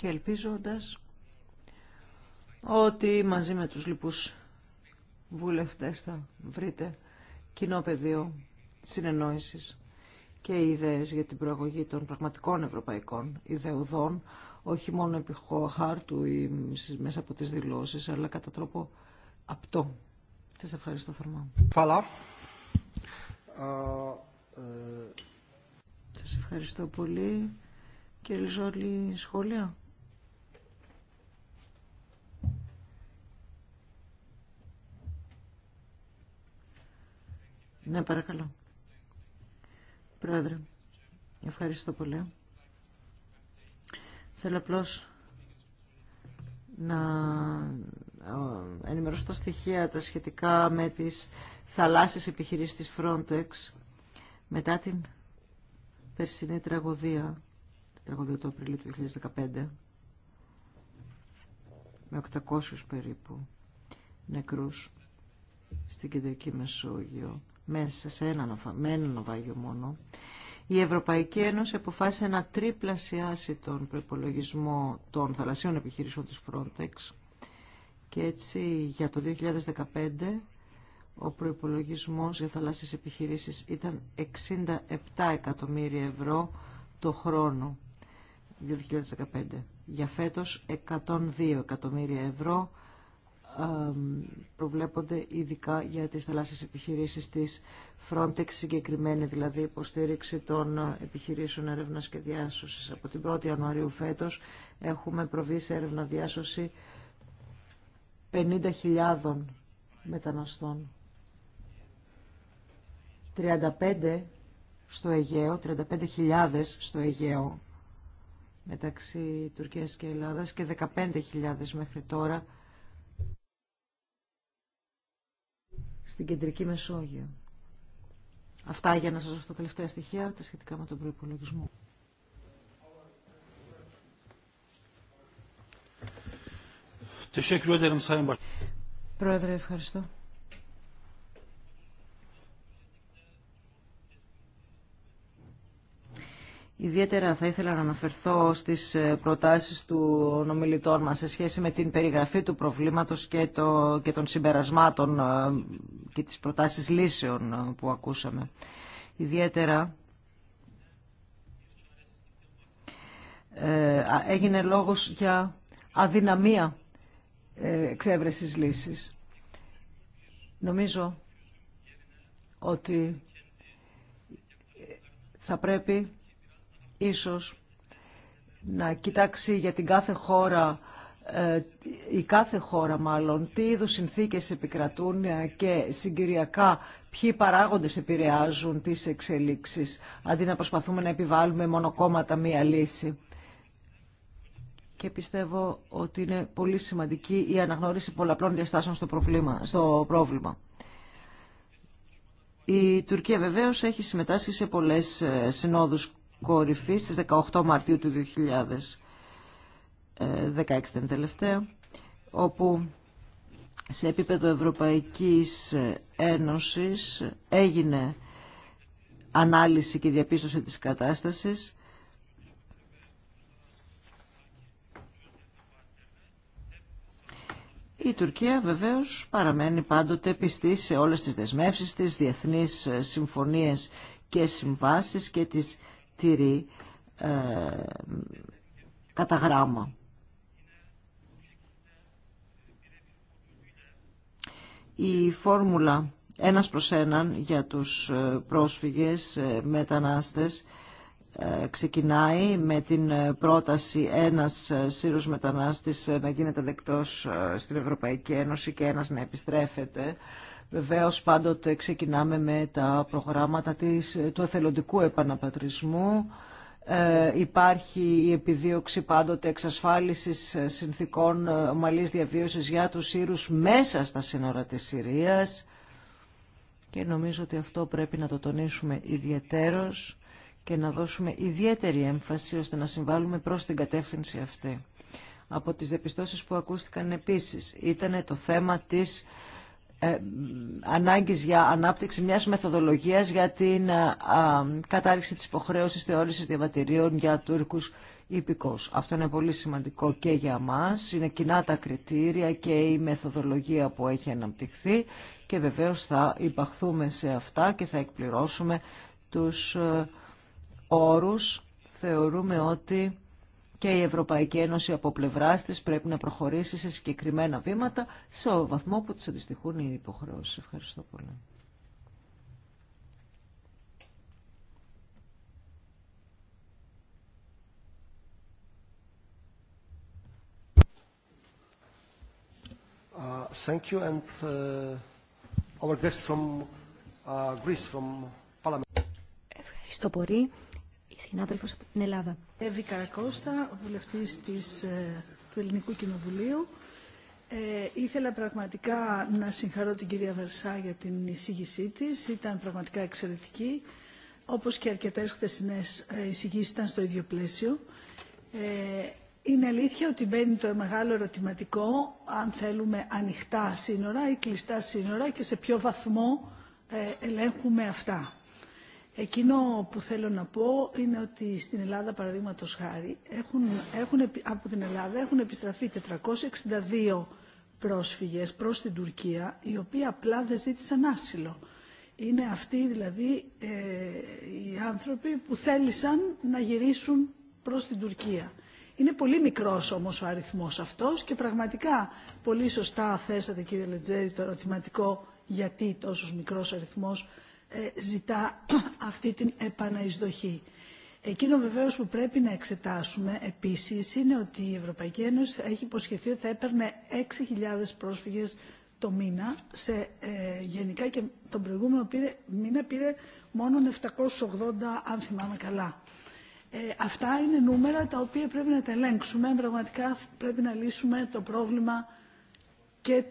και ελπίζοντας ότι μαζί με τους λοιπούς βουλευτές θα βρείτε κοινό πεδίο συνεννόησης και ιδέες για την προαγωγή των πραγματικών ευρωπαϊκών ιδεουδών, όχι μόνο επί χάρτου ή μέσα από τις δηλώσεις, αλλά κατά τρόπο απτό. Σας ευχαριστώ θερμά. Φαλά. Σας ευχαριστώ πολύ. Κύριε Λιζόλη, σχόλια. Ναι, παρακαλώ. Πρόεδρε, ευχαριστώ πολύ. Θέλω απλώ να ενημερώσω τα στοιχεία τα σχετικά με τις θαλάσσιες επιχειρήσεις της Frontex μετά την περσινή τραγωδία, την τραγωδία του Απριλίου του 2015, με 800 περίπου νεκρούς στην Κεντρική Μεσόγειο μέσα σε ένα, με ένα ναυάγιο μόνο, η Ευρωπαϊκή Ένωση αποφάσισε να τριπλασιάσει τον προπολογισμό των θαλασσίων επιχειρήσεων της Frontex και έτσι για το 2015 ο προϋπολογισμός για θαλάσσιες επιχειρήσεις ήταν 67 εκατομμύρια ευρώ το χρόνο 2015. Για φέτος 102 εκατομμύρια ευρώ προβλέπονται ειδικά για τις θαλάσσιες επιχειρήσεις της Frontex, συγκεκριμένη δηλαδή υποστήριξη των επιχειρήσεων έρευνας και διάσωσης. Από την 1η Ιανουαρίου φέτος έχουμε προβεί σε έρευνα διάσωση 50.000 μεταναστών. 35 στο Αιγαίο, 35.000 στο Αιγαίο μεταξύ Τουρκίας και Ελλάδας και 15.000 μέχρι τώρα στην Κεντρική Μεσόγειο. Αυτά για να σας δώσω τα τελευταία στοιχεία τα σχετικά με τον προϋπολογισμό. Πρόεδρε, ευχαριστώ. Ιδιαίτερα θα ήθελα να αναφερθώ στις ε, προτάσεις του νομιλητών μας σε σχέση με την περιγραφή του προβλήματος και, το, και των συμπερασμάτων ε, και τις προτάσεις λύσεων ε, που ακούσαμε. Ιδιαίτερα έγινε λόγος για αδυναμία εξέβρεσης λύσης. Νομίζω ότι θα πρέπει ίσως να κοιτάξει για την κάθε χώρα ε, η κάθε χώρα μάλλον, τι είδους συνθήκες επικρατούν και συγκυριακά ποιοι παράγοντες επηρεάζουν τις εξελίξεις, αντί να προσπαθούμε να επιβάλλουμε μόνο κόμματα μία λύση. Και πιστεύω ότι είναι πολύ σημαντική η αναγνώριση πολλαπλών διαστάσεων στο πρόβλημα. Η Τουρκία βεβαίως έχει συμμετάσχει σε πολλές ε, συνόδους κορυφή στις 18 Μαρτίου του 2016 ε, την τελευταία, όπου σε επίπεδο Ευρωπαϊκής ε, Ένωσης έγινε ανάλυση και διαπίστωση της κατάστασης Η Τουρκία βεβαίως παραμένει πάντοτε πιστή σε όλες τις δεσμεύσεις της, διεθνείς ε, συμφωνίες και συμβάσεις και τις ε, Η φόρμουλα ένας προς έναν για τους ε, πρόσφυγες, ε, μετανάστες, ε, ξεκινάει με την ε, πρόταση ένας ε, Σύρους μετανάστης να γίνεται δεκτός στην Ευρωπαϊκή Ένωση και ένας να επιστρέφεται. Βεβαίως πάντοτε ξεκινάμε με τα προγράμματα της, του εθελοντικού επαναπατρισμού. Ε, υπάρχει η επιδίωξη πάντοτε εξασφάλισης συνθήκων ομαλής διαβίωσης για τους Σύρους μέσα στα σύνορα της Συρίας. Και νομίζω ότι αυτό πρέπει να το τονίσουμε ιδιαίτερος και να δώσουμε ιδιαίτερη έμφαση ώστε να συμβάλλουμε προς την κατεύθυνση αυτή. Από τις διαπιστώσεις που ακούστηκαν επίσης ήταν το θέμα της ε, ανάγκης για ανάπτυξη μιας μεθοδολογίας για την ε, κατάρριξη της υποχρέωσης θεώρησης διαβατηρίων για Τούρκους υπηκός. Αυτό είναι πολύ σημαντικό και για μας, είναι κοινά τα κριτήρια και η μεθοδολογία που έχει αναπτυχθεί και βεβαίως θα υπαχθούμε σε αυτά και θα εκπληρώσουμε τους ε, όρους θεωρούμε ότι και η Ευρωπαϊκή Ένωση από πλευρά τη πρέπει να προχωρήσει σε συγκεκριμένα βήματα σε ο βαθμό που τους αντιστοιχούν οι υποχρεώσεις. Ευχαριστώ πολύ. Uh, thank you and uh, our from uh, Greece, from Ευχαριστώ πολύ συνάδελφος από την Ελλάδα. Εύη Καρακώστα, βουλευτής της, ε, του Ελληνικού Κοινοβουλίου. Ε, ήθελα πραγματικά να συγχαρώ την κυρία Βερσά για την εισήγησή της. Ήταν πραγματικά εξαιρετική. Όπως και αρκετές χθεσινές ε, εισηγήσεις ήταν στο ίδιο πλαίσιο. είναι αλήθεια ότι μπαίνει το μεγάλο ερωτηματικό αν θέλουμε ανοιχτά σύνορα ή κλειστά σύνορα και σε ποιο βαθμό ελέγχουμε αυτά. Εκείνο που θέλω να πω είναι ότι στην Ελλάδα, παραδείγματο χάρη, έχουν, έχουν, από την Ελλάδα έχουν επιστραφεί 462 πρόσφυγες προς την Τουρκία, οι οποίοι απλά δεν ζήτησαν άσυλο. Είναι αυτοί δηλαδή ε, οι άνθρωποι που θέλησαν να γυρίσουν προς την Τουρκία. Είναι πολύ μικρός όμως ο αριθμός αυτός και πραγματικά πολύ σωστά θέσατε κύριε Λετζέρη το ερωτηματικό γιατί τόσος μικρός αριθμός ε, ζητά αυτή την επαναεισδοχή. Εκείνο βεβαίω που πρέπει να εξετάσουμε επίση είναι ότι η Ευρωπαϊκή Ένωση έχει υποσχεθεί ότι θα έπαιρνε 6.000 πρόσφυγε το μήνα. Σε, ε, γενικά και τον προηγούμενο πήρε, μήνα πήρε μόνο 780, αν θυμάμαι καλά. Ε, αυτά είναι νούμερα τα οποία πρέπει να τα ελέγξουμε. Πραγματικά πρέπει να λύσουμε το πρόβλημα και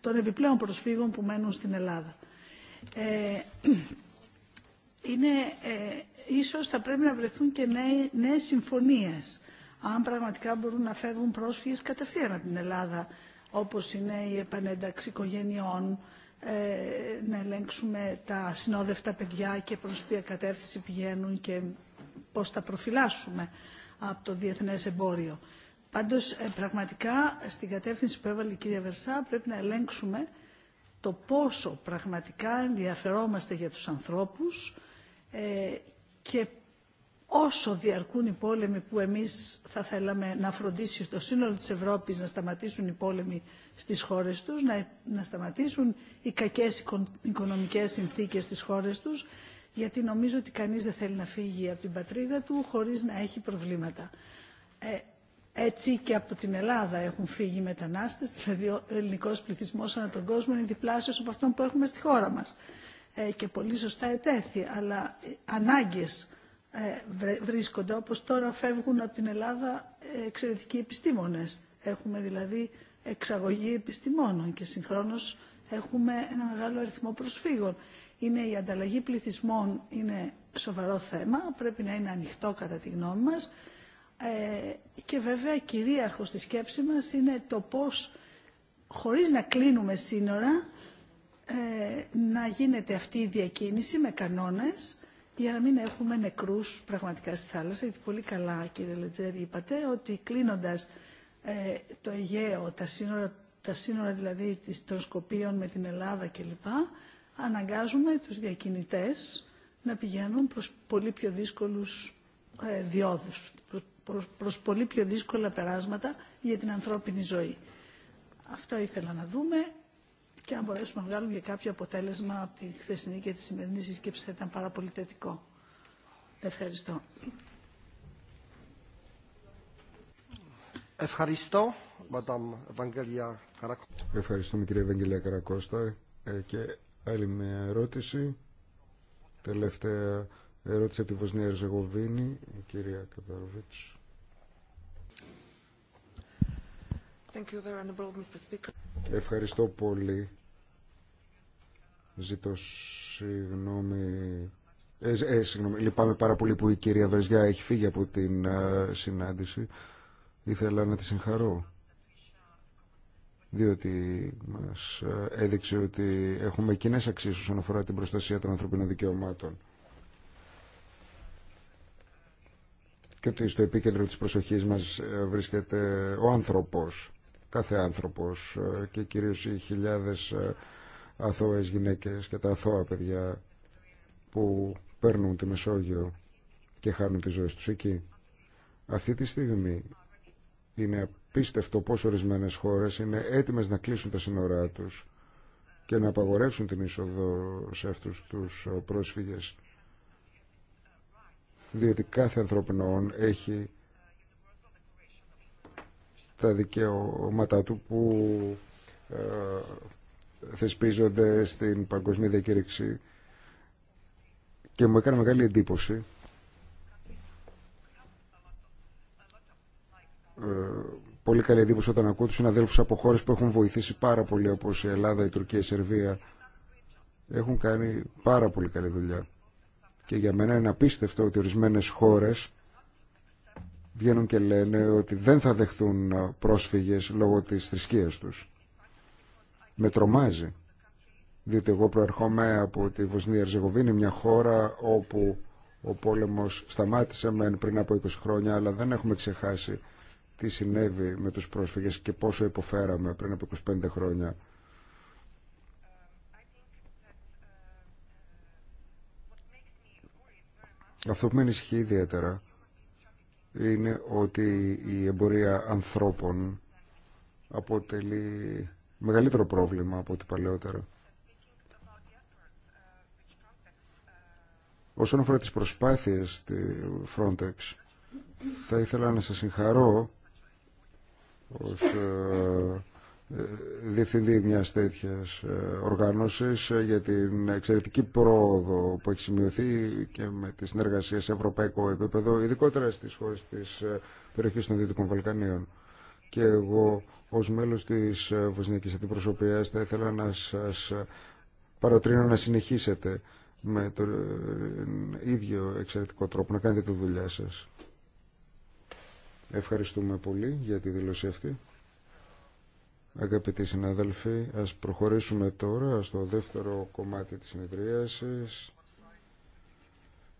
των επιπλέον προσφύγων που μένουν στην Ελλάδα. Ε, είναι, ε, ίσως θα πρέπει να βρεθούν και νέε νέες συμφωνίες αν πραγματικά μπορούν να φεύγουν πρόσφυγες κατευθείαν από την Ελλάδα όπως είναι η επανένταξη οικογενειών, ε, να ελέγξουμε τα συνόδευτα παιδιά και προς ποια κατεύθυνση πηγαίνουν και πώς τα προφυλάσσουμε από το διεθνές εμπόριο. Πάντως, πραγματικά, στην κατεύθυνση που έβαλε η κυρία Βερσά, πρέπει να ελέγξουμε το πόσο πραγματικά ενδιαφερόμαστε για τους ανθρώπους ε, και όσο διαρκούν οι πόλεμοι που εμείς θα θέλαμε να φροντίσει το σύνολο της Ευρώπης να σταματήσουν οι πόλεμοι στις χώρες τους, να, να σταματήσουν οι κακές οικονομικές συνθήκες στις χώρες τους, γιατί νομίζω ότι κανείς δεν θέλει να φύγει από την πατρίδα του χωρίς να έχει προβλήματα. Ε, έτσι και από την Ελλάδα έχουν φύγει μετανάστες, δηλαδή ο ελληνικός πληθυσμός ανά τον κόσμο είναι διπλάσιος από αυτόν που έχουμε στη χώρα μας. Ε, και πολύ σωστά ετέθη, αλλά ε, ανάγκες ε, βρίσκονται, όπως τώρα φεύγουν από την Ελλάδα εξαιρετικοί επιστήμονες. Έχουμε δηλαδή εξαγωγή επιστημόνων και συγχρόνως έχουμε ένα μεγάλο αριθμό προσφύγων. Είναι η ανταλλαγή πληθυσμών είναι σοβαρό θέμα, πρέπει να είναι ανοιχτό κατά τη γνώμη μας ε, και βέβαια κυρίαρχο στη σκέψη μας είναι το πώς χωρίς να κλείνουμε σύνορα ε, να γίνεται αυτή η διακίνηση με κανόνες για να μην έχουμε νεκρούς πραγματικά στη θάλασσα γιατί πολύ καλά κύριε Λετζέρη είπατε ότι κλείνοντας ε, το Αιγαίο, τα σύνορα, τα σύνορα δηλαδή των Σκοπίων με την Ελλάδα κλπ αναγκάζουμε τους διακινητές να πηγαίνουν προς πολύ πιο δύσκολους διόδους προς πολύ πιο δύσκολα περάσματα για την ανθρώπινη ζωή. Αυτό ήθελα να δούμε και αν μπορέσουμε να βγάλουμε και κάποιο αποτέλεσμα από τη χθεσινή και τη σημερινή συσκέψη θα ήταν πάρα πολύ θετικό. Ευχαριστώ. Ευχαριστώ, Ευχαριστούμε κύριε Ευαγγελία Καρακώστα. Ε, και άλλη μια ερώτηση. Τελευταία ερώτηση από τη Βοσνία Ερζεγοβίνη, η κυρία Καταροβίτς. Ευχαριστώ πολύ. Ζητώ συγγνώμη. Ε, ε, συγγνώμη. Λυπάμαι πάρα πολύ που η κυρία Βεζιά έχει φύγει από την ε, συνάντηση. Ήθελα να τη συγχαρώ. Διότι μας ε, έδειξε ότι έχουμε κοινέ αξίες όσον αφορά την προστασία των ανθρωπίνων δικαιωμάτων. Και ότι στο επίκεντρο της προσοχής μας βρίσκεται ο άνθρωπος κάθε άνθρωπος ε, και κυρίως οι χιλιάδες ε, αθώες γυναίκες και τα αθώα παιδιά που παίρνουν τη Μεσόγειο και χάνουν τις ζωές τους εκεί. Αυτή τη στιγμή είναι απίστευτο πως ορισμένες χώρες είναι έτοιμες να κλείσουν τα σύνορά τους και να απαγορεύσουν την είσοδο σε αυτούς τους ε, πρόσφυγες διότι κάθε ανθρωπινό έχει τα δικαιώματα του που ε, θεσπίζονται στην παγκοσμία διακήρυξη και μου έκανε μεγάλη εντύπωση ε, πολύ καλή εντύπωση όταν ακούω τους συναδέλφους από χώρες που έχουν βοηθήσει πάρα πολύ όπως η Ελλάδα, η Τουρκία, η Σερβία έχουν κάνει πάρα πολύ καλή δουλειά και για μένα είναι απίστευτο ότι ορισμένες χώρες βγαίνουν και λένε ότι δεν θα δεχθούν πρόσφυγες λόγω της θρησκείας τους. Με τρομάζει, διότι εγώ προερχόμαι από τη Βοσνία Ερζεγοβίνη, μια χώρα όπου ο πόλεμος σταμάτησε μεν πριν από 20 χρόνια, αλλά δεν έχουμε ξεχάσει τι συνέβη με τους πρόσφυγες και πόσο υποφέραμε πριν από 25 χρόνια. Αυτό που με ενισχύει ιδιαίτερα είναι ότι η εμπορία ανθρώπων αποτελεί μεγαλύτερο πρόβλημα από ό,τι παλαιότερα. Όσον αφορά τις προσπάθειες τη Frontex, θα ήθελα να σας συγχαρώ ως ε, ε, διευθυντή μιας τέτοιας ε, οργάνωσης ε, για την εξαιρετική πρόοδο που έχει σημειωθεί και με τη συνεργασία σε ευρωπαϊκό επίπεδο, ειδικότερα στις χώρες της περιοχής των Δυτικών Βαλκανίων. Και εγώ ως μέλος της Βοσνιακής Αντιπροσωπείας θα ήθελα να σας παροτρύνω να συνεχίσετε με το ίδιο εξαιρετικό τρόπο να κάνετε τη δουλειά σας. Ευχαριστούμε πολύ για τη δήλωση αυτή. Αγαπητοί συνάδελφοι, ας προχωρήσουμε τώρα στο δεύτερο κομμάτι της συνεδρίασης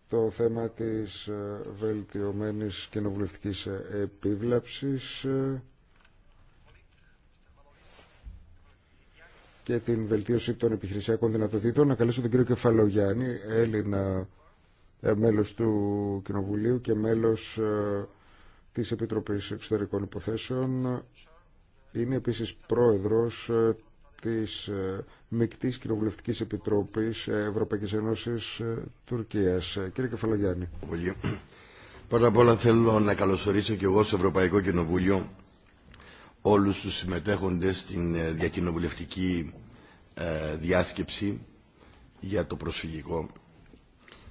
το θέμα της ε, βελτιωμένης κοινοβουλευτικής ε, επίβλαψης ε, και την βελτίωση των επιχειρησιακών δυνατοτήτων. Να καλέσω τον κύριο Κεφαλογιάννη, Έλληνα μέλος του Κοινοβουλίου και μέλος της Επιτροπής Εξωτερικών Υποθέσεων είναι επίσης πρόεδρος ε, της ε, Μικτής Κοινοβουλευτικής Επιτροπής ε, Ευρωπαϊκής Ένωσης Τουρκίας. Κύριε Κεφαλογιάννη. Πρώτα απ' όλα θέλω να καλωσορίσω και εγώ στο Ευρωπαϊκό Κοινοβούλιο όλους τους συμμετέχοντες στην διακοινοβουλευτική διάσκεψη για το προσφυγικό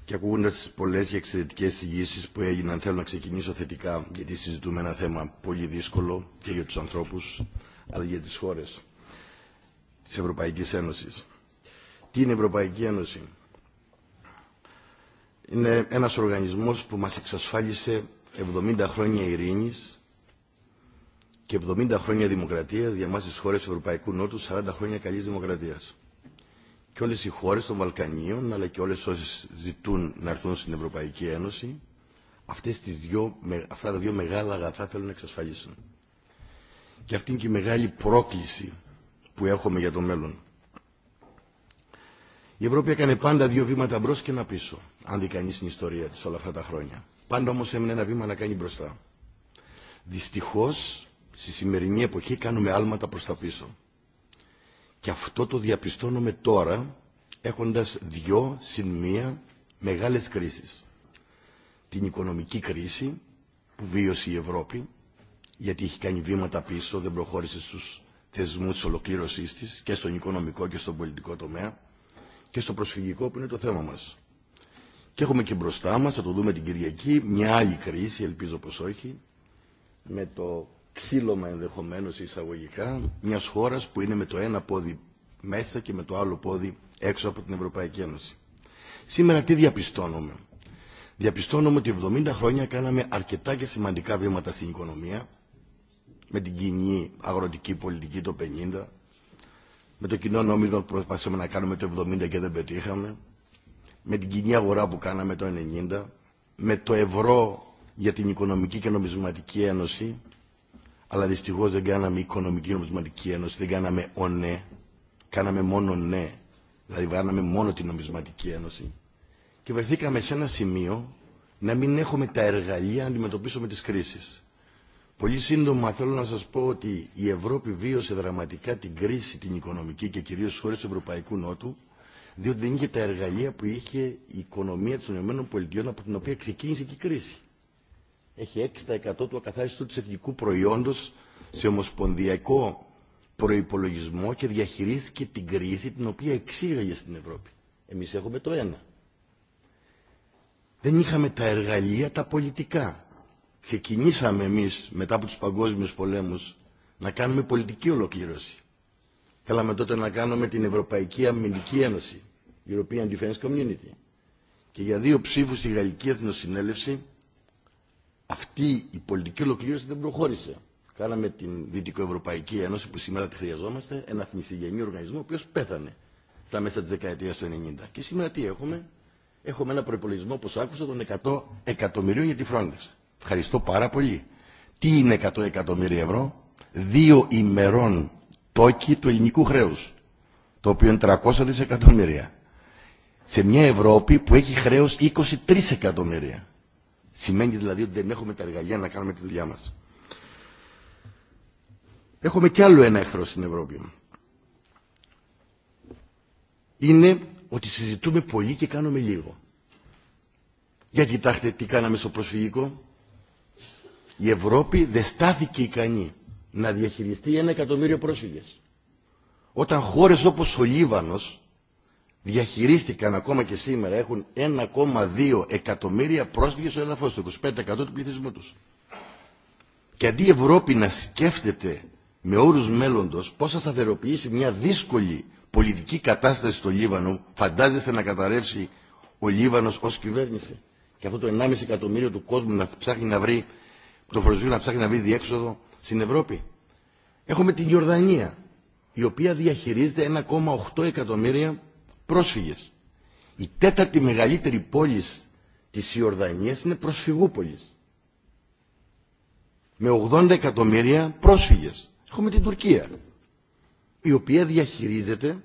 και ακούγοντα πολλέ και εξαιρετικέ συγγύσει που έγιναν, θέλω να ξεκινήσω θετικά, γιατί συζητούμε ένα θέμα πολύ δύσκολο και για του ανθρώπου, αλλά για τι χώρε τη Ευρωπαϊκή Ένωση. Τι είναι η Ευρωπαϊκή Ένωση, Είναι ένα οργανισμό που μα εξασφάλισε 70 χρόνια ειρήνη και 70 χρόνια δημοκρατία για εμά τι χώρε του Ευρωπαϊκού Νότου, 40 χρόνια καλή δημοκρατία και όλες οι χώρες των Βαλκανίων αλλά και όλες όσες ζητούν να έρθουν στην Ευρωπαϊκή Ένωση αυτές τις δυο, αυτά τα δύο μεγάλα αγαθά θέλουν να εξασφαλίσουν. Και αυτή είναι και η μεγάλη πρόκληση που έχουμε για το μέλλον. Η Ευρώπη έκανε πάντα δύο βήματα μπρο και ένα πίσω, αν δει κανείς την ιστορία τη όλα αυτά τα χρόνια. Πάντα όμω έμεινε ένα βήμα να κάνει μπροστά. Δυστυχώ, στη σημερινή εποχή κάνουμε άλματα προ τα πίσω. Και αυτό το διαπιστώνουμε τώρα έχοντας δυο συν μία μεγάλες κρίσεις. Την οικονομική κρίση που βίωσε η Ευρώπη γιατί έχει κάνει βήματα πίσω, δεν προχώρησε στους θεσμούς της ολοκλήρωσής της και στον οικονομικό και στον πολιτικό τομέα και στο προσφυγικό που είναι το θέμα μας. Και έχουμε και μπροστά μας, θα το δούμε την Κυριακή, μια άλλη κρίση, ελπίζω πως όχι, με το ξύλωμα ενδεχομένω εισαγωγικά μια χώρα που είναι με το ένα πόδι μέσα και με το άλλο πόδι έξω από την Ευρωπαϊκή Ένωση. Σήμερα τι διαπιστώνουμε. Διαπιστώνουμε ότι 70 χρόνια κάναμε αρκετά και σημαντικά βήματα στην οικονομία με την κοινή αγροτική πολιτική το 50 με το κοινό νόμισμα που προσπαθήσαμε να κάνουμε το 70 και δεν πετύχαμε με την κοινή αγορά που κάναμε το 90 με το ευρώ για την Οικονομική και Νομισματική Ένωση αλλά δυστυχώ δεν κάναμε οικονομική νομισματική ένωση, δεν κάναμε ο ναι, κάναμε μόνο ναι, δηλαδή βάναμε μόνο την νομισματική ένωση και βρεθήκαμε σε ένα σημείο να μην έχουμε τα εργαλεία να αντιμετωπίσουμε τι κρίσει. Πολύ σύντομα θέλω να σα πω ότι η Ευρώπη βίωσε δραματικά την κρίση την οικονομική και κυρίω στι χώρε του Ευρωπαϊκού Νότου διότι δεν είχε τα εργαλεία που είχε η οικονομία των ΗΠΑ από την οποία ξεκίνησε και η κρίση έχει 6% του ακαθάριστου της εθνικού προϊόντος σε ομοσπονδιακό προϋπολογισμό και και την κρίση την οποία εξήγαγε στην Ευρώπη. Εμείς έχουμε το ένα. Δεν είχαμε τα εργαλεία τα πολιτικά. Ξεκινήσαμε εμείς μετά από τους παγκόσμιους πολέμους να κάνουμε πολιτική ολοκλήρωση. Θέλαμε τότε να κάνουμε την Ευρωπαϊκή Αμυντική Ένωση, European Defense Community. Και για δύο ψήφους στη Γαλλική Εθνοσυνέλευση αυτή η πολιτική ολοκλήρωση δεν προχώρησε. Κάναμε την Δυτικοευρωπαϊκή Ένωση που σήμερα τη χρειαζόμαστε, ένα θνησιγενή οργανισμό ο οποίο πέθανε στα μέσα τη δεκαετία του 90. Και σήμερα τι έχουμε, έχουμε ένα προπολογισμό όπω άκουσα των 100 εκατομμυρίων για τη φρόντε. Ευχαριστώ πάρα πολύ. Τι είναι 100 εκατομμύρια ευρώ, δύο ημερών τόκι του ελληνικού χρέου, το οποίο είναι 300 δισεκατομμύρια. Σε μια Ευρώπη που έχει χρέο 23 εκατομμύρια. Σημαίνει δηλαδή ότι δεν έχουμε τα εργαλεία να κάνουμε τη δουλειά μας. Έχουμε κι άλλο ένα εχθρό στην Ευρώπη. Είναι ότι συζητούμε πολύ και κάνουμε λίγο. Για κοιτάξτε τι κάναμε στο προσφυγικό. Η Ευρώπη δεν στάθηκε ικανή να διαχειριστεί ένα εκατομμύριο πρόσφυγες. Όταν χώρες όπως ο Λίβανος διαχειρίστηκαν ακόμα και σήμερα έχουν 1,2 εκατομμύρια πρόσφυγες στο έδαφος του, 25% του πληθυσμού τους. Και αντί η Ευρώπη να σκέφτεται με όρους μέλλοντος πώς θα σταθεροποιήσει μια δύσκολη πολιτική κατάσταση στο Λίβανο, φαντάζεστε να καταρρεύσει ο Λίβανος ως κυβέρνηση. Και αυτό το 1,5 εκατομμύριο του κόσμου να ψάχνει να βρει, το να ψάχνει να βρει διέξοδο στην Ευρώπη. Έχουμε την Ιορδανία, η οποία διαχειρίζεται 1,8 εκατομμύρια πρόσφυγες. Η τέταρτη μεγαλύτερη πόλη της Ιορδανίας είναι προσφυγούπολης. Με 80 εκατομμύρια πρόσφυγες. Έχουμε την Τουρκία, η οποία διαχειρίζεται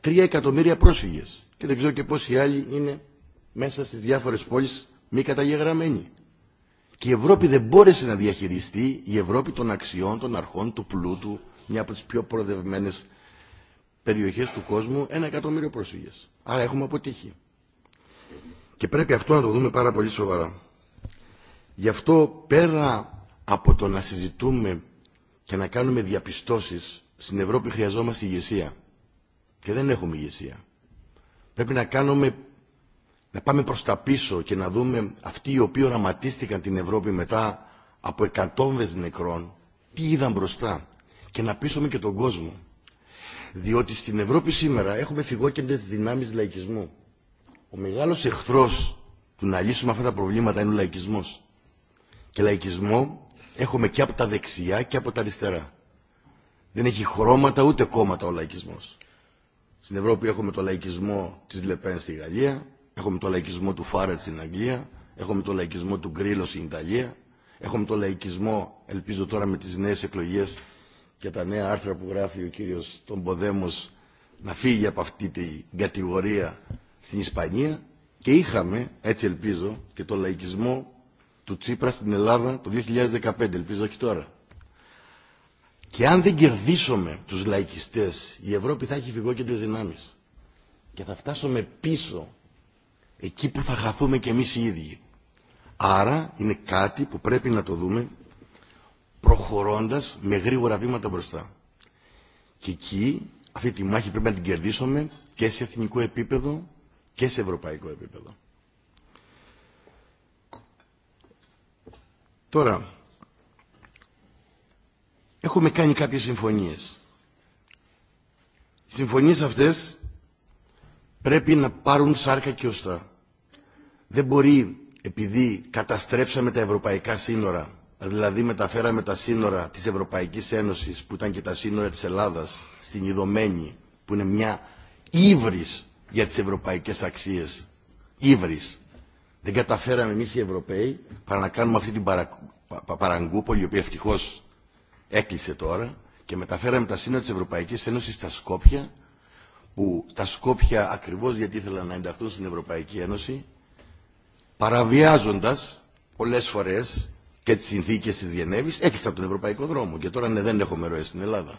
3 εκατομμύρια πρόσφυγες. Και δεν ξέρω και πόσοι άλλοι είναι μέσα στις διάφορες πόλεις μη καταγεγραμμένοι. Και η Ευρώπη δεν μπόρεσε να διαχειριστεί η Ευρώπη των αξιών, των αρχών, του πλούτου, μια από τις πιο προοδευμένες περιοχές του κόσμου ένα εκατομμύριο πρόσφυγες. Άρα έχουμε αποτύχει. Και πρέπει αυτό να το δούμε πάρα πολύ σοβαρά. Γι' αυτό πέρα από το να συζητούμε και να κάνουμε διαπιστώσεις, στην Ευρώπη χρειαζόμαστε ηγεσία. Και δεν έχουμε ηγεσία. Πρέπει να κάνουμε να πάμε προς τα πίσω και να δούμε αυτοί οι οποίοι οραματίστηκαν την Ευρώπη μετά από εκατόμβες νεκρών, τι είδαν μπροστά και να πείσουμε και τον κόσμο. Διότι στην Ευρώπη σήμερα έχουμε φυγόκεντε δυνάμεις λαϊκισμού. Ο μεγάλος εχθρό του να λύσουμε αυτά τα προβλήματα είναι ο λαϊκισμός. Και λαϊκισμό έχουμε και από τα δεξιά και από τα αριστερά. Δεν έχει χρώματα ούτε κόμματα ο λαϊκισμός. Στην Ευρώπη έχουμε το λαϊκισμό της Λεπέν στη Γαλλία, έχουμε το λαϊκισμό του Φάρετ στην Αγγλία, έχουμε το λαϊκισμό του Γκρίλο στην Ιταλία, έχουμε το λαϊκισμό, ελπίζω τώρα με τι νέε εκλογέ και τα νέα άρθρα που γράφει ο κύριος τον Ποδέμος να φύγει από αυτή την κατηγορία στην Ισπανία και είχαμε, έτσι ελπίζω, και το λαϊκισμό του Τσίπρα στην Ελλάδα το 2015, ελπίζω όχι τώρα. Και αν δεν κερδίσουμε τους λαϊκιστές, η Ευρώπη θα έχει φυγόκεντρε δυνάμεις. Και θα φτάσουμε πίσω, εκεί που θα χαθούμε κι εμείς οι ίδιοι. Άρα είναι κάτι που πρέπει να το δούμε προχωρώντας με γρήγορα βήματα μπροστά. Και εκεί αυτή τη μάχη πρέπει να την κερδίσουμε και σε εθνικό επίπεδο και σε ευρωπαϊκό επίπεδο. Τώρα, έχουμε κάνει κάποιες συμφωνίες. Οι συμφωνίες αυτές πρέπει να πάρουν σάρκα και οστά. Δεν μπορεί, επειδή καταστρέψαμε τα ευρωπαϊκά σύνορα δηλαδή μεταφέραμε τα σύνορα της Ευρωπαϊκής Ένωσης που ήταν και τα σύνορα της Ελλάδας στην Ιδωμένη που είναι μια ύβρις για τις ευρωπαϊκές αξίες. Ύβρις. Δεν καταφέραμε εμείς οι Ευρωπαίοι παρά να κάνουμε αυτή την παρα... πα... παραγκούπολη η οποία ευτυχώ έκλεισε τώρα και μεταφέραμε τα σύνορα της Ευρωπαϊκής Ένωσης στα Σκόπια που τα Σκόπια ακριβώς γιατί ήθελαν να ενταχθούν στην Ευρωπαϊκή Ένωση παραβιάζοντας πολλές φορές και τις συνθήκες της Γενέβης έκλεισαν τον ευρωπαϊκό δρόμο και τώρα ναι, δεν έχουμε ροές στην Ελλάδα.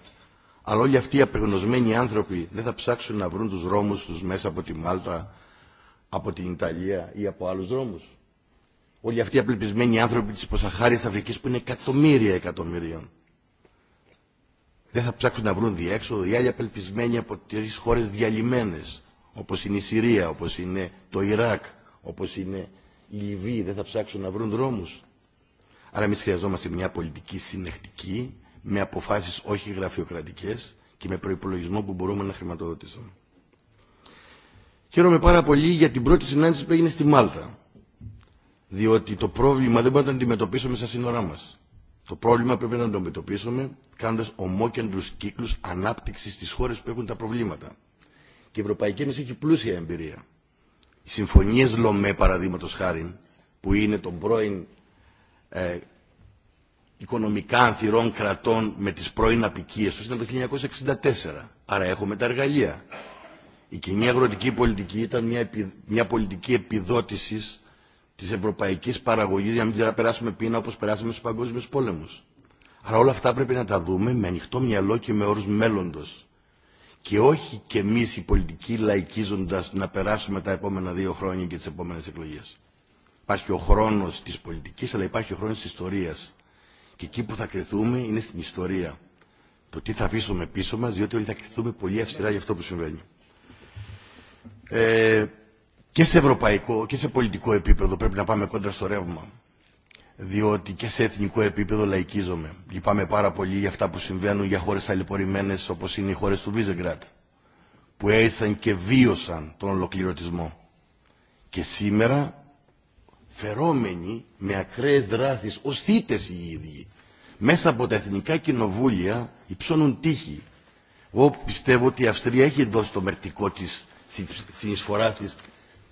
Αλλά όλοι αυτοί οι απεγνωσμένοι άνθρωποι δεν θα ψάξουν να βρουν τους δρόμου τους μέσα από τη Μάλτα, από την Ιταλία ή από άλλους δρόμου. Όλοι αυτοί οι απελπισμένοι άνθρωποι της Ποσαχάριας Αφρικής που είναι εκατομμύρια εκατομμυρίων. Δεν θα ψάξουν να βρουν διέξοδο οι άλλοι απελπισμένοι από τρεις χώρες διαλυμένες, όπω είναι η Συρία, όπω είναι το Ιράκ, όπω είναι η Λιβύη, δεν θα ψάξουν να βρουν δρόμου. Άρα εμεί χρειαζόμαστε μια πολιτική συνεχτική, με αποφάσεις όχι γραφειοκρατικές και με προϋπολογισμό που μπορούμε να χρηματοδοτήσουμε. Χαίρομαι πάρα πολύ για την πρώτη συνάντηση που έγινε στη Μάλτα. Διότι το πρόβλημα δεν μπορούμε να το αντιμετωπίσουμε στα σύνορά μας. Το πρόβλημα πρέπει να το αντιμετωπίσουμε κάνοντας ομόκεντρους κύκλους ανάπτυξης στις χώρες που έχουν τα προβλήματα. Και η Ευρωπαϊκή Ένωση έχει πλούσια εμπειρία. Οι συμφωνίες ΛΟΜΕ, παραδείγματο χάρη, που είναι τον πρώην ε, οικονομικά ανθυρών κρατών με τις πρώην απικίες τους ήταν το 1964. Άρα έχουμε τα εργαλεία. Η κοινή αγροτική πολιτική ήταν μια, μια πολιτική επιδότησης της ευρωπαϊκής παραγωγής για να μην περάσουμε πείνα όπως περάσαμε στους παγκόσμιους πόλεμους. Άρα όλα αυτά πρέπει να τα δούμε με ανοιχτό μυαλό και με όρους μέλλοντος. Και όχι και εμείς οι πολιτικοί λαϊκίζοντας να περάσουμε τα επόμενα δύο χρόνια και τις επόμενες εκλογές. Υπάρχει ο χρόνος της πολιτικής, αλλά υπάρχει ο χρόνος της ιστορίας. Και εκεί που θα κρυθούμε είναι στην ιστορία. Το τι θα αφήσουμε πίσω μας, διότι όλοι θα κρυθούμε πολύ αυστηρά για αυτό που συμβαίνει. Ε, και σε ευρωπαϊκό και σε πολιτικό επίπεδο πρέπει να πάμε κόντρα στο ρεύμα. Διότι και σε εθνικό επίπεδο λαϊκίζομαι. Λυπάμαι πάρα πολύ για αυτά που συμβαίνουν για χώρες αλληπορημένες όπως είναι οι χώρες του Βίζεγκρατ. Που έζησαν και βίωσαν τον ολοκληρωτισμό. Και σήμερα φερόμενοι με ακραίες δράσεις ως θύτες οι ίδιοι. Μέσα από τα εθνικά κοινοβούλια υψώνουν τύχη. Εγώ πιστεύω ότι η Αυστρία έχει δώσει το μερτικό της συνεισφορά τη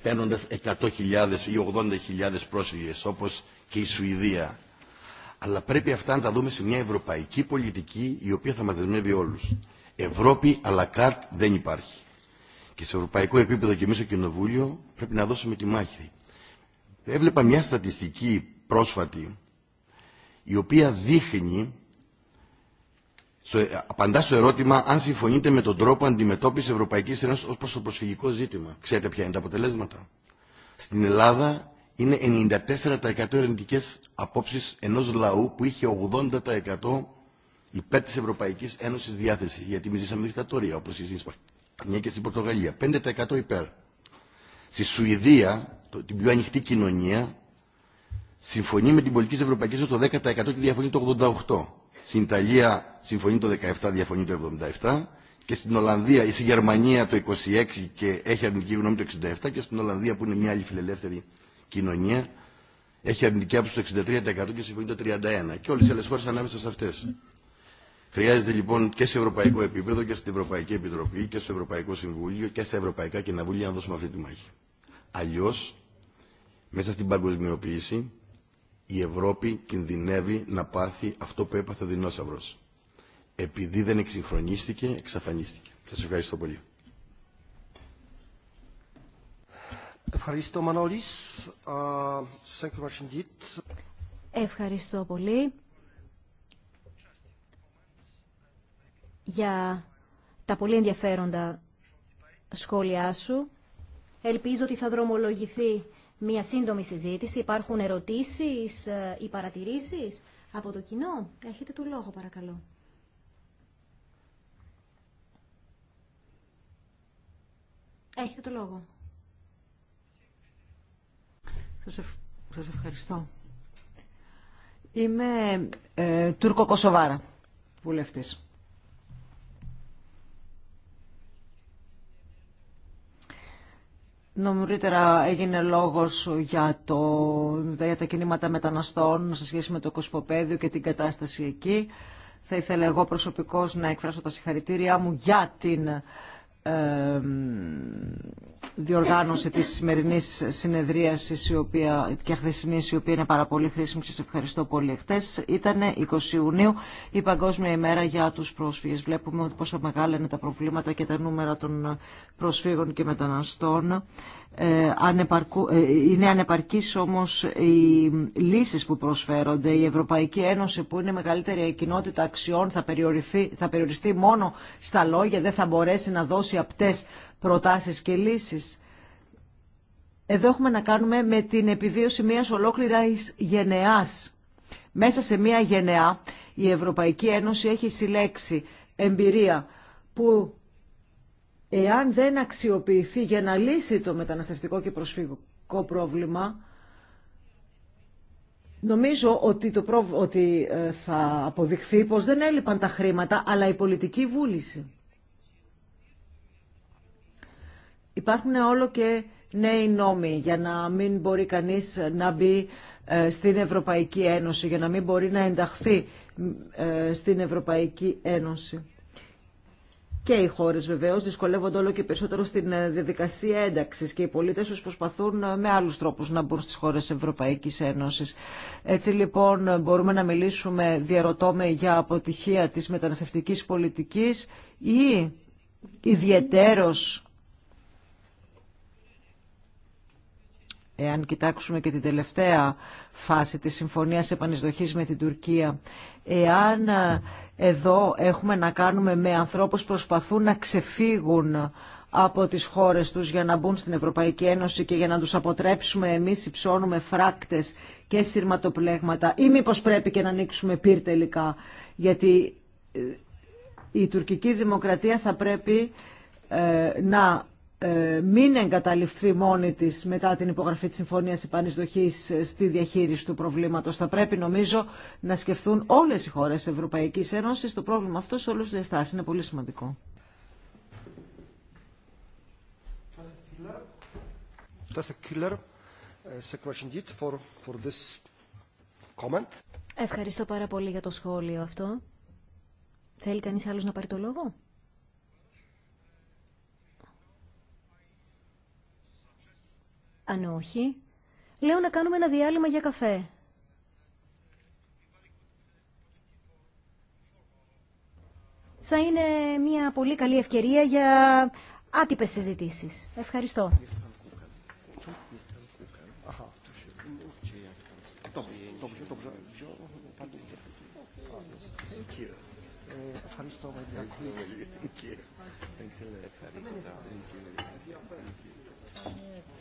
παίρνοντα 100.000 ή 80.000 πρόσφυγες όπως και η Σουηδία. Αλλά πρέπει αυτά να τα δούμε σε μια ευρωπαϊκή πολιτική η οποία θα μα δεσμεύει όλους. Ευρώπη αλλά καρτ δεν υπάρχει. Και σε ευρωπαϊκό επίπεδο και εμείς στο Κοινοβούλιο πρέπει να δώσουμε τη μάχη έβλεπα μια στατιστική πρόσφατη η οποία δείχνει απαντά στο ερώτημα αν συμφωνείτε με τον τρόπο αντιμετώπιση Ευρωπαϊκής Ένωσης ως προς το προσφυγικό ζήτημα. Ξέρετε ποια είναι τα αποτελέσματα. Στην Ελλάδα είναι 94% ερευνητικέ απόψεις ενός λαού που είχε 80% υπέρ τη Ευρωπαϊκή Ένωση διάθεση. Γιατί μιλήσαμε ζήσαμε δικτατορία όπω η Ισπανία και στην Πορτογαλία. 5% υπέρ. Στη Σουηδία την πιο ανοιχτή κοινωνία συμφωνεί με την πολιτική της Ευρωπαϊκής το 10% και διαφωνεί το 88%. Στην Ιταλία συμφωνεί το 17%, διαφωνεί το 77% και στην Ολλανδία ή στη Γερμανία το 26% και έχει αρνητική γνώμη το 67% και στην Ολλανδία που είναι μια άλλη φιλελεύθερη κοινωνία έχει αρνητική άποψη το 63% και συμφωνεί το 31%. Και όλες οι άλλες χώρες ανάμεσα σε αυτές. Χρειάζεται λοιπόν και σε ευρωπαϊκό επίπεδο και στην Ευρωπαϊκή Επιτροπή και στο Ευρωπαϊκό Συμβούλιο και στα Ευρωπαϊκά Κοινοβούλια να δώσουμε αυτή τη μάχη. Αλλιώς μέσα στην παγκοσμιοποίηση η Ευρώπη κινδυνεύει να πάθει αυτό που έπαθε ο δεινόσαυρος. Επειδή δεν εξυγχρονίστηκε, εξαφανίστηκε. Σας ευχαριστώ πολύ. Ευχαριστώ Μανώλης. Ευχαριστώ πολύ για τα πολύ ενδιαφέροντα σχόλιά σου. Ελπίζω ότι θα δρομολογηθεί μια σύντομη συζήτηση. Υπάρχουν ερωτήσεις ε, ή παρατηρήσεις από το κοινό. Έχετε το λόγο παρακαλώ. Έχετε το λόγο. Σας ευχαριστώ. Είμαι ε, Τούρκο Κοσοβάρα, βουλευτής. Νωρίτερα έγινε λόγος για, το, για τα κινήματα μεταναστών σε σχέση με το κοσμοπέδιο και την κατάσταση εκεί. Θα ήθελα εγώ προσωπικώς να εκφράσω τα συγχαρητήριά μου για την διοργάνωση της σημερινής συνεδρίασης η οποία, και χθεσινής η οποία είναι πάρα πολύ χρήσιμη και σε ευχαριστώ πολύ. Χθες ήταν 20 Ιουνίου η Παγκόσμια ημέρα για τους πρόσφυγες. Βλέπουμε ότι πόσο μεγάλα είναι τα προβλήματα και τα νούμερα των προσφύγων και μεταναστών. Ε, ε, είναι ανεπαρκής, όμως οι λύσεις που προσφέρονται. Η Ευρωπαϊκή Ένωση που είναι μεγαλύτερη κοινότητα αξιών θα, περιοριστεί, θα περιοριστεί μόνο στα λόγια, δεν θα μπορέσει να δώσει απτές προτάσεις και λύσεις. Εδώ έχουμε να κάνουμε με την επιβίωση μιας ολόκληρης γενεάς. Μέσα σε μια γενεά η Ευρωπαϊκή Ένωση έχει συλλέξει εμπειρία που εάν δεν αξιοποιηθεί για να λύσει το μεταναστευτικό και προσφυγικό πρόβλημα, Νομίζω ότι, το ε, θα αποδειχθεί πως δεν έλειπαν τα χρήματα, αλλά η πολιτική βούληση. Υπάρχουν όλο και νέοι νόμοι για να μην μπορεί κανείς να μπει ε, στην Ευρωπαϊκή Ένωση, για να μην μπορεί να ενταχθεί ε, στην Ευρωπαϊκή Ένωση και οι χώρες βεβαίως δυσκολεύονται όλο και περισσότερο στην ε, διαδικασία ένταξης και οι πολίτες τους προσπαθούν ε, με άλλους τρόπους να μπουν στις χώρες Ευρωπαϊκή Ευρωπαϊκής Ένωσης. Έτσι λοιπόν μπορούμε να μιλήσουμε διαρωτώμε για αποτυχία της μεταναστευτικής πολιτικής ή ιδιαιτέρως εάν κοιτάξουμε και την τελευταία φάση της συμφωνίας επανεισδοχής με την Τουρκία, εάν ε, εδώ έχουμε να κάνουμε με ανθρώπους που προσπαθούν να ξεφύγουν από τις χώρες τους για να μπουν στην Ευρωπαϊκή Ένωση και για να τους αποτρέψουμε εμείς υψώνουμε φράκτες και σειρματοπλέγματα ή μήπω πρέπει και να ανοίξουμε πυρ τελικά γιατί ε, η τουρκική δημοκρατία θα πρέπει ε, να ε, μην εγκαταλειφθεί μόνη της μετά την υπογραφή της Συμφωνίας Επανεισδοχής ε, στη διαχείριση του προβλήματος. Θα πρέπει νομίζω να σκεφτούν όλες οι χώρες Ευρωπαϊκής Ένωσης το πρόβλημα αυτό σε όλους τους διαστάσεις. Είναι πολύ σημαντικό. Ε, Ευχαριστώ πάρα πολύ για το σχόλιο αυτό. Θέλει κανείς άλλος να πάρει το λόγο. Αν όχι, λέω να κάνουμε ένα διάλειμμα για καφέ. Θα είναι μια πολύ καλή ευκαιρία για άτυπες συζητήσεις. Ευχαριστώ. Ευχαριστώ.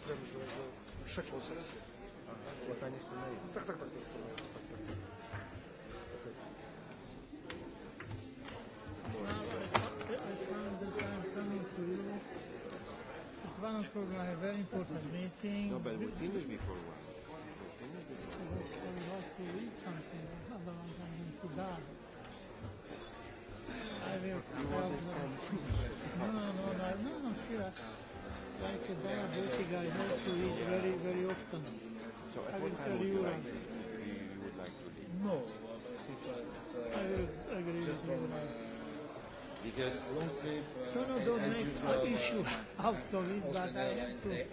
przeczytałem, No, No, no, no, no, no, no, like a I have to eat very, very often. So I No, I agree with you. Because no, no, don't make issue out of it, but I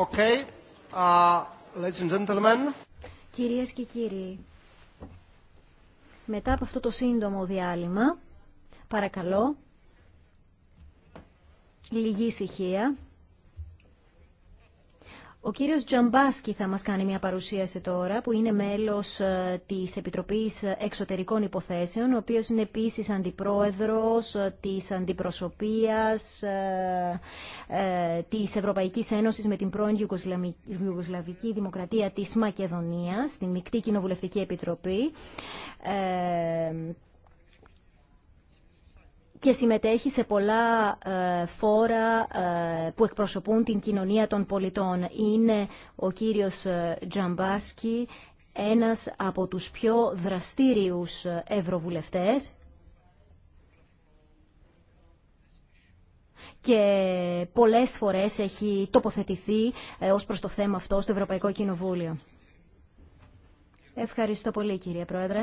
Okay. Uh, Κυρίες και κύριοι, μετά από αυτό το σύντομο διάλειμμα, παρακαλώ, λίγη ησυχία. Ο κύριος Τζαμπάσκι θα μας κάνει μια παρουσίαση τώρα, που είναι μέλος ε, της Επιτροπής Εξωτερικών Υποθέσεων, ο οποίος είναι επίσης αντιπρόεδρος ε, της Αντιπροσωπείας ε, της Ευρωπαϊκής Ένωσης με την πρώην Ιουγκοσλαβική Δημοκρατία της Μακεδονίας, την Μικτή Κοινοβουλευτική Επιτροπή και συμμετέχει σε πολλά ε, φόρα ε, που εκπροσωπούν την κοινωνία των πολιτών. Είναι ο κύριος ε, Τζαμπάσκι, ένας από τους πιο δραστήριους ευρωβουλευτές και πολλές φορές έχει τοποθετηθεί ως προς το θέμα αυτό στο Ευρωπαϊκό Κοινοβούλιο. Ευχαριστώ πολύ κύριε Πρόεδρε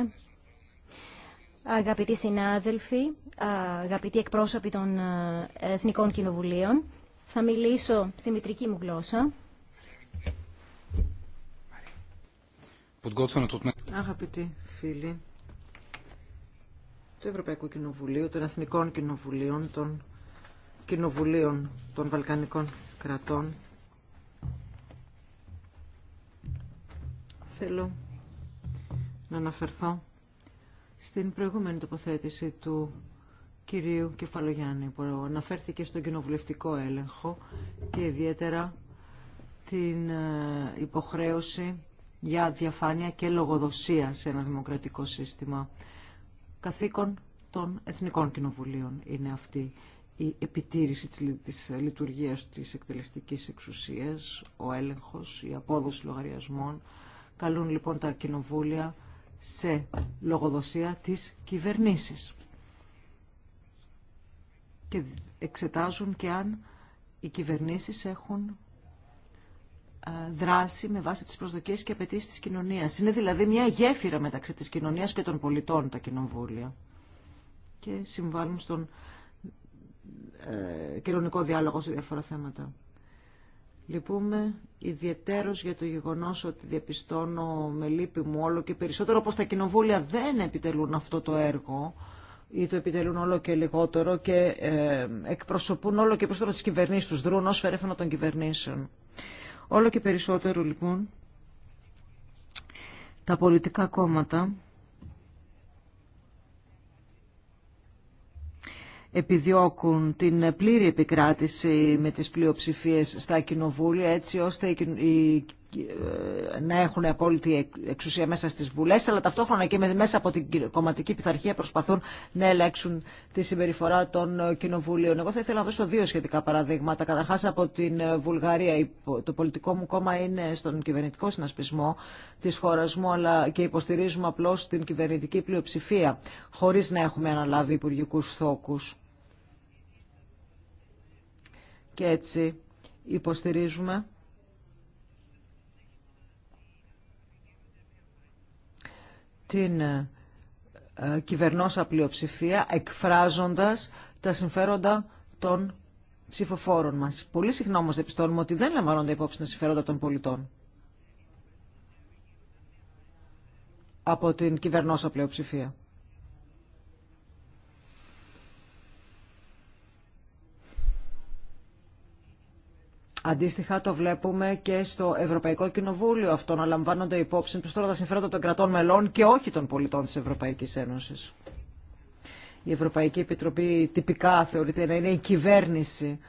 αγαπητοί συνάδελφοι, αγαπητοί εκπρόσωποι των ε, Εθνικών Κοινοβουλίων. Θα μιλήσω στη μητρική μου γλώσσα. Αγαπητοί φίλοι του Ευρωπαϊκού Κοινοβουλίου, των Εθνικών Κοινοβουλίων, των Κοινοβουλίων των Βαλκανικών κρατών, θέλω να αναφερθώ στην προηγούμενη τοποθέτηση του κυρίου Κεφαλογιάννη που αναφέρθηκε στο κοινοβουλευτικό έλεγχο και ιδιαίτερα την ε, υποχρέωση για διαφάνεια και λογοδοσία σε ένα δημοκρατικό σύστημα. Καθήκον των Εθνικών Κοινοβουλίων είναι αυτή η επιτήρηση της λειτουργίας της εκτελεστικής εξουσίας, ο έλεγχος, η απόδοση λογαριασμών. Καλούν λοιπόν τα κοινοβούλια σε λογοδοσία της κυβερνήσεις. Και εξετάζουν και αν οι κυβερνήσεις έχουν δράση με βάση τις προσδοκίες και απαιτήσει της κοινωνίας. Είναι δηλαδή μια γέφυρα μεταξύ της κοινωνίας και των πολιτών τα κοινοβούλια και συμβάλλουν στον ε, κοινωνικό διάλογο σε διάφορα θέματα. Λυπούμε ιδιαιτέρως για το γεγονός ότι διαπιστώνω με λύπη μου όλο και περισσότερο πως τα κοινοβούλια δεν επιτελούν αυτό το έργο ή το επιτελούν όλο και λιγότερο και ε, εκπροσωπούν όλο και περισσότερο τις κυβερνήσεις του δρούν ω φερέφανο των κυβερνήσεων. Όλο και περισσότερο λοιπόν τα πολιτικά κόμματα επιδιώκουν την πλήρη επικράτηση με τις πλειοψηφίες στα κοινοβούλια έτσι ώστε οι ε, να έχουν απόλυτη εξουσία μέσα στις βουλές, αλλά ταυτόχρονα και μέσα από την κομματική πειθαρχία προσπαθούν να ελέγξουν τη συμπεριφορά των ε, κοινοβουλίων. Εγώ θα ήθελα να δώσω δύο σχετικά παραδείγματα. Καταρχάς από την ε, Βουλγαρία, το πολιτικό μου κόμμα είναι στον κυβερνητικό συνασπισμό της χώρας μου, αλλά και υποστηρίζουμε απλώς την κυβερνητική πλειοψηφία, χωρίς να έχουμε αναλάβει υπουργικού θόκους και έτσι υποστηρίζουμε την ε, κυβερνόσα πλειοψηφία εκφράζοντας τα συμφέροντα των ψηφοφόρων μας. Πολύ συχνά όμως διαπιστώνουμε ότι δεν λαμβάνονται υπόψη τα συμφέροντα των πολιτών από την κυβερνόσα πλειοψηφία. Αντίστοιχα το βλέπουμε και στο Ευρωπαϊκό Κοινοβούλιο αυτό να λαμβάνονται υπόψη προς τώρα τα συμφέροντα των κρατών μελών και όχι των πολιτών της Ευρωπαϊκής Ένωσης. Η Ευρωπαϊκή Επιτροπή τυπικά θεωρείται να είναι η κυβέρνηση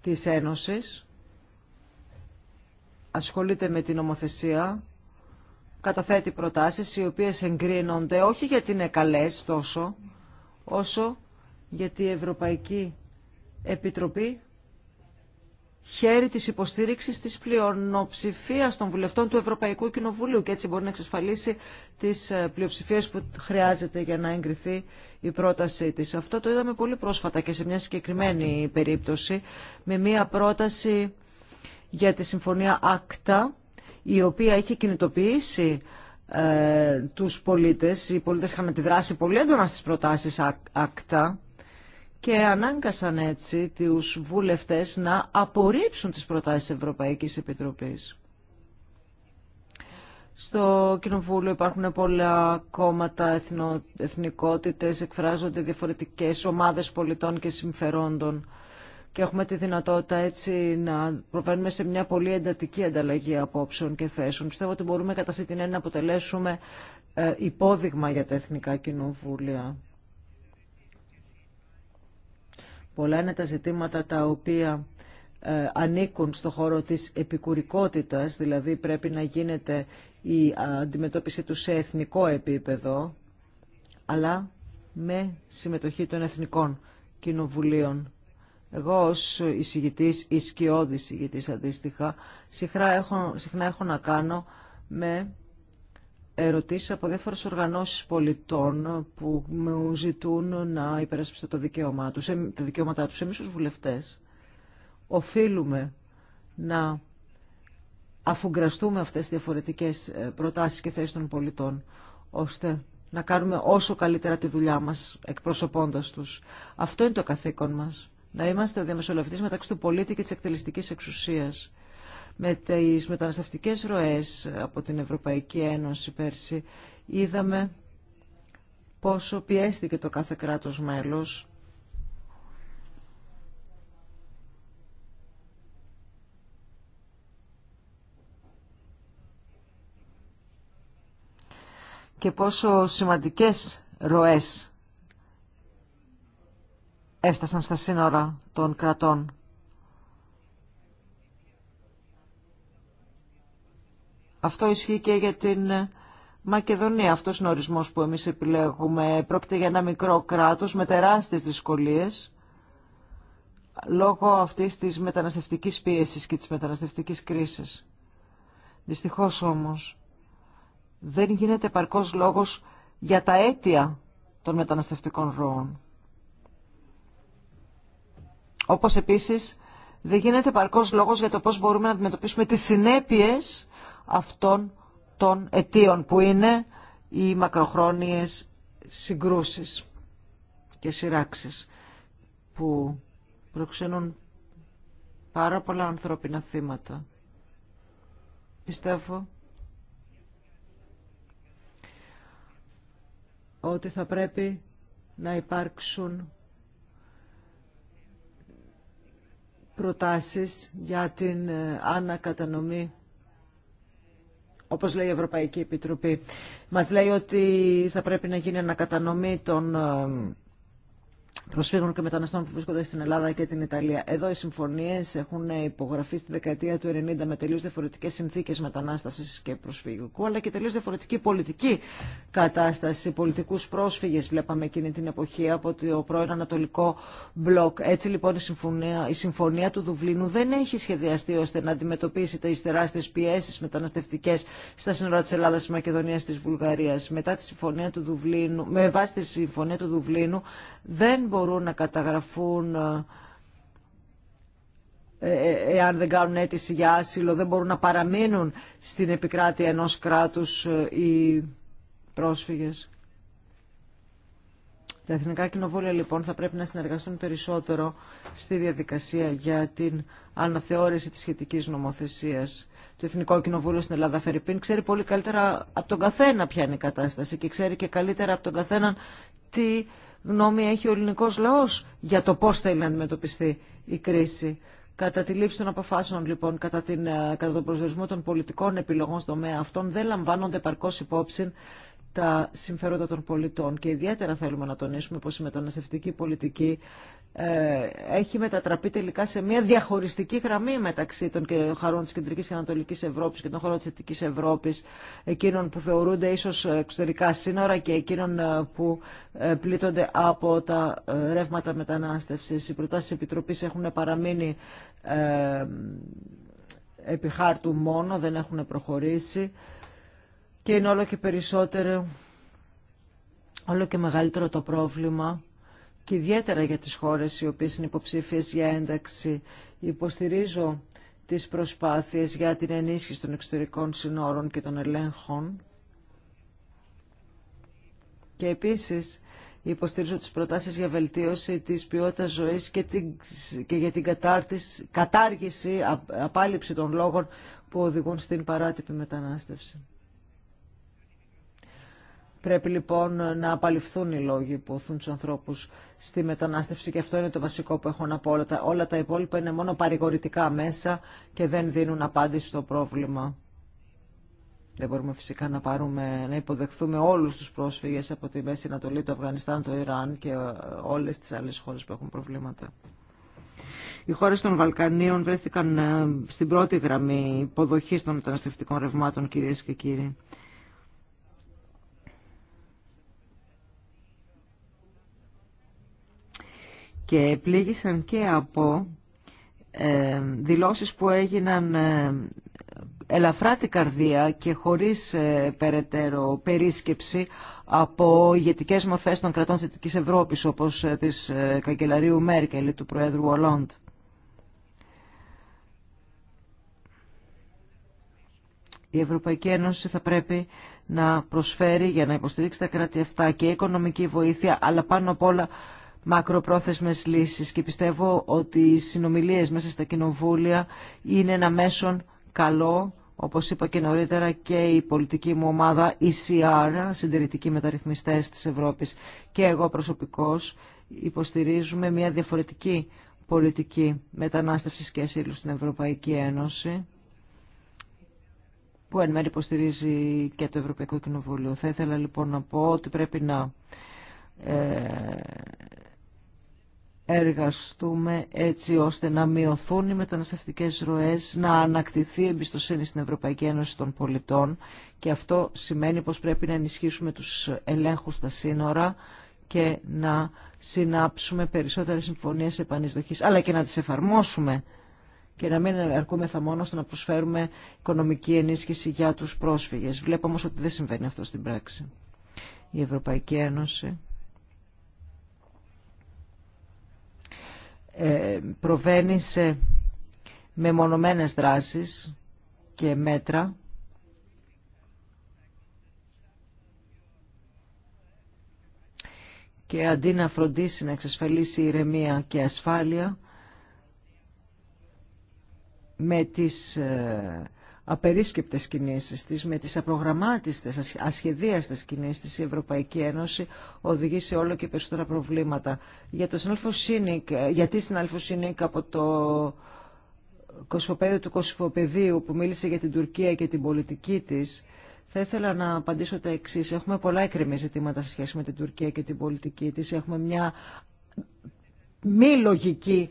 της Ένωσης. Ασχολείται με την νομοθεσία, καταθέτει προτάσεις οι οποίες εγκρίνονται όχι γιατί είναι καλές τόσο, όσο γιατί η Ευρωπαϊκή Επιτροπή χέρι της υποστήριξης της πλειονοψηφίας των βουλευτών του Ευρωπαϊκού Κοινοβουλίου και έτσι μπορεί να εξασφαλίσει τις ε, πλειοψηφίες που χρειάζεται για να εγκριθεί η πρότασή της. Αυτό το είδαμε πολύ πρόσφατα και σε μια συγκεκριμένη περίπτωση με μια πρόταση για τη Συμφωνία Άκτα η οποία είχε κινητοποιήσει ε, τους πολίτες. Οι πολίτες είχαν αντιδράσει πολύ έντονα στις προτάσεις Άκτα και ανάγκασαν έτσι τους βουλευτές να απορρίψουν τις προτάσεις Ευρωπαϊκής Επιτροπής. Στο Κοινοβούλιο υπάρχουν πολλά κόμματα, εθνο, εθνικότητες, εκφράζονται διαφορετικές ομάδες πολιτών και συμφερόντων και έχουμε τη δυνατότητα έτσι να προβαίνουμε σε μια πολύ εντατική ανταλλαγή απόψεων και θέσεων. Πιστεύω ότι μπορούμε κατά αυτή την έννοια να αποτελέσουμε ε, υπόδειγμα για τα εθνικά κοινοβούλια. Πολλά είναι τα ζητήματα τα οποία ε, ανήκουν στο χώρο της επικουρικότητας, δηλαδή πρέπει να γίνεται η αντιμετώπιση του σε εθνικό επίπεδο, αλλά με συμμετοχή των εθνικών κοινοβουλίων. Εγώ ως εισηγητής, ισκιώδης εισηγητής αντίστοιχα, συχνά έχω, συχνά έχω να κάνω με ερωτήσεις από διάφορες οργανώσεις πολιτών που μου ζητούν να υπερασπιστώ το δικαίωμά τους, τα δικαιώματά τους. Εμείς ως βουλευτές οφείλουμε να αφουγκραστούμε αυτές τις διαφορετικές ε, προτάσεις και θέσεις των πολιτών, ώστε να κάνουμε όσο καλύτερα τη δουλειά μας εκπροσωπώντας τους. Αυτό είναι το καθήκον μας. Να είμαστε ο διαμεσολαβητής μεταξύ του πολίτη και της εκτελεστικής εξουσίας με τις μεταναστευτικές ροές από την Ευρωπαϊκή Ένωση πέρσι είδαμε πόσο πιέστηκε το κάθε κράτος μέλος και πόσο σημαντικές ροές έφτασαν στα σύνορα των κρατών Αυτό ισχύει και για την Μακεδονία. Αυτός είναι ο ορισμός που εμείς επιλέγουμε. Πρόκειται για ένα μικρό κράτος με τεράστιες δυσκολίες λόγω αυτής της μεταναστευτικής πίεσης και της μεταναστευτικής κρίσης. Δυστυχώς όμως δεν γίνεται παρκός λόγος για τα αίτια των μεταναστευτικών ροών. Όπως επίσης δεν γίνεται παρκός λόγος για το πώς μπορούμε να αντιμετωπίσουμε τις συνέπειες αυτών των αιτίων που είναι οι μακροχρόνιες συγκρούσεις και σειράξεις που προξενούν πάρα πολλά ανθρώπινα θύματα. Πιστεύω ότι θα πρέπει να υπάρξουν προτάσεις για την ε, ανακατανομή όπως λέει η Ευρωπαϊκή Επιτροπή. Μας λέει ότι θα πρέπει να γίνει ανακατανομή των ε, προσφύγων και μεταναστών που βρίσκονται στην Ελλάδα και την Ιταλία. Εδώ οι συμφωνίε έχουν υπογραφεί στη δεκαετία του 90 με τελείω διαφορετικέ συνθήκε μετανάστευση και προσφυγικού, αλλά και τελείω διαφορετική πολιτική κατάσταση. Πολιτικού πρόσφυγε βλέπαμε εκείνη την εποχή από το πρώην Ανατολικό μπλοκ. Έτσι λοιπόν η συμφωνία, η συμφωνία του Δουβλίνου δεν έχει σχεδιαστεί ώστε να αντιμετωπίσει τι τεράστιε πιέσει μεταναστευτικέ στα σύνορα τη Ελλάδα, τη Μακεδονία, τη Βουλγαρία. Μετά τη συμφωνία του Δουβλίνου, με βάση τη συμφωνία του Δουβλίνου, δεν μπορούν να καταγραφούν ε, ε, ε, εάν δεν κάνουν αίτηση για άσυλο, δεν μπορούν να παραμείνουν στην επικράτεια ενός κράτους οι πρόσφυγες. Τα εθνικά κοινοβούλια λοιπόν θα πρέπει να συνεργαστούν περισσότερο στη διαδικασία για την αναθεώρηση της σχετικής νομοθεσίας το Εθνικό Κοινοβούλιο στην Ελλάδα Φερρυπίν ξέρει πολύ καλύτερα από τον καθένα ποια είναι η κατάσταση και ξέρει και καλύτερα από τον καθένα τι γνώμη έχει ο ελληνικός λαός για το πώς θέλει να αντιμετωπιστεί η κρίση. Κατά τη λήψη των αποφάσεων, λοιπόν, κατά, την, ε, κατά τον προσδιορισμό των πολιτικών επιλογών στο τομέα αυτών, δεν λαμβάνονται παρκώ υπόψη τα συμφέροντα των πολιτών. Και ιδιαίτερα θέλουμε να τονίσουμε πως η μεταναστευτική πολιτική ε, έχει μετατραπεί τελικά σε μια διαχωριστική γραμμή μεταξύ των χαρών της Κεντρικής και Ανατολικής Ευρώπης και των χαρών της δυτικής Ευρώπης, εκείνων που θεωρούνται ίσως εξωτερικά σύνορα και εκείνων ε, που ε, πλήττονται από τα ρεύματα μετανάστευσης. Οι προτάσεις Επιτροπής έχουν παραμείνει επί χάρτου μόνο, δεν έχουν προχωρήσει και είναι όλο και περισσότερο, όλο και μεγαλύτερο το πρόβλημα και ιδιαίτερα για τις χώρες οι οποίες είναι υποψήφιες για ένταξη. Υποστηρίζω τις προσπάθειες για την ενίσχυση των εξωτερικών συνόρων και των ελέγχων και επίσης υποστηρίζω τις προτάσεις για βελτίωση της ποιότητας ζωής και, την, και για την κατάργηση, απάλληψη των λόγων που οδηγούν στην παράτυπη μετανάστευση. Πρέπει λοιπόν να απαλληφθούν οι λόγοι που οθούν του ανθρώπου στη μετανάστευση και αυτό είναι το βασικό που έχω να πω. Όλα τα, όλα υπόλοιπα είναι μόνο παρηγορητικά μέσα και δεν δίνουν απάντηση στο πρόβλημα. Δεν μπορούμε φυσικά να, πάρουμε, να υποδεχθούμε όλους τους πρόσφυγες από τη Μέση Ανατολή, το Αφγανιστάν, το Ιράν και ε, όλες τις άλλες χώρες που έχουν προβλήματα. Οι χώρες των Βαλκανίων βρέθηκαν ε, στην πρώτη γραμμή υποδοχής των μεταναστευτικών ρευμάτων, κυρίε και κύριοι. και πλήγησαν και από ε, δηλώσεις που έγιναν ε, ελαφρά την καρδία και χωρίς ε, περαιτέρω περίσκεψη από ηγετικές μορφές των κρατών της Δυτικής Ευρώπης όπως ε, της ε, καγκελαρίου Μέρκελ ή του Προέδρου Ολόντ. Ευρωπαϊκή Ένωση θα πρέπει να προσφέρει για να υποστηρίξει τα κράτη αυτά και οικονομική βοήθεια αλλά πάνω απ' όλα μακροπρόθεσμες λύσεις και πιστεύω ότι οι συνομιλίες μέσα στα κοινοβούλια είναι ένα μέσον καλό, όπως είπα και νωρίτερα και η πολιτική μου ομάδα ECR, συντηρητικοί μεταρρυθμιστές της Ευρώπης και εγώ προσωπικώς υποστηρίζουμε μια διαφορετική πολιτική μετανάστευσης και ασύλου στην Ευρωπαϊκή Ένωση που εν μέρει υποστηρίζει και το Ευρωπαϊκό Κοινοβούλιο. Θα ήθελα λοιπόν να πω ότι πρέπει να ε, εργαστούμε έτσι ώστε να μειωθούν οι μεταναστευτικές ροές, να ανακτηθεί η εμπιστοσύνη στην Ευρωπαϊκή Ένωση των πολιτών και αυτό σημαίνει πως πρέπει να ενισχύσουμε τους ελέγχους στα σύνορα και να συνάψουμε περισσότερες συμφωνίες επανεισδοχής, αλλά και να τις εφαρμόσουμε και να μην αρκούμεθα μόνο στο να προσφέρουμε οικονομική ενίσχυση για τους πρόσφυγες. Βλέπω όμως ότι δεν συμβαίνει αυτό στην πράξη. Η Ευρωπαϊκή Ένωση Ε, προβαίνει σε μεμονωμένες δράσεις και μέτρα και αντί να φροντίσει να εξασφαλίσει ηρεμία και ασφάλεια με τις ε, απερίσκεπτες κινήσεις της, με τις απρογραμμάτιστες, ασχεδίαστες κινήσεις της η Ευρωπαϊκή Ένωση οδηγεί σε όλο και περισσότερα προβλήματα. Για το συνάλφο γιατί στην Σίνικ από το κοσφοπέδιο του Κοσφοπεδίου που μίλησε για την Τουρκία και την πολιτική της, θα ήθελα να απαντήσω τα εξή. Έχουμε πολλά εκκρεμή ζητήματα σε σχέση με την Τουρκία και την πολιτική της. Έχουμε μια μη λογική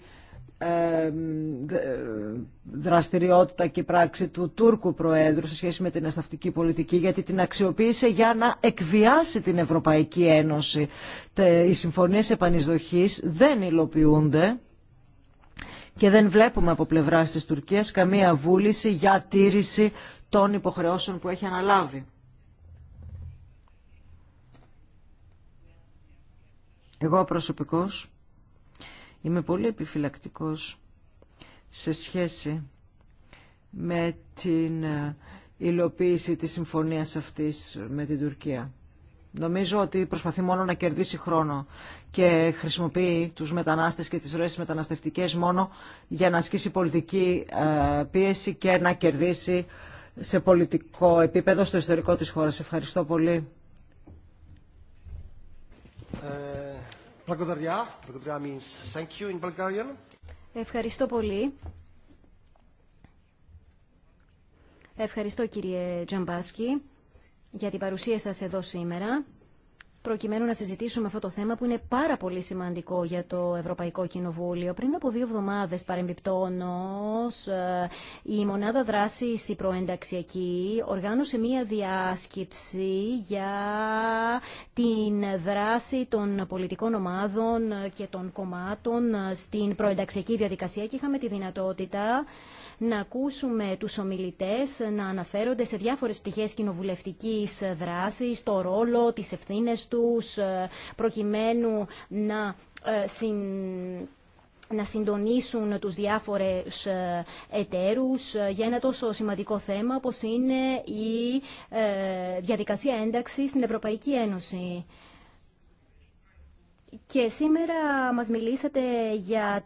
δραστηριότητα και πράξη του Τούρκου Προέδρου σε σχέση με την ασταυτική πολιτική γιατί την αξιοποίησε για να εκβιάσει την Ευρωπαϊκή Ένωση. Οι συμφωνίες επανεισδοχής δεν υλοποιούνται και δεν βλέπουμε από πλευράς της Τουρκίας καμία βούληση για τήρηση των υποχρεώσεων που έχει αναλάβει. Εγώ προσωπικώς Είμαι πολύ επιφυλακτικός σε σχέση με την ε, υλοποίηση της συμφωνίας αυτής με την Τουρκία. Νομίζω ότι προσπαθεί μόνο να κερδίσει χρόνο και χρησιμοποιεί τους μετανάστες και τις ροές μεταναστευτικές μόνο για να ασκήσει πολιτική ε, πίεση και να κερδίσει σε πολιτικό επίπεδο στο ιστορικό της χώρας. Ευχαριστώ πολύ. Ε, Ευχαριστώ πολύ. Ευχαριστώ κύριε Τζαμπάσκι για την παρουσία σας εδώ σήμερα προκειμένου να συζητήσουμε αυτό το θέμα που είναι πάρα πολύ σημαντικό για το Ευρωπαϊκό Κοινοβούλιο. Πριν από δύο εβδομάδες παρεμπιπτόνως ε, η Μονάδα Δράσης η Προενταξιακή οργάνωσε μία διάσκεψη για την δράση των πολιτικών ομάδων και των κομμάτων ε, στην προενταξιακή διαδικασία και είχαμε τη δυνατότητα να ακούσουμε τους ομιλητέ να αναφέρονται σε διάφορες πτυχέ κοινοβουλευτικής δράσης, το ρόλο, τι ευθύνε τους, ε, προκειμένου να ε, συν να συντονίσουν τους διάφορες ε, εταίρους για ένα τόσο σημαντικό θέμα όπως είναι η διαδικασία ένταξης στην Ευρωπαϊκή Ένωση. Και σήμερα μας μιλήσατε για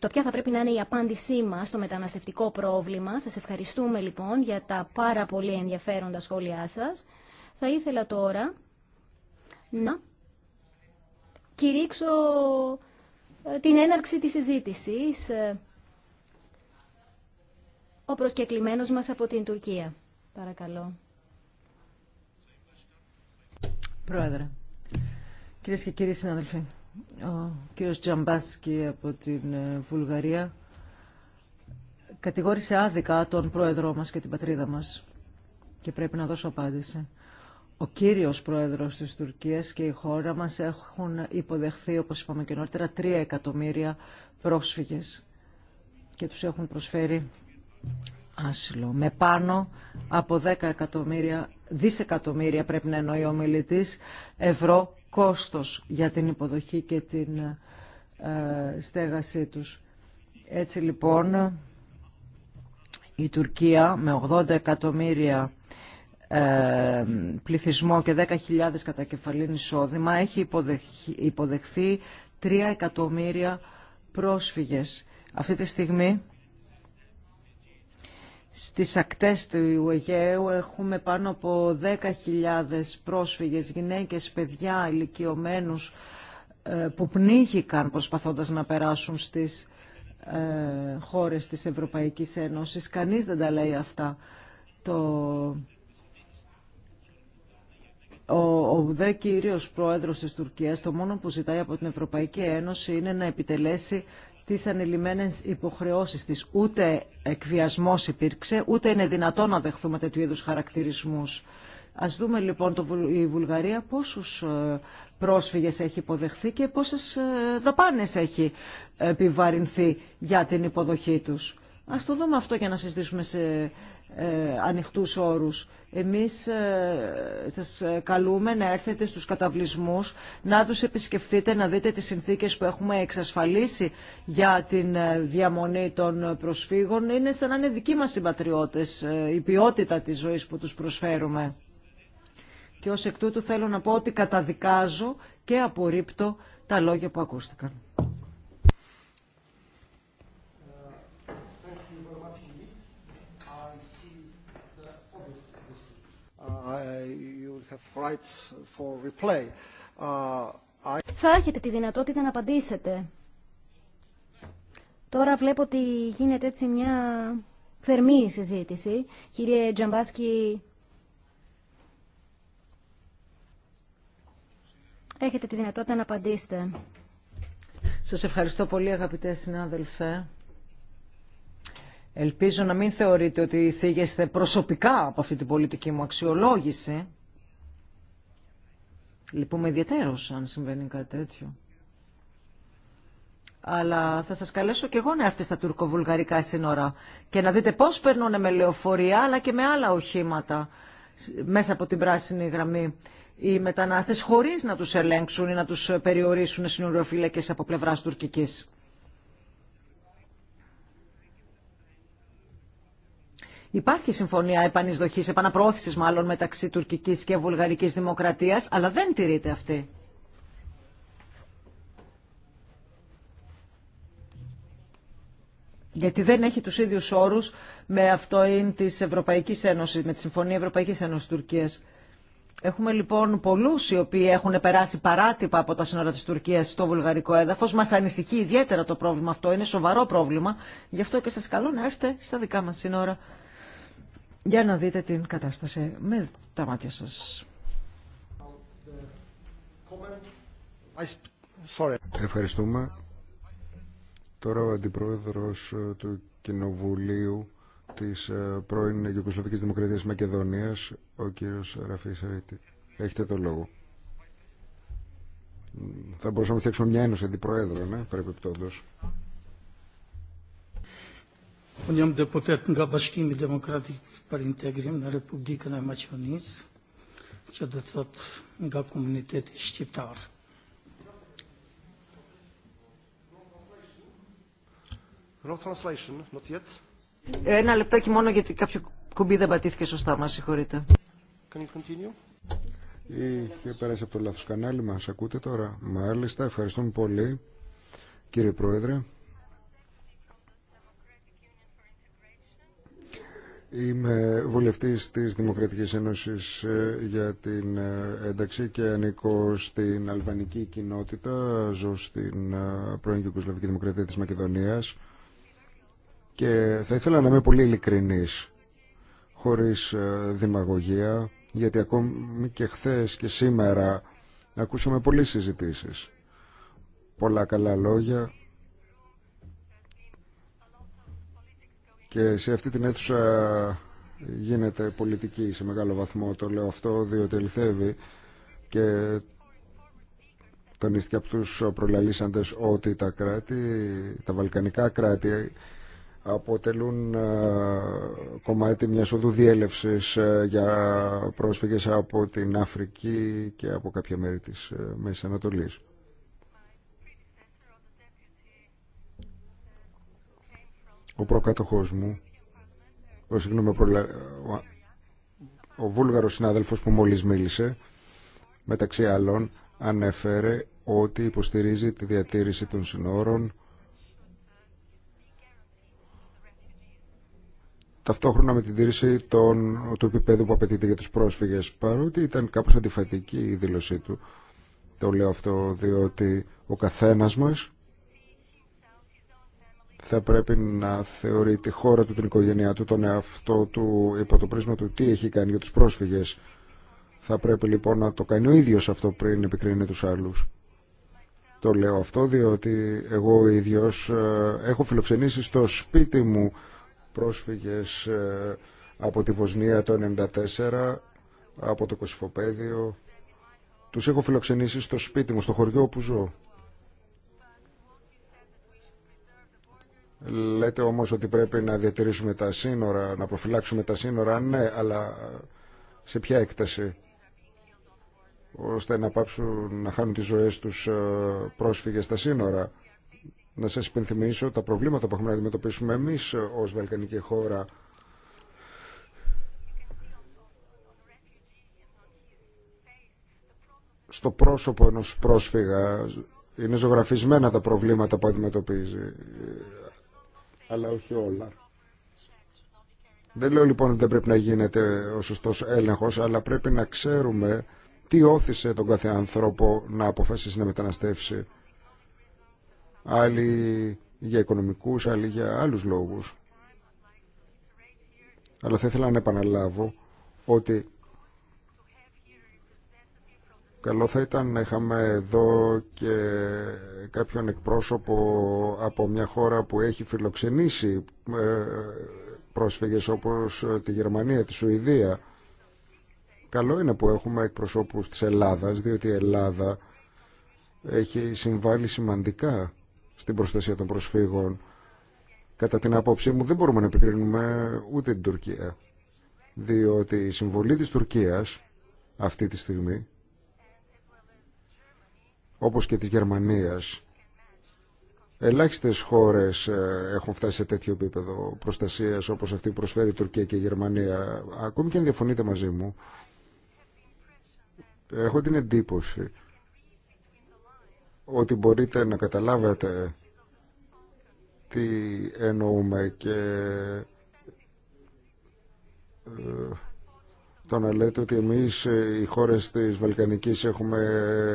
το ποια θα πρέπει να είναι η απάντησή μας στο μεταναστευτικό πρόβλημα. Σας ευχαριστούμε λοιπόν για τα πάρα πολύ ενδιαφέροντα σχόλιά σας. Θα ήθελα τώρα να κηρύξω ε, την έναρξη της συζήτησης ε, ο προσκεκλημένος μας από την Τουρκία. Παρακαλώ. Πρόεδρε. Κυρίες και κύριοι συναδελφοί, ο κύριος Τζαμπάσκι από την ε, Βουλγαρία κατηγόρησε άδικα τον πρόεδρό μας και την πατρίδα μας και πρέπει να δώσω απάντηση. Ο κύριος πρόεδρος της Τουρκίας και η χώρα μας έχουν υποδεχθεί, όπως είπαμε και νωρίτερα, τρία εκατομμύρια πρόσφυγες και τους έχουν προσφέρει άσυλο. Με πάνω από 10 εκατομμύρια, δισεκατομμύρια πρέπει να εννοεί ο μιλητής, ευρώ κόστος για την υποδοχή και την ε, στέγασή τους. Έτσι λοιπόν η Τουρκία με 80 εκατομμύρια ε, πληθυσμό και 10.000 κατακεφαλήν εισόδημα έχει υποδεχθεί 3 εκατομμύρια πρόσφυγες. Αυτή τη στιγμή στις ακτές του Αιγαίου έχουμε πάνω από 10.000 πρόσφυγες, γυναίκες, παιδιά, ηλικιωμένους ε, που πνίγηκαν προσπαθώντας να περάσουν στις ε, χώρες της Ευρωπαϊκής Ένωσης. Κανείς δεν τα λέει αυτά. Το... Ο, ο δε κύριος πρόεδρος της Τουρκίας το μόνο που ζητάει από την Ευρωπαϊκή Ένωση είναι να επιτελέσει τις ανελημμένες υποχρεώσεις της. Ούτε εκβιασμός υπήρξε, ούτε είναι δυνατόν να δεχθούμε τέτοιου είδους χαρακτηρισμούς. Ας δούμε λοιπόν το, η Βουλγαρία πόσους ε, πρόσφυγες έχει υποδεχθεί και πόσες ε, δαπάνες έχει επιβαρυνθεί για την υποδοχή τους. Ας το δούμε αυτό για να συζητήσουμε σε ε, ανοιχτούς όρους. Εμείς ε, σας καλούμε να έρθετε στους καταβλισμούς, να τους επισκεφθείτε, να δείτε τις συνθήκες που έχουμε εξασφαλίσει για την ε, διαμονή των προσφύγων. Είναι σαν να είναι δικοί μας η ποιότητα της ζωής που τους προσφέρουμε. Και ως εκ τούτου θέλω να πω ότι καταδικάζω και απορρίπτω τα λόγια που ακούστηκαν. Uh, uh, Θα έχετε τη δυνατότητα να απαντήσετε. Τώρα βλέπω ότι γίνεται έτσι μια θερμή συζήτηση. Κύριε Τζαμπάσκι, έχετε τη δυνατότητα να απαντήσετε. Σας ευχαριστώ πολύ αγαπητές συνάδελφε. Ελπίζω να μην θεωρείτε ότι θίγεστε προσωπικά από αυτή την πολιτική μου αξιολόγηση. Λυπούμε ιδιαίτερως αν συμβαίνει κάτι τέτοιο. Αλλά θα σας καλέσω και εγώ να έρθετε στα τουρκοβουλγαρικά σύνορα και να δείτε πώς περνούν με λεωφορεία αλλά και με άλλα οχήματα μέσα από την πράσινη γραμμή οι μετανάστες χωρίς να τους ελέγξουν ή να τους περιορίσουν σύνοριοφύλακες από πλευράς τουρκικής. Υπάρχει συμφωνία επανεισδοχή, επαναπροώθησης μάλλον μεταξύ τουρκική και βουλγαρικής δημοκρατία, αλλά δεν τηρείται αυτή. γιατί δεν έχει του ίδιου όρου με αυτό είναι της Ευρωπαϊκής Ένωσης, με τη Συμφωνία ευρωπαικη Ευρωπαϊκή Ένωση-Τουρκία. Έχουμε λοιπόν πολλού οι οποίοι έχουν περάσει παράτυπα από τα σύνορα τη Τουρκία στο βουλγαρικό Έδαφο. Μα ανησυχεί ιδιαίτερα το πρόβλημα αυτό, είναι σοβαρό πρόβλημα. Γι' αυτό και σα καλώ να έρθετε στα δικά μα σύνορα για να δείτε την κατάσταση με τα μάτια σας. Ευχαριστούμε. Τώρα ο Αντιπρόεδρος του Κοινοβουλίου της ε, πρώην Γιουγκοσλαβικής Δημοκρατίας Μακεδονίας, ο κύριος Ραφή Σαρίτη. Έχετε το λόγο. Θα μπορούσαμε να φτιάξουμε μια ένωση αντιπροέδρων, ναι, παρεπιπτόντως per integrim në Republikën e Maqedonisë, që do të thotë nga komuniteti shqiptar. No translation, not yet. Ένα λεπτάκι μόνο γιατί κάποιο κουμπί δεν πατήθηκε σωστά, μα συγχωρείτε. Can you continue? Είχε περάσει από το λάθος κανάλι μας, ακούτε τώρα. Μάλιστα, ευχαριστούμε πολύ κύριε Πρόεδρε. Είμαι βουλευτής της Δημοκρατικής Ένωσης ε, για την ε, ένταξη και ανήκω στην αλβανική κοινότητα. Ζω στην ε, πρώην Ιουγκοσλαβική Δημοκρατία της Μακεδονίας και θα ήθελα να είμαι πολύ ειλικρινής, χωρίς δημαγωγία, γιατί ακόμη και χθες και σήμερα ακούσαμε πολλές συζητήσεις, πολλά καλά λόγια, Και σε αυτή την αίθουσα γίνεται πολιτική σε μεγάλο βαθμό. Το λέω αυτό διότι ελθεύει και τονίστηκε από τους προλαλήσαντες ότι τα κράτη, τα βαλκανικά κράτη αποτελούν ε, κομμάτι μιας οδού διέλευσης ε, για πρόσφυγες από την Αφρική και από κάποια μέρη της ε, Μέσης Ανατολής. Ο προκάτοχός μου, ο, ο, βούλγαρος συνάδελφος που μόλις μίλησε, μεταξύ άλλων, ανέφερε ότι υποστηρίζει τη διατήρηση των συνόρων ταυτόχρονα με την τήρηση των, του επίπεδου που απαιτείται για τους πρόσφυγες παρότι ήταν κάπως αντιφατική η δήλωσή του το λέω αυτό διότι ο καθένας μας θα πρέπει να θεωρεί τη χώρα του, την οικογένειά του, τον εαυτό του υπό το πρίσμα του τι έχει κάνει για τους πρόσφυγες. Θα πρέπει λοιπόν να το κάνει ο ίδιος αυτό πριν επικρίνει τους άλλους. Το λέω αυτό διότι εγώ ο ίδιος ε, έχω φιλοξενήσει στο σπίτι μου πρόσφυγες ε, από τη Βοσνία το 1994, από το Κωσυφοπαίδιο. Τους έχω φιλοξενήσει στο σπίτι μου, στο χωριό όπου ζω. Λέτε όμως ότι πρέπει να διατηρήσουμε τα σύνορα, να προφυλάξουμε τα σύνορα. Ναι, αλλά σε ποια έκταση ώστε να πάψουν να χάνουν τις ζωές τους ε, πρόσφυγες στα σύνορα. Να σας υπενθυμίσω τα προβλήματα που έχουμε να αντιμετωπίσουμε εμείς ε, ως Βαλκανική χώρα στο πρόσωπο ενός πρόσφυγα είναι ζωγραφισμένα τα προβλήματα που αντιμετωπίζει αλλά όχι όλα. Δεν λέω λοιπόν ότι δεν πρέπει να γίνεται ο σωστός έλεγχος, αλλά πρέπει να ξέρουμε τι όθησε τον κάθε άνθρωπο να αποφασίσει να μεταναστεύσει. Άλλοι για οικονομικούς, άλλοι για άλλους λόγους. Αλλά θα ήθελα να επαναλάβω ότι Καλό θα ήταν να είχαμε εδώ και κάποιον εκπρόσωπο από μια χώρα που έχει φιλοξενήσει ε, πρόσφυγες όπως ε, τη Γερμανία, τη Σουηδία. Καλό είναι που έχουμε εκπροσώπους της Ελλάδας, διότι η Ελλάδα έχει συμβάλει σημαντικά στην προστασία των προσφύγων. Κατά την άποψή μου δεν μπορούμε να επικρίνουμε ούτε την Τουρκία, διότι η συμβολή της Τουρκίας αυτή τη στιγμή όπως και της Γερμανίας. Ελάχιστες χώρες ε, έχουν φτάσει σε τέτοιο επίπεδο προστασίας όπως αυτή προσφέρει η Τουρκία και η Γερμανία. Ακόμη και αν διαφωνείτε μαζί μου, έχω την εντύπωση ότι μπορείτε να καταλάβετε τι εννοούμε και ε, το να λέτε ότι εμείς ε, οι χώρες της Βαλκανικής έχουμε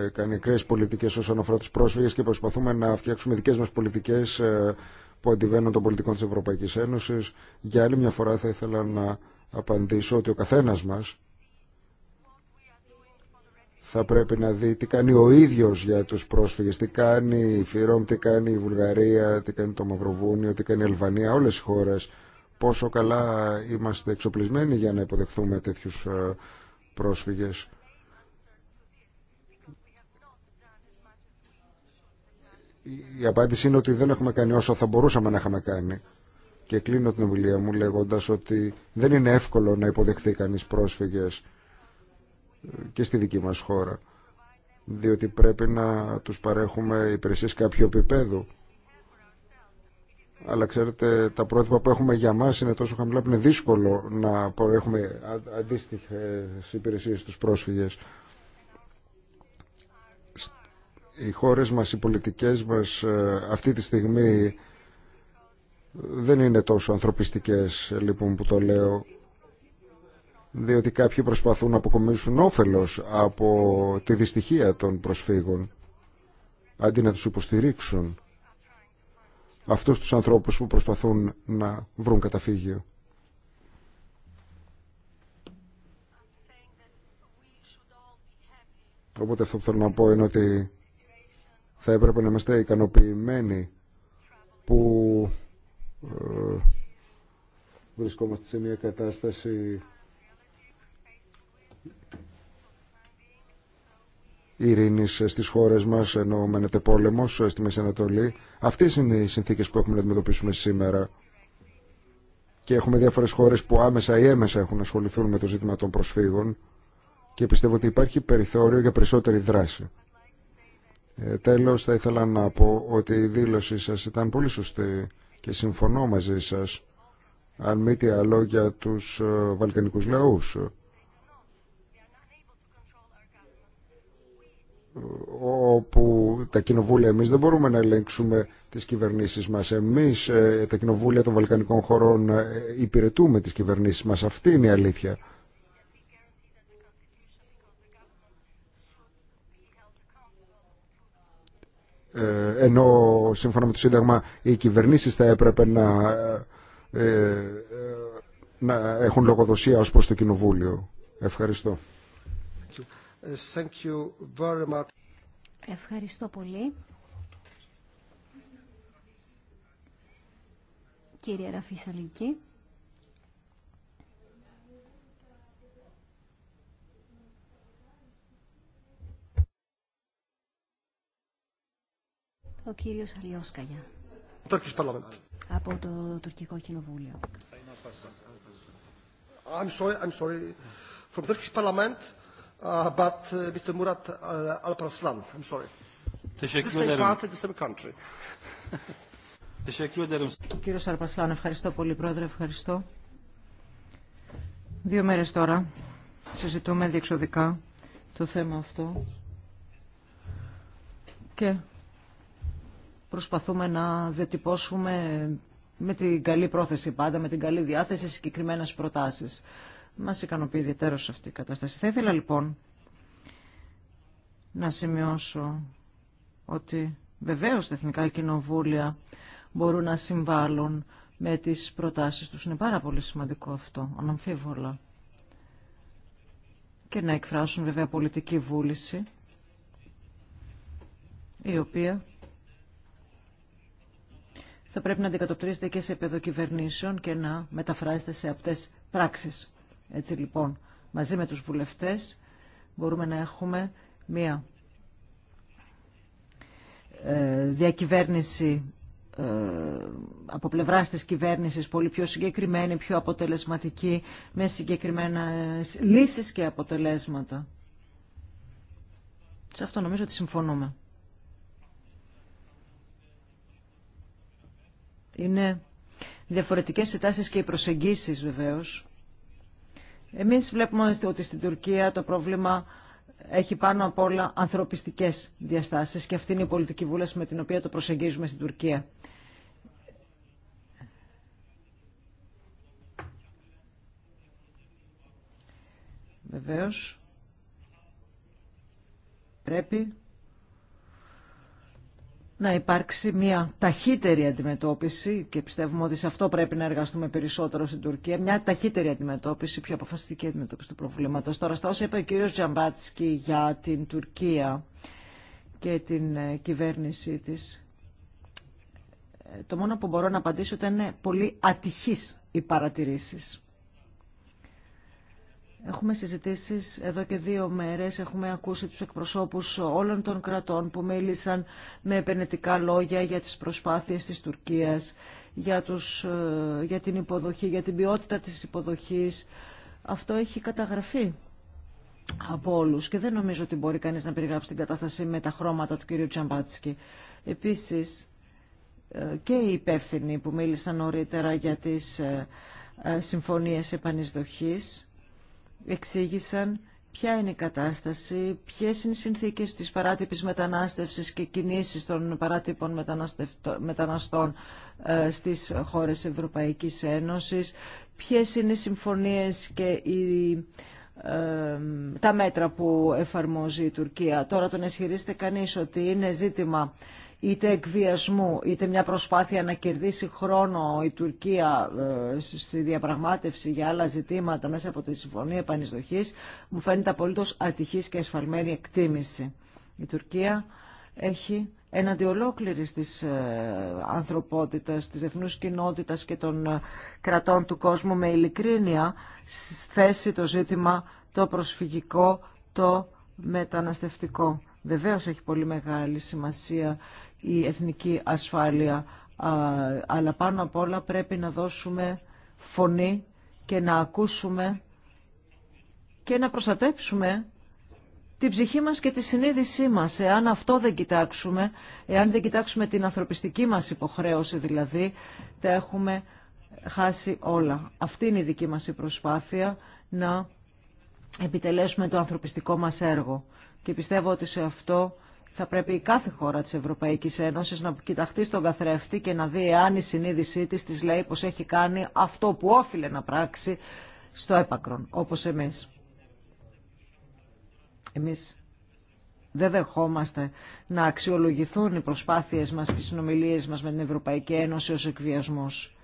ε, κάνει ακραίες πολιτικές όσον αφορά τους πρόσφυγες και προσπαθούμε να φτιάξουμε δικές μας πολιτικές ε, που αντιβαίνουν των πολιτικών της Ευρωπαϊκής Ένωσης. Για άλλη μια φορά θα ήθελα να απαντήσω ότι ο καθένας μας θα πρέπει να δει τι κάνει ο ίδιος για τους πρόσφυγες, τι κάνει η Φιρόμ, τι κάνει η Βουλγαρία, τι κάνει το Μαυροβούνιο, τι κάνει η Αλβανία, όλες οι χώρες πόσο καλά είμαστε εξοπλισμένοι για να υποδεχθούμε τέτοιους ε, πρόσφυγες. Η απάντηση είναι ότι δεν έχουμε κάνει όσο θα μπορούσαμε να είχαμε κάνει. Και κλείνω την ομιλία μου λέγοντας ότι δεν είναι εύκολο να υποδεχθεί κανείς πρόσφυγες ε, και στη δική μας χώρα. Διότι πρέπει να τους παρέχουμε υπηρεσίες κάποιου επίπεδου αλλά ξέρετε τα πρότυπα που έχουμε για μας είναι τόσο χαμηλά που είναι δύσκολο να έχουμε αντίστοιχες υπηρεσίες στους πρόσφυγες. Οι χώρες μας, οι πολιτικές μας ε, αυτή τη στιγμή δεν είναι τόσο ανθρωπιστικές λοιπόν που το λέω διότι κάποιοι προσπαθούν να αποκομίσουν όφελος από τη δυστυχία των προσφύγων αντί να τους υποστηρίξουν αυτούς τους ανθρώπους που προσπαθούν να βρουν καταφύγιο. Οπότε αυτό που θέλω να πω είναι ότι θα έπρεπε να είμαστε ικανοποιημένοι που ε, βρισκόμαστε σε μια κατάσταση ειρήνη στις χώρες μας ενώ μένεται πόλεμο στη Μέση Ανατολή. Αυτέ είναι οι συνθήκε που έχουμε να αντιμετωπίσουμε σήμερα. Και έχουμε διάφορε χώρε που άμεσα ή έμεσα έχουν ασχοληθούν με το ζήτημα των προσφύγων και πιστεύω ότι υπάρχει περιθώριο για περισσότερη δράση. Ε, τέλος, θα ήθελα να πω ότι η δήλωσή σα ήταν πολύ σωστή και συμφωνώ μαζί σα αν μη τι άλλο, για τους ε, Βαλκανικού λαούς όπου τα κοινοβούλια εμείς δεν μπορούμε να ελέγξουμε τις κυβερνήσεις μας. Εμείς ε, τα κοινοβούλια των Βαλκανικών χωρών ε, υπηρετούμε τις κυβερνήσεις μας. Αυτή είναι η αλήθεια. Ε, ενώ σύμφωνα με το Σύνταγμα οι κυβερνήσεις θα έπρεπε να, να έχουν λογοδοσία ως προς το Κοινοβούλιο. Ευχαριστώ. Thank you very much. Ευχαριστώ πολύ. Κύριε Ραφή Σαλική. Ο κύριος Αλιόσκαγια. Από το Τουρκικό Κοινοβούλιο. I'm sorry, I'm sorry. From Turkish Parliament, Uh, uh, uh, Κύριε Mr. ευχαριστώ πολύ, Πρόεδρε, ευχαριστώ. Δύο μέρες τώρα συζητούμε διεξοδικά το θέμα αυτό και προσπαθούμε να διατυπώσουμε με την καλή πρόθεση πάντα, με την καλή διάθεση συγκεκριμένες προτάσεις μας ικανοποιεί ιδιαίτερα σε αυτή η κατάσταση. Θα ήθελα λοιπόν να σημειώσω ότι βεβαίως τα εθνικά κοινοβούλια μπορούν να συμβάλλουν με τις προτάσεις τους. Είναι πάρα πολύ σημαντικό αυτό, αναμφίβολα. Και να εκφράσουν βέβαια πολιτική βούληση, η οποία θα πρέπει να αντικατοπτρίζεται και σε επίπεδο κυβερνήσεων και να μεταφράζεται σε απτές πράξεις. Έτσι λοιπόν, μαζί με τους βουλευτές μπορούμε να έχουμε μία ε, διακυβέρνηση ε, από πλευράς της κυβέρνησης πολύ πιο συγκεκριμένη, πιο αποτελεσματική, με συγκεκριμένα λύσεις και αποτελέσματα. Σε αυτό νομίζω ότι συμφωνούμε. Είναι διαφορετικές οι και οι προσεγγίσεις βεβαίως εμείς βλέπουμε ότι στην Τουρκία το πρόβλημα έχει πάνω απ' όλα ανθρωπιστικές διαστάσεις και αυτή είναι η πολιτική βούλαση με την οποία το προσεγγίζουμε στην Τουρκία. Βεβαίως, πρέπει να υπάρξει μια ταχύτερη αντιμετώπιση και πιστεύουμε ότι σε αυτό πρέπει να εργαστούμε περισσότερο στην Τουρκία, μια ταχύτερη αντιμετώπιση, πιο αποφασιστική αντιμετώπιση του προβλήματος. Τώρα, στα όσα είπε ο κύριος Τζαμπάτσκι για την Τουρκία και την ε, κυβέρνησή της, ε, το μόνο που μπορώ να απαντήσω ήταν πολύ ατυχής οι παρατηρήσει. Έχουμε συζητήσει εδώ και δύο μέρες, έχουμε ακούσει τους εκπροσώπους όλων των κρατών που μίλησαν με επενετικά λόγια για τις προσπάθειες της Τουρκίας, για, ε, για την υποδοχή, για την ποιότητα της υποδοχής. Αυτό έχει καταγραφεί από όλου. και δεν νομίζω ότι μπορεί κανείς να περιγράψει την κατάσταση με τα χρώματα του κ. Τσαμπάτσκι. Επίσης ε, και οι υπεύθυνοι που μίλησαν νωρίτερα για τι ε, συμφωνίε επανεισδοχής εξήγησαν ποια είναι η κατάσταση, ποιες είναι οι συνθήκες της παράτυπης μετανάστευσης και κινήσεις των παράτυπων μεταναστών ε, στις χώρες Ευρωπαϊκής Ένωσης, ποιες είναι οι συμφωνίες και οι, ε, τα μέτρα που εφαρμόζει η Τουρκία. Τώρα τον ισχυρίζεται κανείς ότι είναι ζήτημα είτε εκβιασμού, είτε μια προσπάθεια να κερδίσει χρόνο η Τουρκία ε, στη διαπραγμάτευση για άλλα ζητήματα μέσα από τη Συμφωνία Επανεισδοχής, μου φαίνεται απολύτως ατυχής και ασφαλμένη εκτίμηση. Η Τουρκία έχει έναντι ολόκληρη της ε, ανθρωπότητας, της εθνούς κοινότητας και των ε, κρατών του κόσμου με ειλικρίνεια θέσει το ζήτημα το προσφυγικό, το μεταναστευτικό. Βεβαίως έχει πολύ μεγάλη σημασία η εθνική ασφάλεια, αλλά πάνω απ' όλα πρέπει να δώσουμε φωνή και να ακούσουμε και να προστατέψουμε την ψυχή μας και τη συνείδησή μας. Εάν αυτό δεν κοιτάξουμε, εάν δεν κοιτάξουμε την ανθρωπιστική μας υποχρέωση δηλαδή, τα έχουμε χάσει όλα. Αυτή είναι η δική μας η προσπάθεια να επιτελέσουμε το ανθρωπιστικό μας έργο. Και πιστεύω ότι σε αυτό θα πρέπει η κάθε χώρα της Ευρωπαϊκής Ένωσης να κοιταχτεί στον καθρέφτη και να δει εάν η συνείδησή της της λέει πως έχει κάνει αυτό που όφιλε να πράξει στο έπακρον, όπως εμείς. Εμείς δεν δεχόμαστε να αξιολογηθούν οι προσπάθειες μας και οι συνομιλίες μας με την Ευρωπαϊκή Ένωση ως εκβιασμός.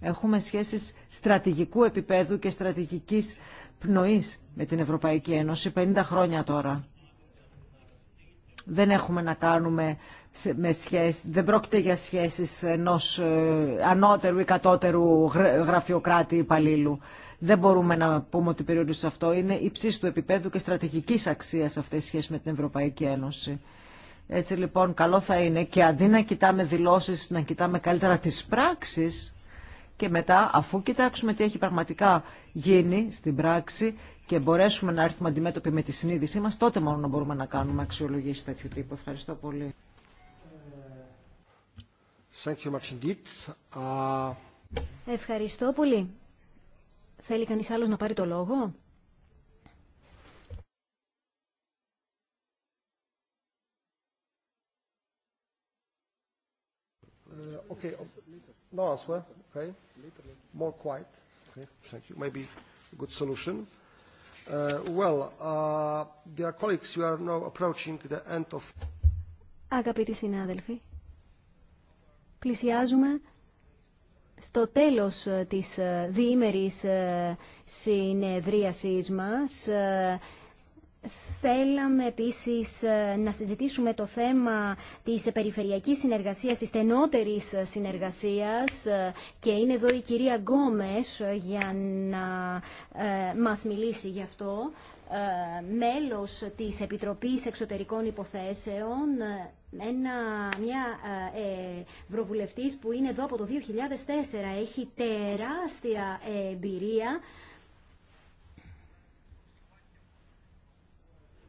Έχουμε σχέσεις στρατηγικού επίπεδου και στρατηγικής πνοής με την Ευρωπαϊκή Ένωση 50 χρόνια τώρα δεν έχουμε να κάνουμε με σχέσεις, δεν πρόκειται για σχέσεις ενός ε, ανώτερου ή κατώτερου γραφειοκράτη υπαλλήλου. Δεν μπορούμε να πούμε ότι περιοδος αυτό. Είναι υψη του επίπεδου και στρατηγικής αξίας αυτές οι σχέσεις με την Ευρωπαϊκή Ένωση. Έτσι λοιπόν καλό θα είναι και αντί να κοιτάμε δηλώσεις, να κοιτάμε καλύτερα τις πράξεις και μετά αφού κοιτάξουμε τι έχει πραγματικά γίνει στην πράξη και μπορέσουμε να έρθουμε αντιμέτωποι με τη συνείδησή μας, τότε μόνο μπορούμε να κάνουμε αξιολογήσεις τέτοιου τύπου. Ευχαριστώ πολύ. Thank you much indeed. Uh... Ευχαριστώ πολύ. Θέλει κανείς άλλος να πάρει το λόγο? Uh, okay. Uh, no answer. Okay. More quiet. Okay. Thank you. Maybe a good solution. Αγαπητοί συνάδελφοι, πλησιάζουμε στο τέλος ε, της ε, διήμερης ε, συνεδρίασής μας. Θέλαμε επίσης ε, να συζητήσουμε το θέμα της περιφερειακής συνεργασίας, της στενότερης συνεργασίας ε, και είναι εδώ η κυρία Γκόμες για να ε, μας μιλήσει γι' αυτό, μέλος της Επιτροπής Εξωτερικών Υποθέσεων, μια ε, που είναι εδώ από το 2004, έχει τεράστια εμπειρία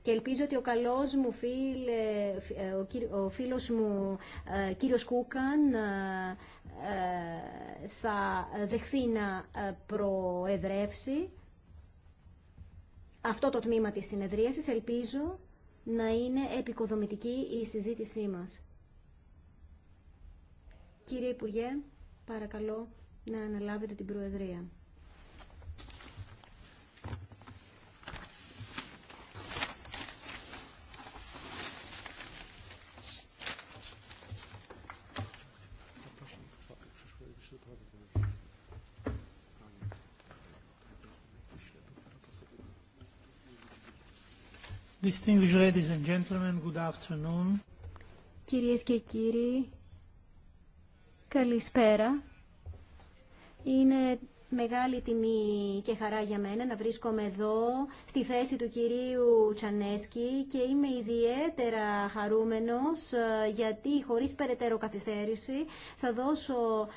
και ελπίζω ότι ο καλός μου φίλος, ε, ο φίλος μου ε, κύριος Κούκαν ε, θα δεχθεί να προεδρεύσει αυτό το τμήμα της συνεδρίασης. Ελπίζω να είναι επικοδομητική η συζήτησή μας. Κύριε Υπουργέ, παρακαλώ να αναλάβετε την Προεδρία. Distinguished ladies and gentlemen, good afternoon. Κυρίες και κύριοι, καλησπέρα. Είναι Μεγάλη τιμή και χαρά για μένα να βρίσκομαι εδώ στη θέση του κυρίου Τσανέσκη και είμαι ιδιαίτερα χαρούμενος ε, γιατί χωρίς περαιτέρω καθυστέρηση θα δώσω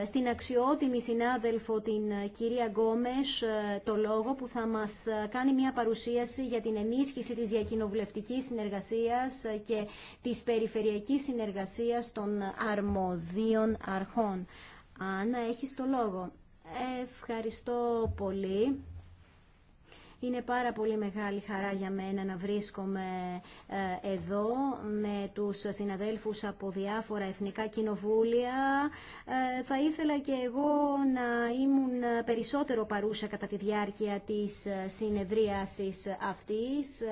ε, στην αξιότιμη συνάδελφο την ε, κυρία Γκόμες το λόγο που θα μας κάνει μια παρουσίαση για την ενίσχυση της διακοινοβουλευτικής συνεργασίας και της περιφερειακής συνεργασίας των αρμοδίων αρχών. Άννα, έχεις το λόγο. Ευχαριστώ πολύ. Είναι πάρα πολύ μεγάλη χαρά για μένα να βρίσκομαι ε, εδώ με τους συναδέλφους από διάφορα εθνικά κοινοβούλια. Ε, θα ήθελα και εγώ να ήμουν περισσότερο παρούσα κατά τη διάρκεια της ε, συνεδρίασης αυτής.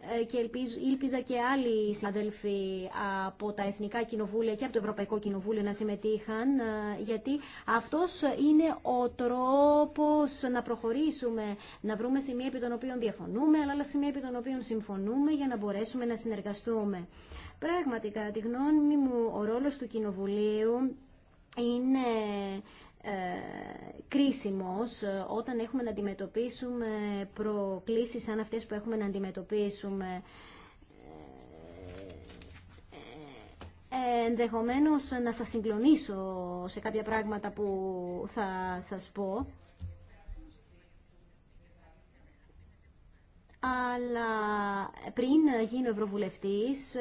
Ε, και ελπίζω, ήλπιζα και άλλοι συναδέλφοι από τα Εθνικά Κοινοβούλια και από το Ευρωπαϊκό Κοινοβούλιο να συμμετείχαν, ε, γιατί αυτός είναι ο τρόπος να προχωρήσουμε, να βρούμε σημεία επί των οποίων διαφωνούμε, αλλά σημεία επί των οποίων συμφωνούμε για να μπορέσουμε να συνεργαστούμε. Πραγματικά, τη γνώμη μου, ο ρόλος του Κοινοβουλίου είναι ε, κρίσιμος ε, όταν έχουμε να αντιμετωπίσουμε προκλήσεις σαν αυτές που έχουμε να αντιμετωπίσουμε. Ε, ενδεχομένως να σας συγκλονίσω σε κάποια πράγματα που θα σας πω. αλλά πριν γίνω ευρωβουλευτής ε,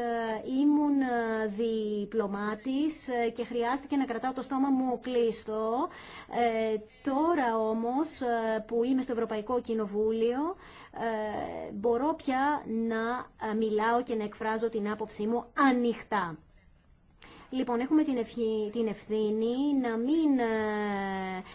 ήμουν ε, διπλωμάτης ε, και χρειάστηκε να κρατάω το στόμα μου κλείστο. τώρα όμως που είμαι στο Ευρωπαϊκό Κοινοβούλιο μπορώ πια να μιλάω και να εκφράζω την άποψή μου ανοιχτά. Λοιπόν, έχουμε την, ευθύνη να μην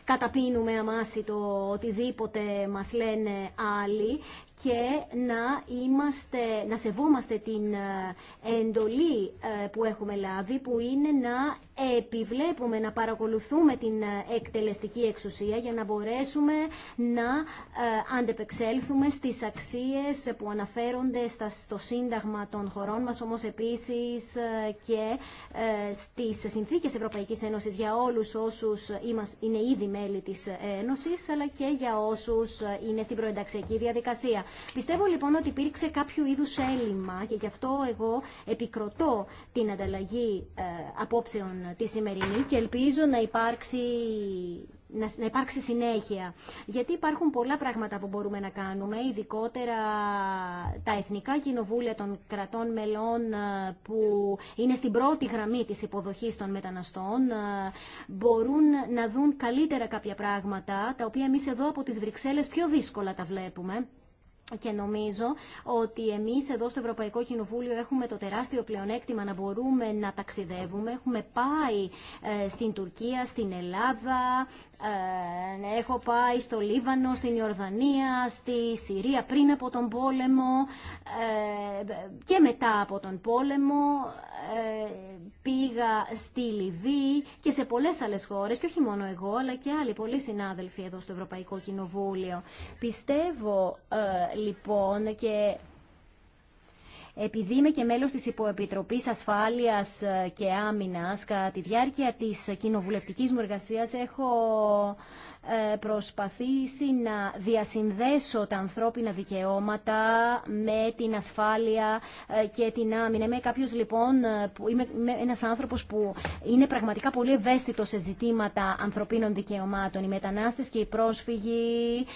καταπίνουμε αμάση το οτιδήποτε μας λένε άλλοι και να, είμαστε, να σεβόμαστε την ε, εντολή ε, που έχουμε λάβει που είναι να επιβλέπουμε, να παρακολουθούμε την ε, εκτελεστική εξουσία για να μπορέσουμε να αντεπεξέλθουμε στις αξίες που αναφέρονται στο Σύνταγμα των χωρών μας όμως επίσης και στις συνθήκες Ευρωπαϊκής Ένωσης για όλους όσους είναι ήδη μέλη της Ένωσης αλλά και για όσους είναι στην προενταξιακή διαδικασία. Πιστεύω λοιπόν ότι υπήρξε κάποιο είδου έλλειμμα και γι' αυτό εγώ επικροτώ την ανταλλαγή ε, απόψεων τη σημερινή και ελπίζω να υπάρξει να υπάρξει συνέχεια. Γιατί υπάρχουν πολλά πράγματα που μπορούμε να κάνουμε, ειδικότερα τα εθνικά κοινοβούλια των κρατών μελών ε, που είναι στην πρώτη γραμμή της υποδοχής των μεταναστών, ε, μπορούν να δουν καλύτερα κάποια πράγματα, τα οποία εμείς εδώ από τις Βρυξέλλες πιο δύσκολα τα βλέπουμε και νομίζω ότι εμείς εδώ στο Ευρωπαϊκό Κοινοβούλιο έχουμε το τεράστιο πλεονέκτημα να μπορούμε να ταξιδεύουμε. Έχουμε πάει ε, στην Τουρκία, στην Ελλάδα, ε, ναι, έχω πάει στο Λίβανο, στην Ιορδανία, στη Συρία πριν από τον πόλεμο ε, και μετά από τον πόλεμο. Ε, πήγα στη Λιβύη και σε πολλές άλλες χώρες και όχι μόνο εγώ αλλά και άλλοι πολλοί συνάδελφοι εδώ στο Ευρωπαϊκό Κοινοβούλιο. Πιστεύω λοιπόν και επειδή είμαι και μέλος της Υποεπιτροπής Ασφάλειας ε, και Άμυνας, κατά τη διάρκεια της κοινοβουλευτικής μου εργασίας έχω ε, προσπαθήσει να διασυνδέσω τα ανθρώπινα δικαιώματα με την ασφάλεια ε, και την άμυνα. Είμαι κάποιος λοιπόν, ε, που είμαι ένας άνθρωπος που είναι πραγματικά πολύ ευαίσθητο σε ζητήματα ανθρωπίνων δικαιωμάτων. Οι μετανάστες και οι πρόσφυγοι,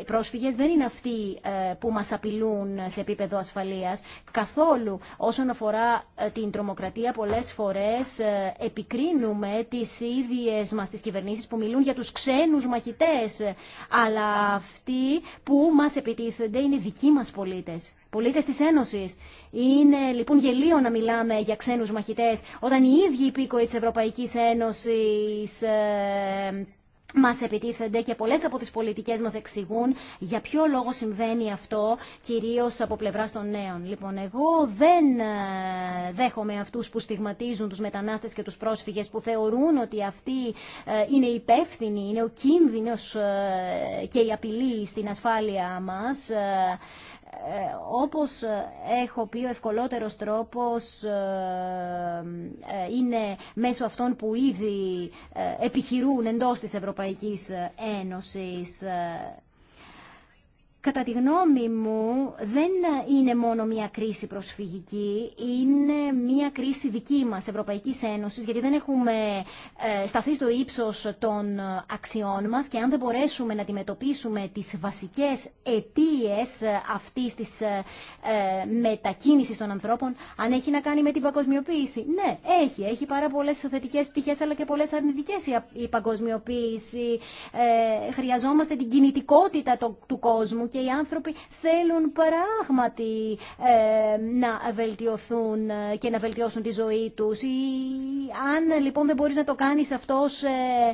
οι πρόσφυγες δεν είναι αυτοί που μας απειλούν σε επίπεδο ασφαλείας. Καθόλου όσον αφορά την τρομοκρατία πολλές φορές επικρίνουμε τι ίδιε μα τι κυβερνήσει που μιλούν για του ξένου ξένους μαχητές, αλλά αυτοί που μας επιτίθενται είναι δικοί μας πολίτες. Πολίτες της Ένωσης. Είναι λοιπόν γελίο να μιλάμε για ξένους μαχητές όταν οι ίδιοι υπήκοοι της Ευρωπαϊκής Ένωσης ε, Μα επιτίθενται και πολλέ από τις πολιτικές μας εξηγούν για ποιο λόγο συμβαίνει αυτό, κυρίω από πλευρά των νέων. Λοιπόν, εγώ δεν ε, δέχομαι αυτούς που στιγματίζουν τους μετανάστες και τους πρόσφυγες, που θεωρούν ότι αυτοί ε, είναι υπεύθυνοι, είναι ο κίνδυνος ε, και η απειλή στην ασφάλεια μας. Ε, όπως ε, έχω πει, ο ευκολότερος τρόπος ε, είναι μέσω αυτών που ήδη επιχειρούν εντός της Ευρωπαϊκής Ένωσης Κατά τη γνώμη μου δεν είναι μόνο μια κρίση προσφυγική, είναι μια κρίση δική μας Ευρωπαϊκής Ένωσης, γιατί δεν έχουμε ε, σταθεί στο ύψος των αξιών μας και αν δεν μπορέσουμε να αντιμετωπίσουμε τις βασικές αιτίες ε, αυτής της ε, μετακίνησης των ανθρώπων, αν έχει να κάνει με την παγκοσμιοποίηση. Ναι, έχει. Έχει πάρα πολλές θετικές πτυχές, αλλά και πολλές αρνητικές η παγκοσμιοποίηση. Χρειαζόμαστε την κινητικότητα του κόσμου και οι άνθρωποι θέλουν πράγματι ε, να βελτιωθούν ε, και να βελτιώσουν τη ζωή τους. Ή, αν λοιπόν δεν μπορείς να το κάνεις αυτό ε,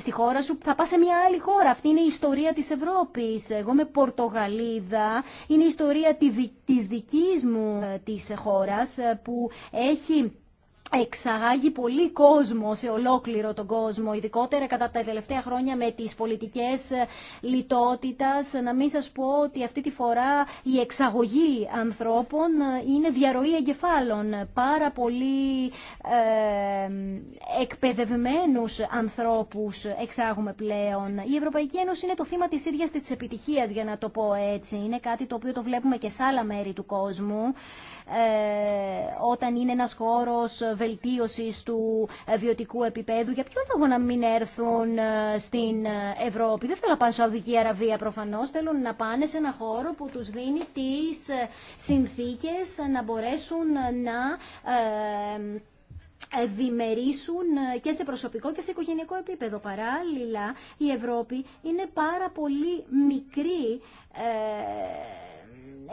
στη χώρα σου, θα πας σε μια άλλη χώρα. Αυτή είναι η ιστορία της Ευρώπης. Εγώ είμαι Πορτογαλίδα, είναι η ιστορία της δικής μου της χώρας που έχει εξαγάγει πολύ κόσμο σε ολόκληρο τον κόσμο, ειδικότερα κατά τα τελευταία χρόνια με τις πολιτικές ε, λιτότητας. Να μην σας πω ότι αυτή τη φορά η εξαγωγή ανθρώπων ε, είναι διαρροή εγκεφάλων. Πάρα πολύ ε, εκπαιδευμένους ανθρώπους εξάγουμε πλέον. Η Ευρωπαϊκή Ένωση είναι το θύμα της ίδιας της επιτυχίας, για να το πω έτσι. Είναι κάτι το οποίο το βλέπουμε και σε άλλα μέρη του κόσμου. Ε, όταν είναι ένας χώρος βελτίωσης του βιωτικού επίπεδου. Για ποιο λόγο να μην έρθουν ε, στην ε, Ευρώπη. Δεν θέλω να πάνε σε Σαουδική Αραβία προφανώς. Θέλουν να πάνε σε ένα χώρο που τους δίνει τις συνθήκες να μπορέσουν να ευημερήσουν και σε προσωπικό και σε οικογενειακό επίπεδο. Παράλληλα, η Ευρώπη είναι πάρα πολύ μικρή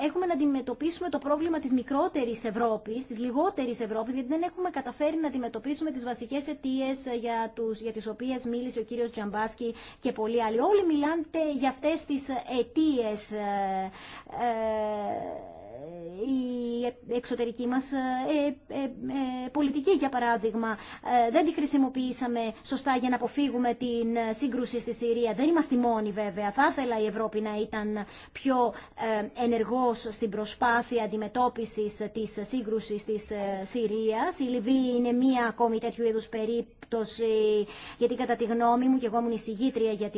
έχουμε να αντιμετωπίσουμε το πρόβλημα τη μικρότερη Ευρώπης, τη λιγότερη Ευρώπης, γιατί δεν έχουμε καταφέρει να αντιμετωπίσουμε τις βασικές αιτίε ε, για, τους, για τις οποίες μίλησε ο κύριος Τζαμπάσκι και πολλοί άλλοι. Όλοι μιλάνε για αυτές τις ε, αιτίε. Ε, η εξωτερική μας ε, ε, ε, πολιτική, για παράδειγμα. Δεν τη χρησιμοποιήσαμε σωστά για να αποφύγουμε την σύγκρουση στη Συρία. Δεν είμαστε μόνοι βέβαια. Θα ήθελα η Ευρώπη να ήταν πιο ενεργός στην προσπάθεια αντιμετώπισης της σύγκρουσης της Συρίας. Η Λιβύη είναι μία ακόμη τέτοιου είδους περίπτωση, γιατί κατά τη γνώμη μου, και εγώ ήμουν εισηγήτρια για τη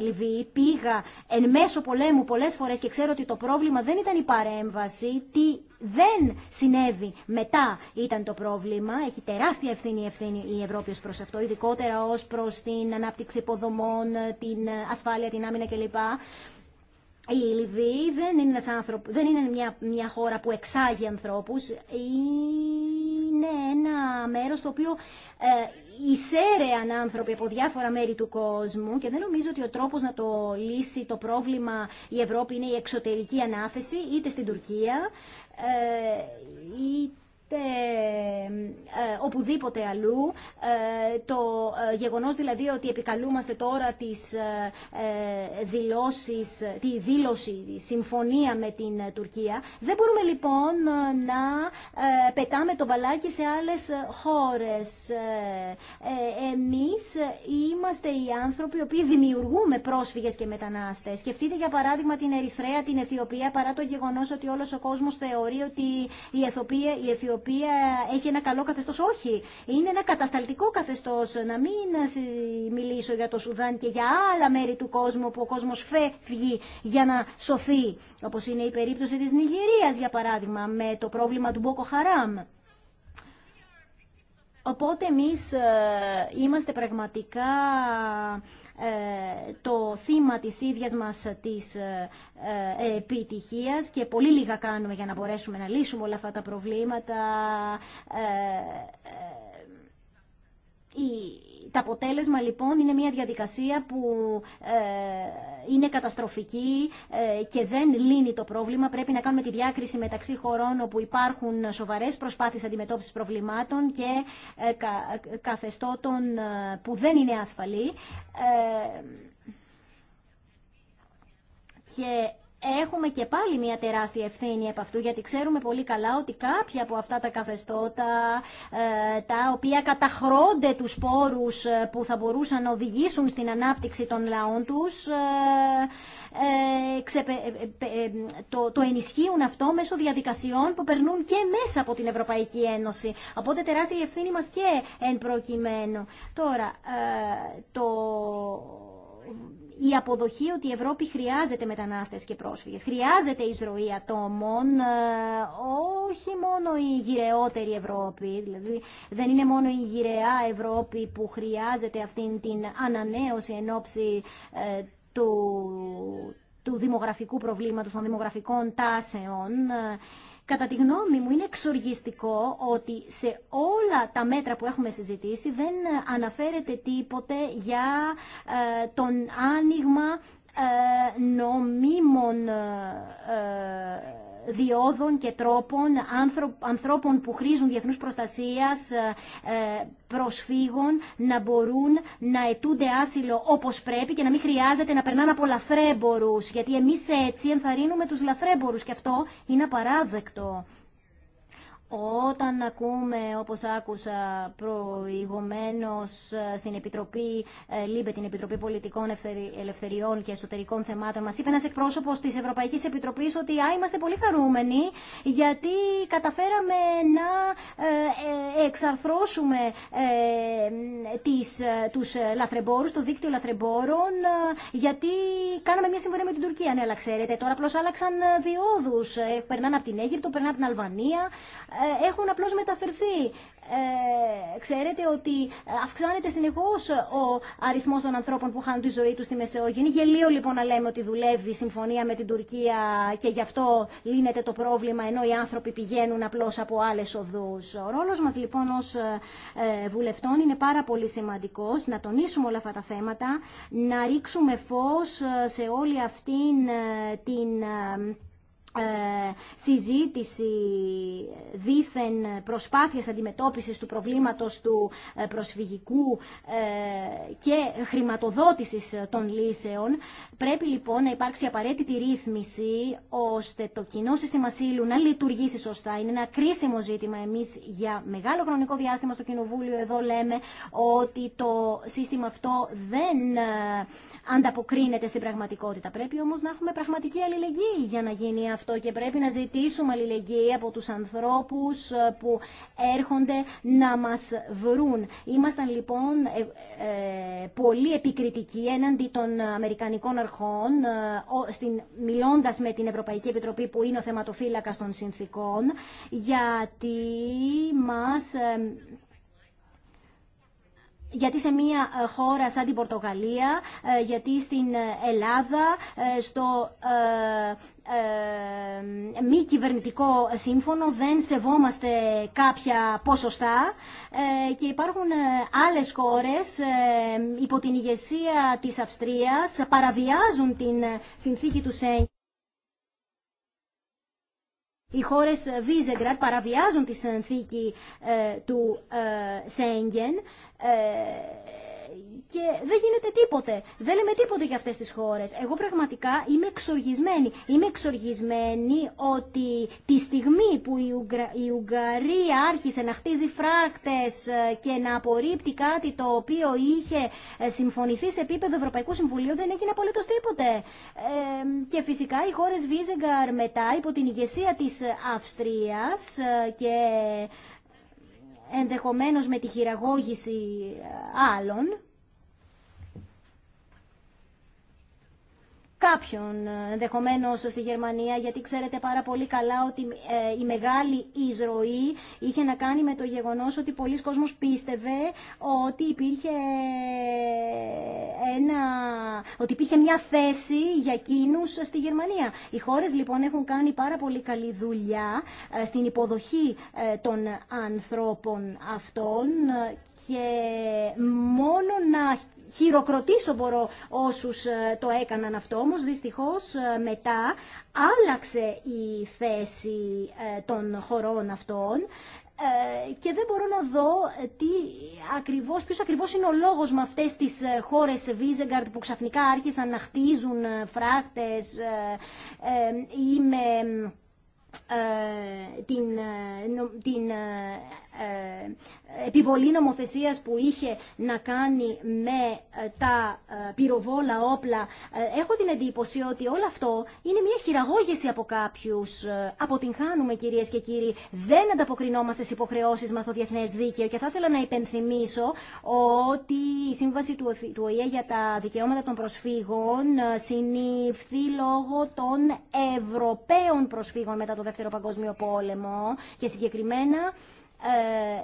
Λιβύη, πήγα εν μέσω πολέμου πολλές φορές και ξέρω ότι το πρόβλημα δεν ήταν η παρέμβαση παρέμβαση, τι δεν συνέβη μετά ήταν το πρόβλημα. Έχει τεράστια ευθύνη, ευθύνη η Ευρώπη ως προς αυτό, ειδικότερα ως προς την ανάπτυξη υποδομών, την ασφάλεια, την άμυνα κλπ η Λιβύη δεν είναι, ένας δεν είναι μια, μια χώρα που εξάγει ανθρώπους, είναι ένα μέρος το οποίο ε, εισέρεαν άνθρωποι από διάφορα μέρη του κόσμου και δεν νομίζω ότι ο τρόπος να το λύσει το πρόβλημα η Ευρώπη είναι η εξωτερική ανάθεση είτε στην Τουρκία ε, ε, ε, οπουδήποτε αλλού. Ε, το γεγονός δηλαδή ότι επικαλούμαστε τώρα τις δηλώσεις, τη δήλωση, τη συμφωνία με την Τουρκία. Δεν μπορούμε λοιπόν να πετάμε το μπαλάκι σε άλλες χώρες. Εμείς είμαστε οι άνθρωποι οι οποίοι δημιουργούμε πρόσφυγες και μετανάστες. Σκεφτείτε για παράδειγμα την Ερυθρέα, την Αιθιοπία, παρά το γεγονός ότι όλος ο κόσμος θεωρεί ότι η Αιθιοπία οποία έχει ένα καλό καθεστώ Όχι, είναι ένα κατασταλτικό καθεστώς. Να μην μιλήσω για το Σουδάν και για άλλα μέρη του κόσμου που ο κόσμος φεύγει για να σωθεί. Όπως είναι η περίπτωση της Νιγηρίας, για παράδειγμα, με το πρόβλημα του Μπόκο Χαράμ. Οπότε εμείς ε, είμαστε πραγματικά ε, το θύμα της ίδιας μας της ε, ε, επιτυχίας και πολύ λίγα κάνουμε για να μπορέσουμε να λύσουμε όλα αυτά τα προβλήματα το αποτέλεσμα λοιπόν είναι μια διαδικασία που ε, είναι καταστροφική ε, και δεν λύνει το πρόβλημα. Πρέπει να κάνουμε τη διάκριση μεταξύ χωρών όπου υπάρχουν σοβαρές προσπάθειες αντιμετώπισης προβλημάτων και ε, καθεστώτων που δεν είναι ασφαλή. Και έχουμε και πάλι μια τεράστια ευθύνη από αυτού, γιατί ξέρουμε πολύ καλά ότι κάποια από αυτά τα καθεστώτα, ε, τα οποία καταχρώνται τους πόρους ε, που θα μπορούσαν να οδηγήσουν στην ανάπτυξη των λαών τους, ε, το ενισχύουν αυτό μέσω διαδικασιών που περνούν και μέσα από την Ευρωπαϊκή Ένωση. Οπότε τεράστια ευθύνη μας και εν προκειμένου. Τώρα, το η αποδοχή ότι η Ευρώπη χρειάζεται μετανάστες και πρόσφυγες. Χρειάζεται εισρωή ατόμων, ε, όχι μόνο η γυρεότερη Ευρώπη, δηλαδή δεν είναι μόνο η γυρεά Ευρώπη που χρειάζεται αυτήν την ανανέωση εν ώψη ε, του, του δημογραφικού προβλήματος, των δημογραφικών τάσεων. Ε, Κατά τη γνώμη μου είναι εξοργιστικό ότι σε όλα τα μέτρα που έχουμε συζητήσει δεν αναφέρεται τίποτε για ε, τον άνοιγμα ε, νομίμων ε, διόδων και τρόπων ανθρώπων που χρήζουν διεθνούς προστασίας ε, ε, προσφύγων να μπορούν να ετούνται άσυλο όπως πρέπει και να μην χρειάζεται να περνάνε από λαθρέμπορους γιατί εμείς έτσι ενθαρρύνουμε τους λαθρέμπορους και αυτό είναι απαράδεκτο. Όταν ακούμε, όπως άκουσα προηγουμένως ε, στην Επιτροπή ε, ΛΥΜΠΕ, την Επιτροπή Πολιτικών Ελευθεριών και Εσωτερικών Θεμάτων, μας είπε ένας εκπρόσωπος της Ευρωπαϊκής Επιτροπής ότι α, είμαστε πολύ χαρούμενοι γιατί καταφέραμε να ε, εξαρθρώσουμε τις, τους λαθρεμπόρους, το δίκτυο λαθρεμπόρων, γιατί κάναμε μια συμφωνία με την Τουρκία. Ναι, αλλά ξέρετε, τώρα απλώς άλλαξαν διόδους. Περνάνε από την Αίγυπτο, περνάνε από την Αλβανία ε, έχουν απλώς μεταφερθεί. Ε, ξέρετε ότι αυξάνεται συνεχώς ο αριθμός των ανθρώπων που χάνουν τη ζωή τους στη Μεσαιόγειο. Είναι γελίο λοιπόν να λέμε ότι δουλεύει η συμφωνία με την Τουρκία και γι' αυτό λύνεται το πρόβλημα ενώ οι άνθρωποι πηγαίνουν απλώς από άλλες οδούς. Ο ρόλος μας λοιπόν ως ε, ε, βουλευτών είναι πάρα πολύ σημαντικός να τονίσουμε όλα αυτά τα θέματα, να ρίξουμε φως σε όλη αυτήν την ε, συζήτηση δήθεν προσπάθειας αντιμετώπισης του προβλήματος του ε, προσφυγικού ε, και χρηματοδότησης των λύσεων. Πρέπει λοιπόν να υπάρξει απαραίτητη ρύθμιση ώστε το κοινό σύστημα σύλλου να λειτουργήσει σωστά. Είναι ένα κρίσιμο ζήτημα. Εμείς για μεγάλο χρονικό διάστημα στο Κοινοβούλιο εδώ λέμε ότι το σύστημα αυτό δεν ανταποκρίνεται στην πραγματικότητα. Πρέπει όμως να έχουμε πραγματική αλληλεγγύη για να γίνει αυτό αυτό και πρέπει να ζητήσουμε αλληλεγγύη από τους ανθρώπους ε, που έρχονται να μας βρουν. Ήμασταν λοιπόν ε, ε, πολύ επικριτικοί έναντι των Αμερικανικών αρχών, μιλώντας με την Ευρωπαϊκή Επιτροπή που είναι ο θεματοφύλακας των συνθήκων, γιατί μας γιατί σε μια ε, χώρα σαν την Πορτογαλία, ε, γιατί στην ε, Ελλάδα, στο μη κυβερνητικό σύμφωνο δεν σεβόμαστε κάποια ποσοστά και υπάρχουν άλλες χώρες υπό την ηγεσία της Αυστρίας παραβιάζουν την συνθήκη του ΣΕΝ οι χώρες ε, Βίζεγκρατ παραβιάζουν τη συνθήκη ε, του ε, Σέγγεν και δεν γίνεται τίποτε. Δεν λέμε τίποτε για αυτές τις χώρες. Εγώ πραγματικά είμαι εξοργισμένη. Είμαι εξοργισμένη ότι τη στιγμή που η, Ουγγρα... Ουγγαρία άρχισε να χτίζει φράκτες ε, και να απορρίπτει κάτι το οποίο είχε ε, συμφωνηθεί σε επίπεδο Ευρωπαϊκού Συμβουλίου δεν έγινε απολύτως τίποτε. Ε, και φυσικά οι χώρες Βίζεγκαρ μετά υπό την ηγεσία της Αυστρίας ε, και ενδεχομένως με τη χειραγώγηση άλλων κάποιον, ε, ενδεχομένω στη Γερμανία, γιατί ξέρετε πάρα πολύ καλά ότι ε, η μεγάλη εισρωή είχε να κάνει με το γεγονός ότι πολλοί κόσμοι πίστευε ότι υπήρχε, ε, ένα, ότι υπήρχε μια θέση για εκείνους στη Γερμανία. Οι χώρες λοιπόν έχουν κάνει πάρα πολύ καλή δουλειά στην υποδοχή των ανθρώπων αυτών και μόνο να χειροκροτήσω μπορώ όσους το έκαναν αυτό όμως δυστυχώς ε, μετά άλλαξε η θέση ε, των χωρών αυτών ε, και δεν μπορώ να δω τι ακριβώς, ποιος ακριβώς είναι ο λόγος με αυτές τις χώρες Βίζεγκαρτ που ξαφνικά άρχισαν να χτίζουν φράχτες ή με την ε, επιβολή νομοθεσίας που είχε να κάνει με ε, τα ε, πυροβόλα όπλα. Έχω την εντύπωση ότι όλο αυτό είναι μια χειραγώγηση από κάποιους. Αποτυγχάνουμε κυρίες και κύριοι. Δεν ανταποκρινόμαστε στις υποχρεώσεις μας στο διεθνές δίκαιο και θα ήθελα να υπενθυμίσω ότι η Σύμβαση του ΟΗΕ για τα δικαιώματα των προσφύγων συνήφθη λόγω των Ευρωπαίων προσφύγων μετά το Δεύτερο Παγκόσμιο Πόλεμο και συγκεκριμένα ε,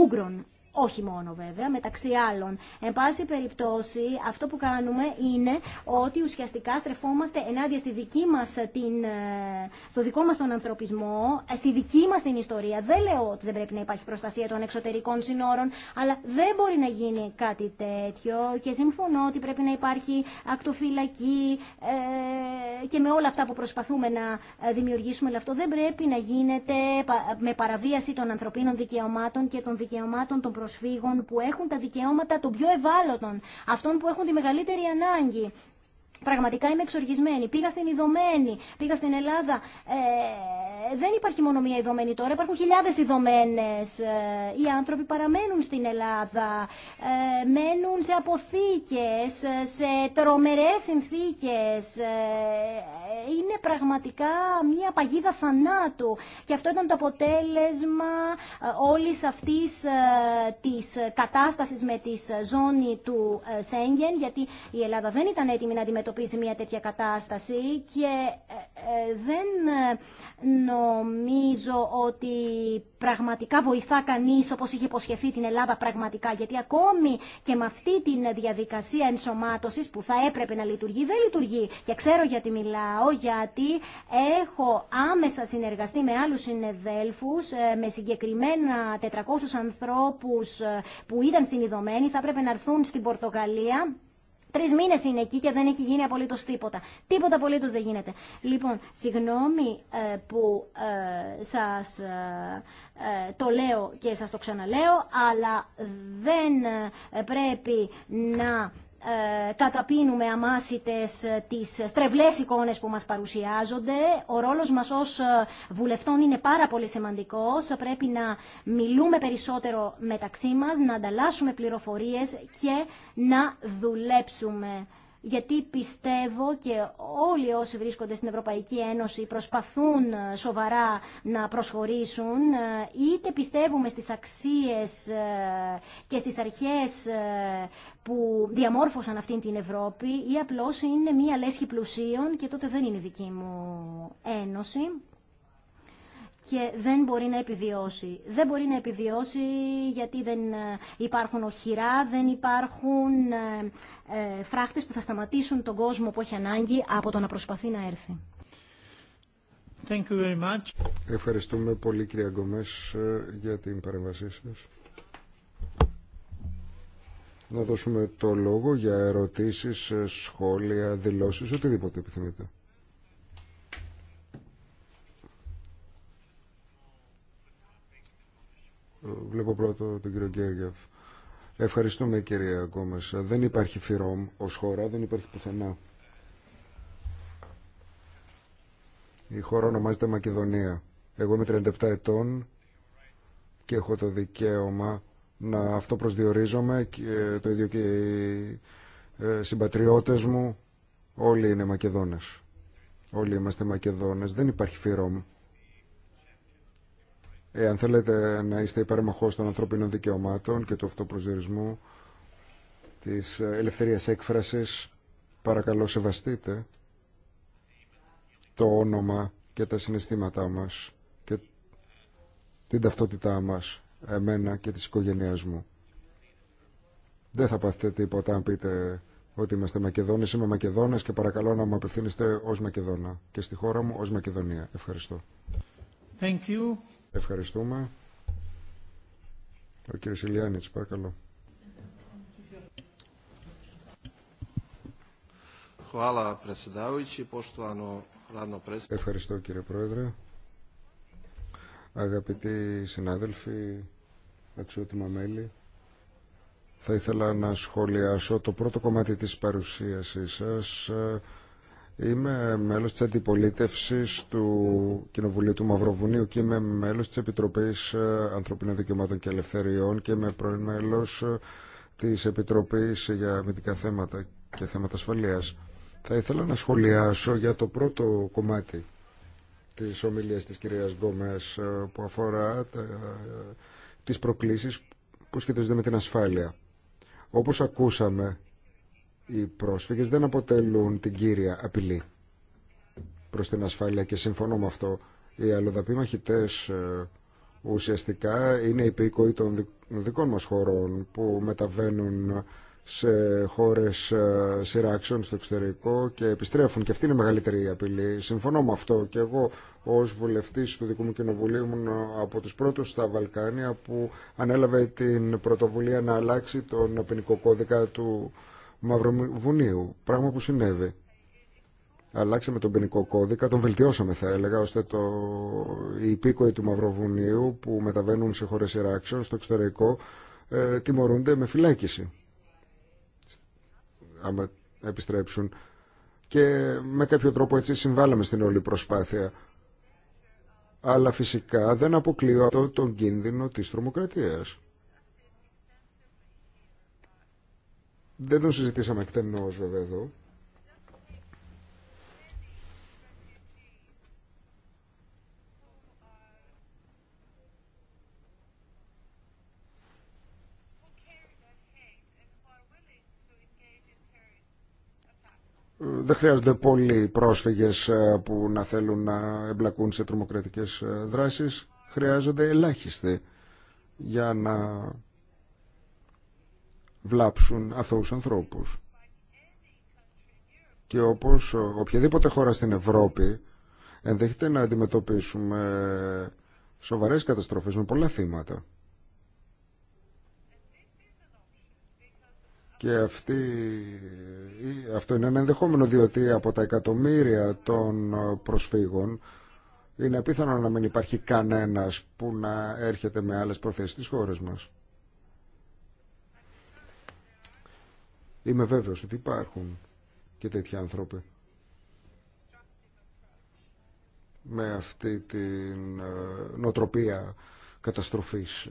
Ούγγρων όχι μόνο βέβαια, μεταξύ άλλων. Εν πάση περιπτώσει, αυτό που κάνουμε είναι ότι ουσιαστικά στρεφόμαστε ενάντια στη μας την, ε, στο δικό μας τον ανθρωπισμό, ε, στη δική μας την ιστορία. Δεν λέω ότι δεν πρέπει να υπάρχει προστασία των εξωτερικών συνόρων, αλλά δεν μπορεί να γίνει κάτι τέτοιο και συμφωνώ ότι πρέπει να υπάρχει ακτοφυλακή ε, και με όλα αυτά που προσπαθούμε να δημιουργήσουμε, αλλά αυτό δεν πρέπει να γίνεται με παραβίαση των ανθρωπίνων δικαιωμάτων και των δικαιωμάτων των προσφύγων που έχουν τα δικαιώματα των πιο ευάλωτων, αυτών που έχουν τη μεγαλύτερη ανάγκη. Πραγματικά είμαι εξοργισμένη. Πήγα στην Ιδωμένη, πήγα στην Ελλάδα. Ε, δεν υπάρχει μόνο μία Ιδωμένη τώρα, υπάρχουν χιλιάδες Ιδωμένες. Ε, οι άνθρωποι παραμένουν στην Ελλάδα, ε, μένουν σε αποθήκες, ε, σε τρομερές συνθήκες. είναι πραγματικά μία παγίδα θανάτου. Και αυτό ήταν το αποτέλεσμα όλης αυτής της κατάστασης με τη ζώνη του Σέγγεν, γιατί η Ελλάδα δεν ήταν έτοιμη να αντιμετωπίσει αντιμετωπίζει μια τέτοια κατάσταση και ε, ε, δεν νομίζω ότι πραγματικά βοηθά κανείς όπως είχε υποσχεθεί την Ελλάδα πραγματικά γιατί ακόμη και με αυτή την διαδικασία ενσωμάτωσης που θα έπρεπε να λειτουργεί δεν λειτουργεί και ξέρω γιατί μιλάω γιατί έχω άμεσα συνεργαστεί με άλλους συνεδέλφους ε, με συγκεκριμένα 400 ανθρώπους που ήταν στην Ιδωμένη θα έπρεπε να έρθουν στην Πορτογαλία Τρει μήνε είναι εκεί και δεν έχει γίνει απολύτω τίποτα. Τίποτα απολύτω δεν γίνεται. Λοιπόν, συγγνώμη ε, που ε, σα ε, το λέω και σα το ξαναλέω, αλλά δεν πρέπει να ε, καταπίνουμε αμάσιτες ε, τις στρεβλές εικόνες που μας παρουσιάζονται. Ο ρόλος μας ως ε, βουλευτών είναι πάρα πολύ σημαντικός. Πρέπει να μιλούμε περισσότερο μεταξύ μας, να ανταλλάσσουμε πληροφορίες και να δουλέψουμε γιατί πιστεύω και όλοι όσοι βρίσκονται στην Ευρωπαϊκή Ένωση προσπαθούν ε, σοβαρά να προσχωρήσουν, ε, είτε πιστεύουμε στις αξίες ε, και στις αρχές που διαμόρφωσαν αυτήν την Ευρώπη ή απλώς είναι μία λέσχη πλουσίων και τότε δεν είναι δική μου ένωση και δεν μπορεί να επιβιώσει. Δεν μπορεί να επιβιώσει γιατί δεν ε, υπάρχουν οχυρά, δεν υπάρχουν ε, ε, φράχτες που θα σταματήσουν τον κόσμο που έχει ανάγκη από το να προσπαθεί να έρθει. Thank you very much. Ευχαριστούμε πολύ κυρία Γκομές για την παρέμβασή σας. Να δώσουμε το λόγο για ερωτήσεις, σχόλια, δηλώσεις, οτιδήποτε επιθυμείτε. Βλέπω πρώτο τον κύριο Γκέργεφ. Ευχαριστούμε κυρία Γκόμεσα. Δεν υπάρχει ΦΥΡΟΜ ως χώρα, δεν υπάρχει πουθενά. Η χώρα ονομάζεται Μακεδονία. Εγώ είμαι 37 ετών και έχω το δικαίωμα να αυτό προσδιορίζομαι και το ίδιο και οι ε, συμπατριώτες μου. Όλοι είναι Μακεδόνες. Όλοι είμαστε Μακεδόνες. Δεν υπάρχει ΦΥΡΟΜ εάν θέλετε να είστε υπέρμαχος των ανθρωπίνων δικαιωμάτων και του αυτοπροσδιορισμού της ελευθερίας έκφρασης, παρακαλώ σεβαστείτε το όνομα και τα συναισθήματά μας και την ταυτότητά μας, εμένα και της οικογένειάς μου. Δεν θα πάθετε τίποτα αν πείτε ότι είμαστε Μακεδόνες, είμαι Μακεδόνας και παρακαλώ να μου απευθύνεστε ως Μακεδόνα και στη χώρα μου ως Μακεδονία. Ευχαριστώ. Thank Ευχαριστούμε. Ο κύριος Ηλιάνης, παρακαλώ. Ευχαριστώ κύριε Πρόεδρε. Αγαπητοί συνάδελφοι, αξιότιμα μέλη, θα ήθελα να σχολιάσω το πρώτο κομμάτι της παρουσίασής σας Είμαι μέλος της αντιπολίτευσης του Κοινοβουλίου του Μαυροβουνίου και είμαι μέλος της Επιτροπής ε, Ανθρωπίνων Δικαιωμάτων και Ελευθεριών και είμαι πρώην μέλος ε, της Επιτροπής για Αμυντικά Θέματα και Θέματα Ασφαλείας. Θα ήθελα να σχολιάσω για το πρώτο κομμάτι της ομιλίας της κυρίας Γκόμες ε, που αφορά τις προκλήσεις που σχετίζονται με την ασφάλεια. Όπως ακούσαμε, οι πρόσφυγες δεν αποτελούν την κύρια απειλή προς την ασφάλεια και συμφωνώ με αυτό. Οι αλλοδαποί μαχητές ε, ουσιαστικά είναι υπήκοοι των δικών μας χωρών που μεταβαίνουν σε χώρες ε, σειράξεων στο εξωτερικό και επιστρέφουν και αυτή είναι η μεγαλύτερη απειλή. Συμφωνώ με αυτό και εγώ ως βουλευτής του δικού μου κοινοβουλίου ήμουν από τους πρώτους στα Βαλκάνια που ανέλαβε την πρωτοβουλία να αλλάξει τον ποινικό κώδικα του Μαυροβουνίου, πράγμα που συνέβη. Αλλάξαμε τον ποινικό κώδικα, τον βελτιώσαμε θα έλεγα, ώστε το... οι υπήκοοι του Μαυροβουνίου που μεταβαίνουν σε χώρες Ιράξεων, στο εξωτερικό, ε, τιμωρούνται με φυλάκιση. Άμα επιστρέψουν. Και με κάποιο τρόπο έτσι συμβάλαμε στην όλη προσπάθεια. Αλλά φυσικά δεν αποκλείω αυτό τον κίνδυνο της τρομοκρατίας. Δεν τον συζητήσαμε εκτενώς βέβαια εδώ. δεν χρειάζονται πολλοί πρόσφυγες ε, που να θέλουν να εμπλακούν σε τρομοκρατικές ε, δράσεις. Χρειάζονται ελάχιστοι για να βλάψουν αθώους ανθρώπους. Και όπως οποιαδήποτε χώρα στην Ευρώπη ενδέχεται να αντιμετωπίσουμε σοβαρές καταστροφές με πολλά θύματα. Και αυτή, αυτό είναι ένα ενδεχόμενο διότι από τα εκατομμύρια των προσφύγων είναι απίθανο να μην υπάρχει κανένας που να έρχεται με άλλες προθέσεις της χώρας μας. Είμαι βέβαιος ότι υπάρχουν και τέτοιοι άνθρωποι. Με αυτή την ε, νοτροπία καταστροφής.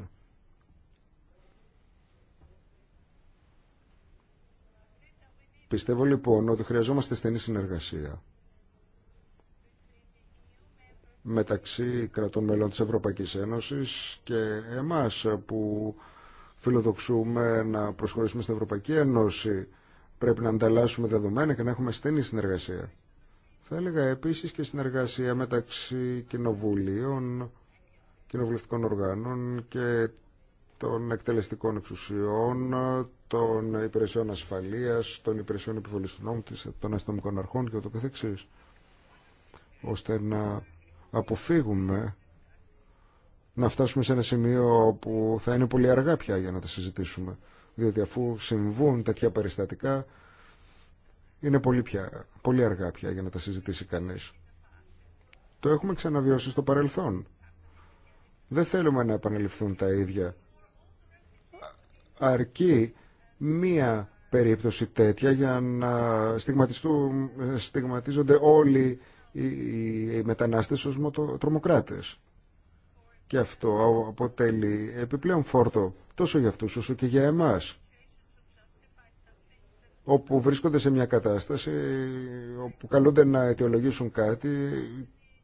Πιστεύω λοιπόν ότι χρειαζόμαστε στενή συνεργασία μεταξύ κρατών μελών της Ευρωπαϊκής Ένωσης και εμάς που φιλοδοξούμε να προσχωρήσουμε στην Ευρωπαϊκή Ένωση, πρέπει να ανταλλάσσουμε δεδομένα και να έχουμε στενή συνεργασία. Θα έλεγα επίσης και συνεργασία μεταξύ κοινοβουλίων, κοινοβουλευτικών οργάνων και των εκτελεστικών εξουσιών, των υπηρεσιών ασφαλείας, των υπηρεσιών επιβολής του νόμου, των αστυνομικών αρχών και ούτω ώστε να αποφύγουμε να φτάσουμε σε ένα σημείο που θα είναι πολύ αργά πια για να τα συζητήσουμε. Διότι αφού συμβούν τέτοια περιστατικά, είναι πολύ, πια, πολύ αργά πια για να τα συζητήσει κανείς. Το έχουμε ξαναβιώσει στο παρελθόν. Δεν θέλουμε να επαναληφθούν τα ίδια. Αρκεί μία περίπτωση τέτοια για να στιγματιστούν, στιγματίζονται όλοι οι μετανάστες ως τρομοκράτες. Και αυτό αποτελεί επιπλέον φόρτο τόσο για αυτούς όσο και για εμάς όπου βρίσκονται σε μια κατάσταση όπου καλούνται να αιτιολογήσουν κάτι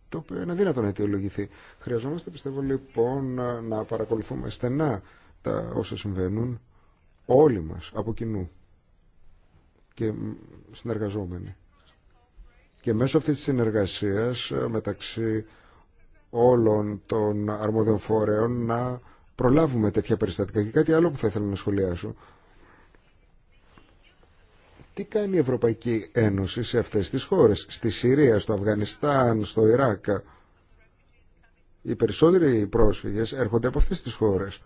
το οποίο είναι δύνατο να αιτιολογηθεί. Χρειαζόμαστε πιστεύω λοιπόν να παρακολουθούμε στενά τα όσα συμβαίνουν όλοι μας από κοινού και συνεργαζόμενοι. Και μέσω αυτής της συνεργασίας μεταξύ όλων των αρμόδιων φορέων να προλάβουμε τέτοια περιστατικά. Και κάτι άλλο που θα ήθελα να σχολιάσω. Τι κάνει η Ευρωπαϊκή Ένωση σε αυτές τις χώρες, στη Συρία, στο Αφγανιστάν, στο Ιράκ. Οι περισσότεροι πρόσφυγες έρχονται από αυτές τις χώρες.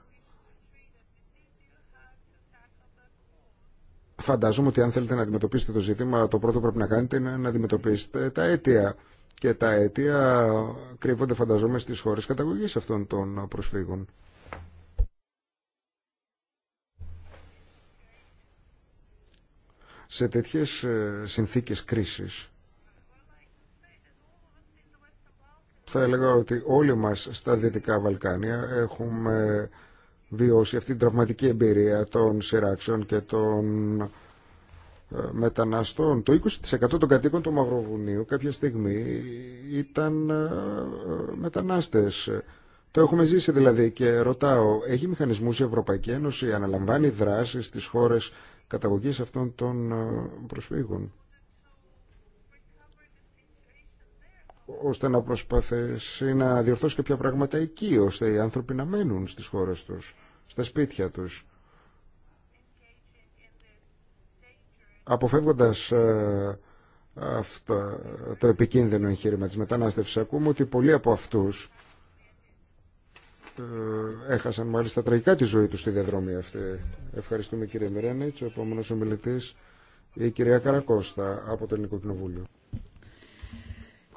Φαντάζομαι ότι αν θέλετε να αντιμετωπίσετε το ζήτημα, το πρώτο που πρέπει να κάνετε είναι να αντιμετωπίσετε τα αίτια και τα αιτία κρύβονται φανταζόμενες στις χώρες καταγωγής αυτών των προσφύγων. Σε τέτοιες ε, συνθήκες κρίσης θα έλεγα ότι όλοι μας στα Δυτικά Βαλκάνια έχουμε βιώσει αυτή την τραυματική εμπειρία των σειράξεων και των μεταναστών. Το 20% των κατοίκων του Μαυροβουνίου κάποια στιγμή ήταν ε, μετανάστες. Το έχουμε ζήσει δηλαδή και ρωτάω, έχει μηχανισμούς η Ευρωπαϊκή Ένωση, αναλαμβάνει δράσεις στις χώρες καταγωγής αυτών των ε, προσφύγων. ώστε να προσπαθήσει να διορθώσει κάποια πράγματα εκεί, ώστε οι άνθρωποι να μένουν στις χώρες τους, στα σπίτια τους. αποφεύγοντας ε, αυτό, το επικίνδυνο εγχείρημα της μετανάστευσης. Ακούμε ότι πολλοί από αυτούς ε, έχασαν μάλιστα τραγικά τη ζωή τους στη διαδρομή αυτή. Ευχαριστούμε κύριε Μερένιτς. Ο επόμενος ομιλητής η κυρία Καρακώστα από το Ελληνικό Κοινοβούλιο.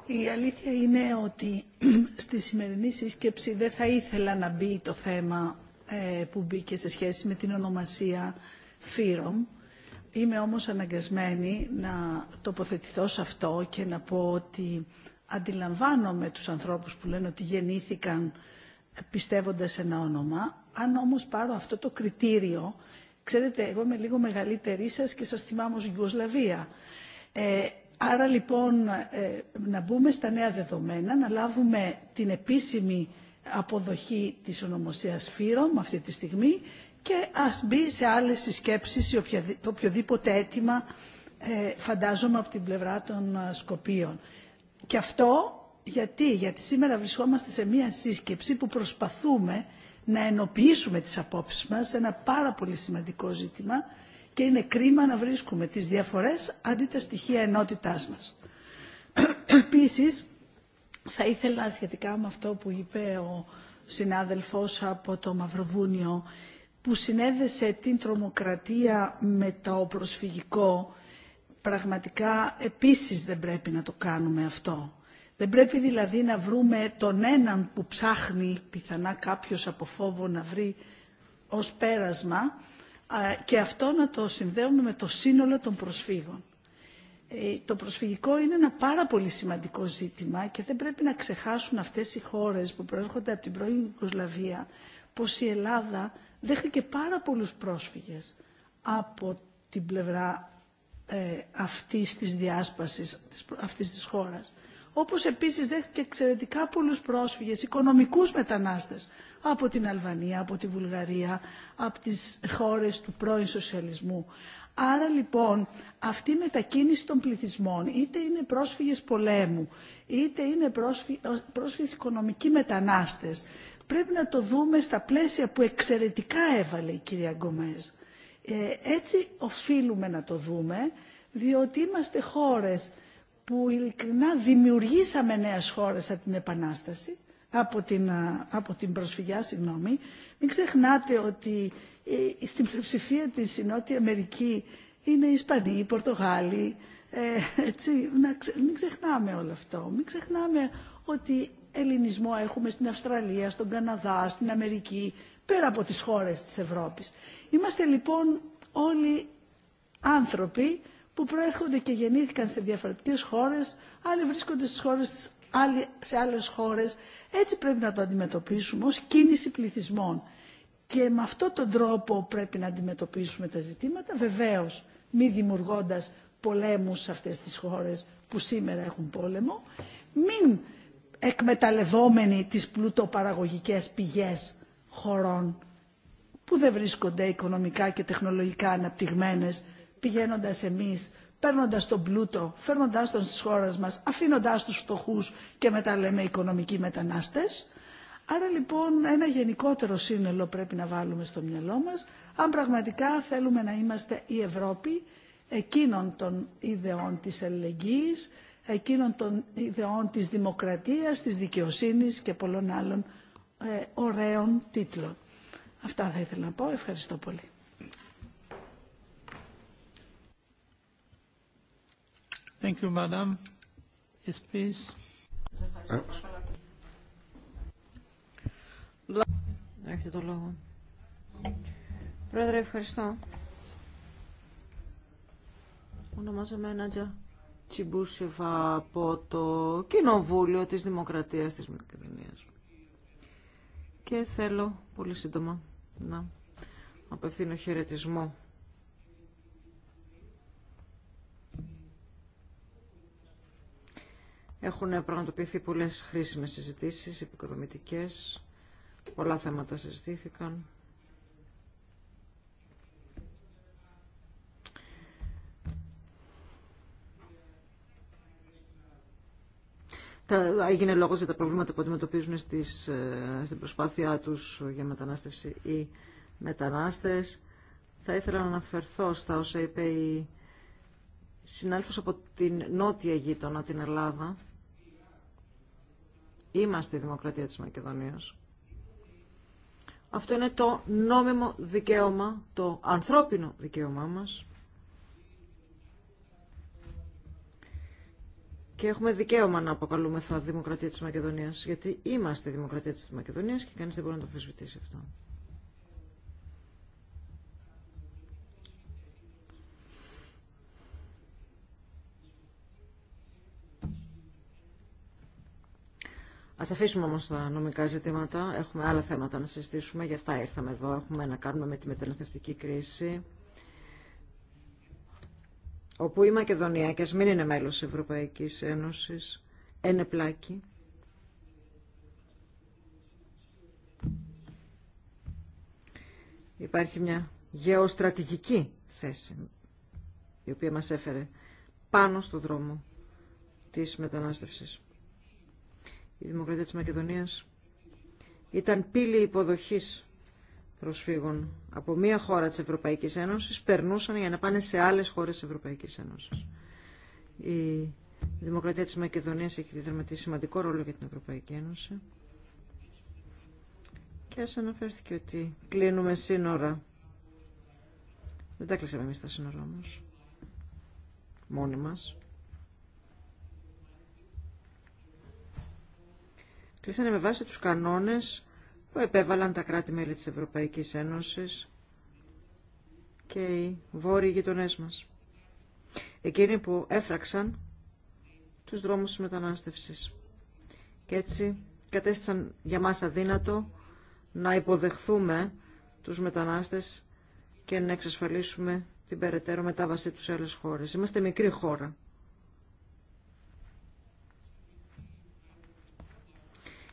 Η αλήθεια είναι ότι στη σημερινή σύσκεψη δεν θα ήθελα να μπει το θέμα ε, που μπήκε σε σχέση με την ονομασία Φύρομ Είμαι όμως αναγκασμένη να τοποθετηθώ σε αυτό και να πω ότι αντιλαμβάνομαι τους ανθρώπους που λένε ότι γεννήθηκαν πιστεύοντας ένα όνομα. Αν όμως πάρω αυτό το κριτήριο, ξέρετε, εγώ είμαι λίγο μεγαλύτερη σας και σας θυμάμαι ως Ιγκοσλαβία. Ε, άρα λοιπόν ε, να μπούμε στα νέα δεδομένα, να λάβουμε την επίσημη αποδοχή της ονομοσίας Φύρο αυτή τη στιγμή και ας μπει σε άλλες συσκέψεις ή οποιοδήποτε αίτημα ε, φαντάζομαι από την πλευρά των ε, Σκοπίων. Και αυτό γιατί, γιατί σήμερα βρισκόμαστε σε μία σύσκεψη που προσπαθούμε να ενοποιήσουμε τις απόψεις μας σε ένα πάρα πολύ σημαντικό ζήτημα και είναι κρίμα να βρίσκουμε τις διαφορές αντί τα στοιχεία ενότητάς μας. Επίσης, θα ήθελα σχετικά με αυτό που είπε ο συνάδελφος από το Μαυροβούνιο που συνέδεσε την τρομοκρατία με το προσφυγικό, πραγματικά επίσης δεν πρέπει να το κάνουμε αυτό. Δεν πρέπει δηλαδή να βρούμε τον έναν που ψάχνει, πιθανά κάποιος από φόβο να βρει ως πέρασμα, και αυτό να το συνδέουμε με το σύνολο των προσφύγων. Ε, το προσφυγικό είναι ένα πάρα πολύ σημαντικό ζήτημα και δεν πρέπει να ξεχάσουν αυτές οι χώρες που προέρχονται από την πρώην Ιουγκοσλαβία πως η Ελλάδα δέχτηκε πάρα πολλούς πρόσφυγες από την πλευρά ε, αυτής της διάσπασης της, αυτής της χώρας. Όπως επίσης δέχτηκε εξαιρετικά πολλούς πρόσφυγες, οικονομικούς μετανάστες από την Αλβανία, από τη Βουλγαρία, από τις χώρες του πρώην σοσιαλισμού. Άρα λοιπόν αυτή η μετακίνηση των πληθυσμών, είτε είναι πρόσφυγες πολέμου, είτε είναι πρόσφυγες οικονομικοί μετανάστες, πρέπει να το δούμε στα πλαίσια που εξαιρετικά έβαλε η κυρία Γκομές. Ε, έτσι οφείλουμε να το δούμε, διότι είμαστε χώρες που ειλικρινά δημιουργήσαμε νέες χώρες από την Επανάσταση, από την, από την προσφυγιά, συγγνώμη. Μην ξεχνάτε ότι ε, στην πλειοψηφία της η Αμερική είναι οι Ισπανοί, οι Πορτογάλοι. Ε, μην ξεχνάμε όλο αυτό. Μην ξεχνάμε ότι ελληνισμό έχουμε στην Αυστραλία, στον Καναδά, στην Αμερική, πέρα από τις χώρες της Ευρώπης. Είμαστε λοιπόν όλοι άνθρωποι που προέρχονται και γεννήθηκαν σε διαφορετικές χώρες, άλλοι βρίσκονται στις χώρες, σε άλλες χώρες. Έτσι πρέπει να το αντιμετωπίσουμε ως κίνηση πληθυσμών. Και με αυτόν τον τρόπο πρέπει να αντιμετωπίσουμε τα ζητήματα, βεβαίως μη δημιουργώντας πολέμους σε αυτές τις χώρες που σήμερα έχουν πόλεμο, μην εκμεταλλευόμενοι τις πλουτοπαραγωγικές πηγές χωρών που δεν βρίσκονται οικονομικά και τεχνολογικά αναπτυγμένες, πηγαίνοντας εμείς, παίρνοντας τον πλούτο, φέρνοντάς τον στις χώρες μας, αφήνοντάς τους φτωχούς και μετά λέμε οικονομικοί μετανάστες. Άρα λοιπόν ένα γενικότερο σύνολο πρέπει να βάλουμε στο μυαλό μας, αν πραγματικά θέλουμε να είμαστε η Ευρώπη εκείνων των ιδεών της ελεγγύης, εκείνων των ιδεών της δημοκρατίας, της δικαιοσύνης και πολλών άλλων ε, ωραίων τίτλων. Αυτά θα ήθελα να πω. Ευχαριστώ πολύ. Thank you, madam. Yes, please. Έχετε το λόγο. Πρόεδρε, ευχαριστώ. Ονομάζομαι Νάντζα Τσιμπούσεβα από το Κοινοβούλιο της Δημοκρατίας της Μακεδονίας. Και θέλω πολύ σύντομα να απευθύνω χαιρετισμό Έχουν πραγματοποιηθεί πολλές χρήσιμες συζητήσεις, επικοδομητικές, πολλά θέματα συζητήθηκαν. θα έγινε λόγος για τα προβλήματα που αντιμετωπίζουν στις, ε, στην προσπάθειά τους για μετανάστευση η μετανάστες. Θα ήθελα να αναφερθώ στα όσα είπε η συνάλφος από την νότια γείτονα, την Ελλάδα. Είμαστε η Δημοκρατία της Μακεδονίας. Αυτό είναι το νόμιμο δικαίωμα, το ανθρώπινο δικαίωμά μας. Και έχουμε δικαίωμα να αποκαλούμεθα Δημοκρατία της Μακεδονίας, γιατί είμαστε Δημοκρατία της Μακεδονίας και κανείς δεν μπορεί να το αμφισβητήσει αυτό. Ας αφήσουμε όμως τα νομικά ζητήματα. Έχουμε άλλα θέματα να συζητήσουμε. Γι' αυτά ήρθαμε εδώ. Έχουμε να κάνουμε με τη μεταναστευτική κρίση όπου και Μακεδονιακές μην είναι μέλος της Ευρωπαϊκής Ένωσης, είναι πλάκη. Υπάρχει μια γεωστρατηγική θέση, η οποία μας έφερε πάνω στο δρόμο της μετανάστευσης. Η Δημοκρατία της Μακεδονίας ήταν πύλη υποδοχής προσφύγων από μία χώρα της Ευρωπαϊκής Ένωσης περνούσαν για να πάνε σε άλλες χώρες της Ευρωπαϊκής Ένωσης. Η δημοκρατία της Μακεδονίας έχει διδραματίσει σημαντικό ρόλο για την Ευρωπαϊκή Ένωση. Και ας αναφέρθηκε ότι κλείνουμε σύνορα. Δεν τα κλείσαμε εμείς τα σύνορα όμως. Μόνοι μας. Κλείσανε με βάση τους κανόνες που επέβαλαν τα κράτη-μέλη της Ευρωπαϊκής Ένωσης και οι βόρειοι γειτονές μας. Εκείνοι που έφραξαν τους δρόμους της μετανάστευσης. Και έτσι κατέστησαν για μας αδύνατο να υποδεχθούμε τους μετανάστες και να εξασφαλίσουμε την περαιτέρω μετάβασή τους σε άλλες χώρες. Είμαστε μικρή χώρα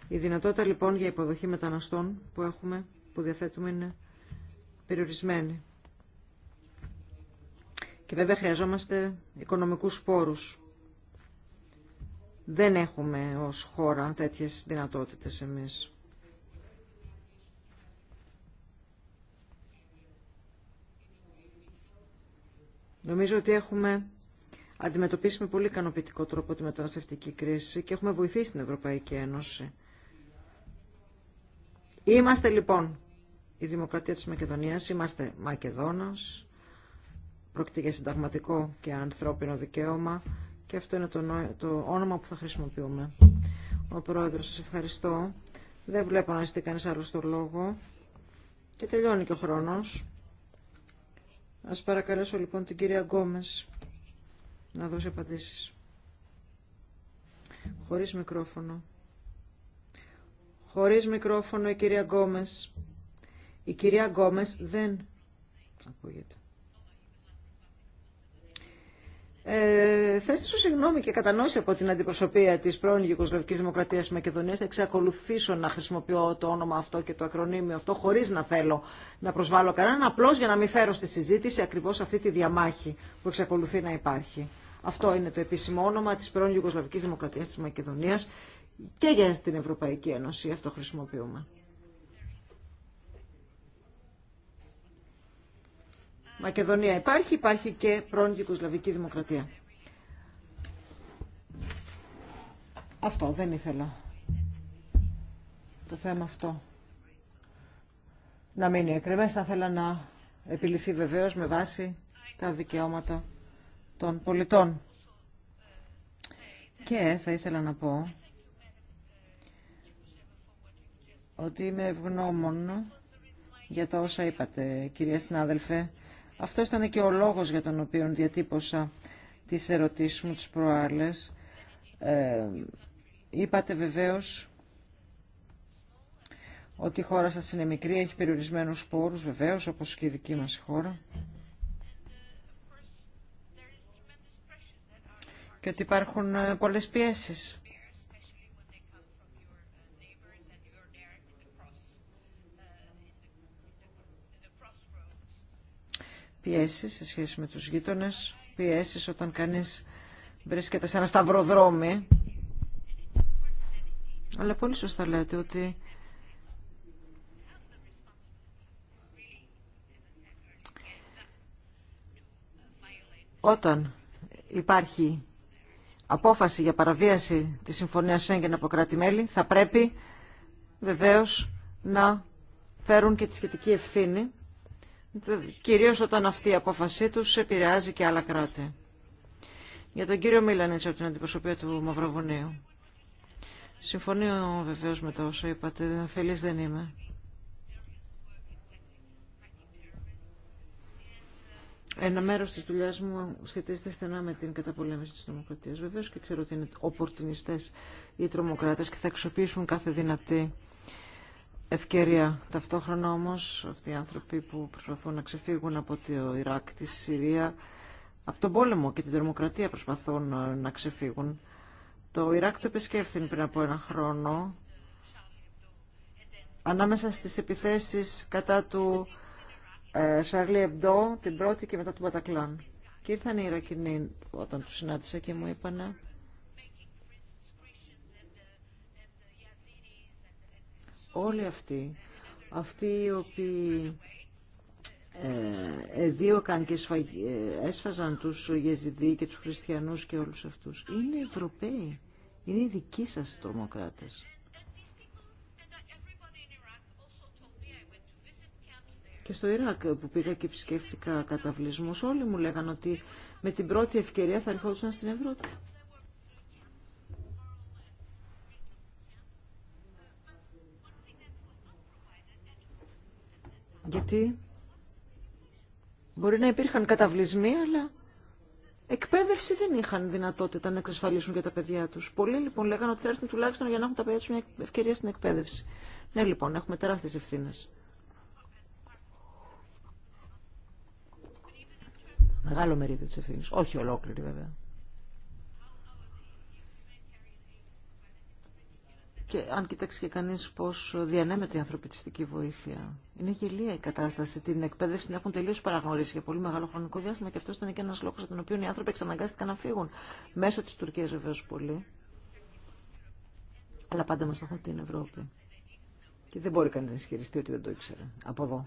Η δυνατότητα λοιπόν για υποδοχή μεταναστών που έχουμε, που διαθέτουμε είναι περιορισμένη. Και βέβαια χρειαζόμαστε οικονομικούς πόρους. Δεν έχουμε ως χώρα τέτοιες δυνατότητες εμείς. Νομίζω ότι έχουμε αντιμετωπίσει με πολύ ικανοποιητικό τρόπο τη μεταναστευτική κρίση και έχουμε βοηθήσει την Ευρωπαϊκή Ένωση Είμαστε λοιπόν η Δημοκρατία της Μακεδονίας, είμαστε Μακεδόνας, πρόκειται για συνταγματικό και ανθρώπινο δικαίωμα και αυτό είναι το, το όνομα που θα χρησιμοποιούμε. Ο Πρόεδρος, σας ευχαριστώ. Δεν βλέπω να ζητεί κανείς άλλο το λόγο και τελειώνει και ο χρόνος. Ας παρακαλέσω λοιπόν την κυρία Γκόμες να δώσει απαντήσεις. Χωρίς μικρόφωνο. Χωρίς μικρόφωνο η κυρία Γκόμες. Η κυρία Γκόμες δεν ακούγεται. Ε, θα ζητήσω συγγνώμη και κατανόηση από την αντιπροσωπεία της πρώην Ιουγκοσλαβικής Δημοκρατίας της Μακεδονίας. Θα εξακολουθήσω να χρησιμοποιώ το όνομα αυτό και το ακρονίμιο αυτό χωρίς να θέλω να προσβάλλω κανέναν, απλώς για να μην φέρω στη συζήτηση ακριβώς αυτή τη διαμάχη που εξακολουθεί να υπάρχει. Αυτό είναι το επίσημο όνομα της πρώην Ιουγκοσλαβικής Δημοκρατίας της Μακεδονίας και για την Ευρωπαϊκή Ένωση αυτό χρησιμοποιούμε. Μακεδονία υπάρχει, υπάρχει και πρώην Ιουκοσλαβική Δημοκρατία. Αυτό δεν ήθελα. Το θέμα αυτό. Να μείνει εκκρεμές, θα ήθελα να επιληθεί βεβαίως με βάση τα δικαιώματα των πολιτών. Και θα ήθελα να πω ότι είμαι ευγνώμων για τα όσα είπατε, κυρία συνάδελφε. Αυτό ήταν και ο λόγος για τον οποίο διατύπωσα τις ερωτήσεις μου τις προάλλες. Ε, είπατε βεβαίως ότι η χώρα σας είναι μικρή, έχει περιορισμένους πόρους, βεβαίως, όπως και η δική μας χώρα. Και ότι υπάρχουν ε, πολλές πιέσεις. πιέσεις σε σχέση με τους γείτονες, πιέσεις όταν κανείς βρίσκεται σε ένα σταυροδρόμι. Αλλά πολύ σωστά λέτε ότι όταν υπάρχει απόφαση για παραβίαση της Συμφωνίας Σέγγεν από κράτη-μέλη, θα πρέπει βεβαίως να φέρουν και τη σχετική ευθύνη κυρίως όταν αυτή η απόφασή τους επηρεάζει και άλλα κράτη. Για τον κύριο Μίλανιτς από την αντιπροσωπεία του Μαυροβουνίου. Συμφωνώ βεβαίως με τα όσα είπατε, Αφελή δεν είμαι. Ένα μέρο τη δουλειά μου σχετίζεται στενά με την καταπολέμηση τη δημοκρατίας. Βεβαίω και ξέρω ότι είναι οπορτινιστέ οι τρομοκράτε και θα αξιοποιήσουν κάθε δυνατή ευκαιρία. Ταυτόχρονα όμως αυτοί οι άνθρωποι που προσπαθούν να ξεφύγουν από το Ιράκ, τη Συρία, από τον πόλεμο και την τρομοκρατία προσπαθούν ε, να ξεφύγουν. Το Ιράκ το επισκέφθηκε πριν από ένα χρόνο ανάμεσα στις επιθέσεις κατά του ε, Σαρλί την πρώτη και μετά του Μπατακλάν. Και ήρθαν οι Ιρακινοί όταν τους συνάντησα και μου είπανε όλοι αυτοί, αυτοί οι οποίοι ε, δίωκαν και ε, έσφαζαν τους Γεζιδί και τους Χριστιανούς και όλους αυτούς. Είναι Ευρωπαίοι. Είναι οι δικοί σας τρομοκράτες. Και στο Ιράκ που πήγα και επισκέφθηκα καταβλισμούς, όλοι μου λέγαν ότι με την πρώτη ευκαιρία θα ερχόντουσαν στην Ευρώπη. Γιατί μπορεί να υπήρχαν καταβλισμοί, αλλά εκπαίδευση δεν είχαν δυνατότητα να εξασφαλίσουν για τα παιδιά τους. Πολλοί λοιπόν λέγανε ότι θα έρθουν τουλάχιστον για να έχουν τα παιδιά τους μια ευκαιρία στην εκπαίδευση. Ναι λοιπόν, έχουμε τεράστιε ευθύνε. Μεγάλο μερίδιο τη ευθύνη. Όχι ολόκληρη βέβαια. Και αν κοιτάξει και κανεί πώ διανέμεται η ανθρωπιστική βοήθεια. Είναι γελία η κατάσταση. Την εκπαίδευση την έχουν τελείως παραγνωρίσει για πολύ μεγάλο χρονικό διάστημα και αυτό ήταν και ένα λόγο από τον οποίο οι άνθρωποι εξαναγκάστηκαν να φύγουν. Μέσω τη Τουρκία βεβαίω πολύ. Αλλά πάντα μας έχουν την Ευρώπη. Και δεν μπορεί κανείς να ισχυριστεί ότι δεν το ήξερε. Από εδώ.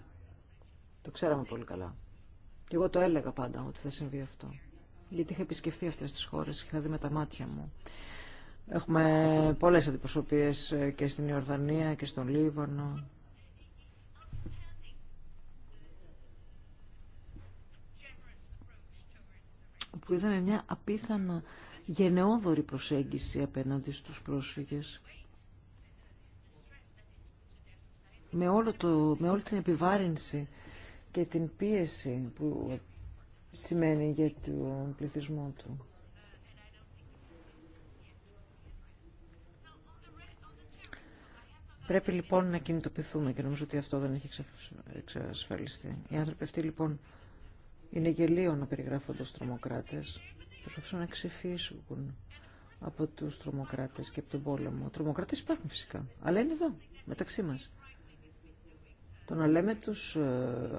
Το ξέραμε πολύ καλά. Και εγώ το έλεγα πάντα ότι θα συμβεί αυτό. Γιατί είχα επισκεφθεί αυτές τις χώρες, είχα δει με τα μάτια μου. Έχουμε πολλές αντιπροσωπείες ε, και στην Ιορδανία και στον Λίβανο. Που είδαμε μια απίθανα γενναιόδορη προσέγγιση απέναντι στους πρόσφυγες. Με, όλο το, με όλη την επιβάρυνση και την πίεση που σημαίνει για τον πληθυσμό του. Πρέπει λοιπόν να κινητοποιηθούμε και νομίζω ότι αυτό δεν έχει εξασφαλιστεί. Οι άνθρωποι αυτοί λοιπόν είναι γελίο να περιγράφονται ως τρομοκράτες. Προσπαθούν να ξεφύσουν από τους τρομοκράτες και από τον πόλεμο. Τρομοκράτες υπάρχουν φυσικά, αλλά είναι εδώ, μεταξύ μας. Το να λέμε τους ε,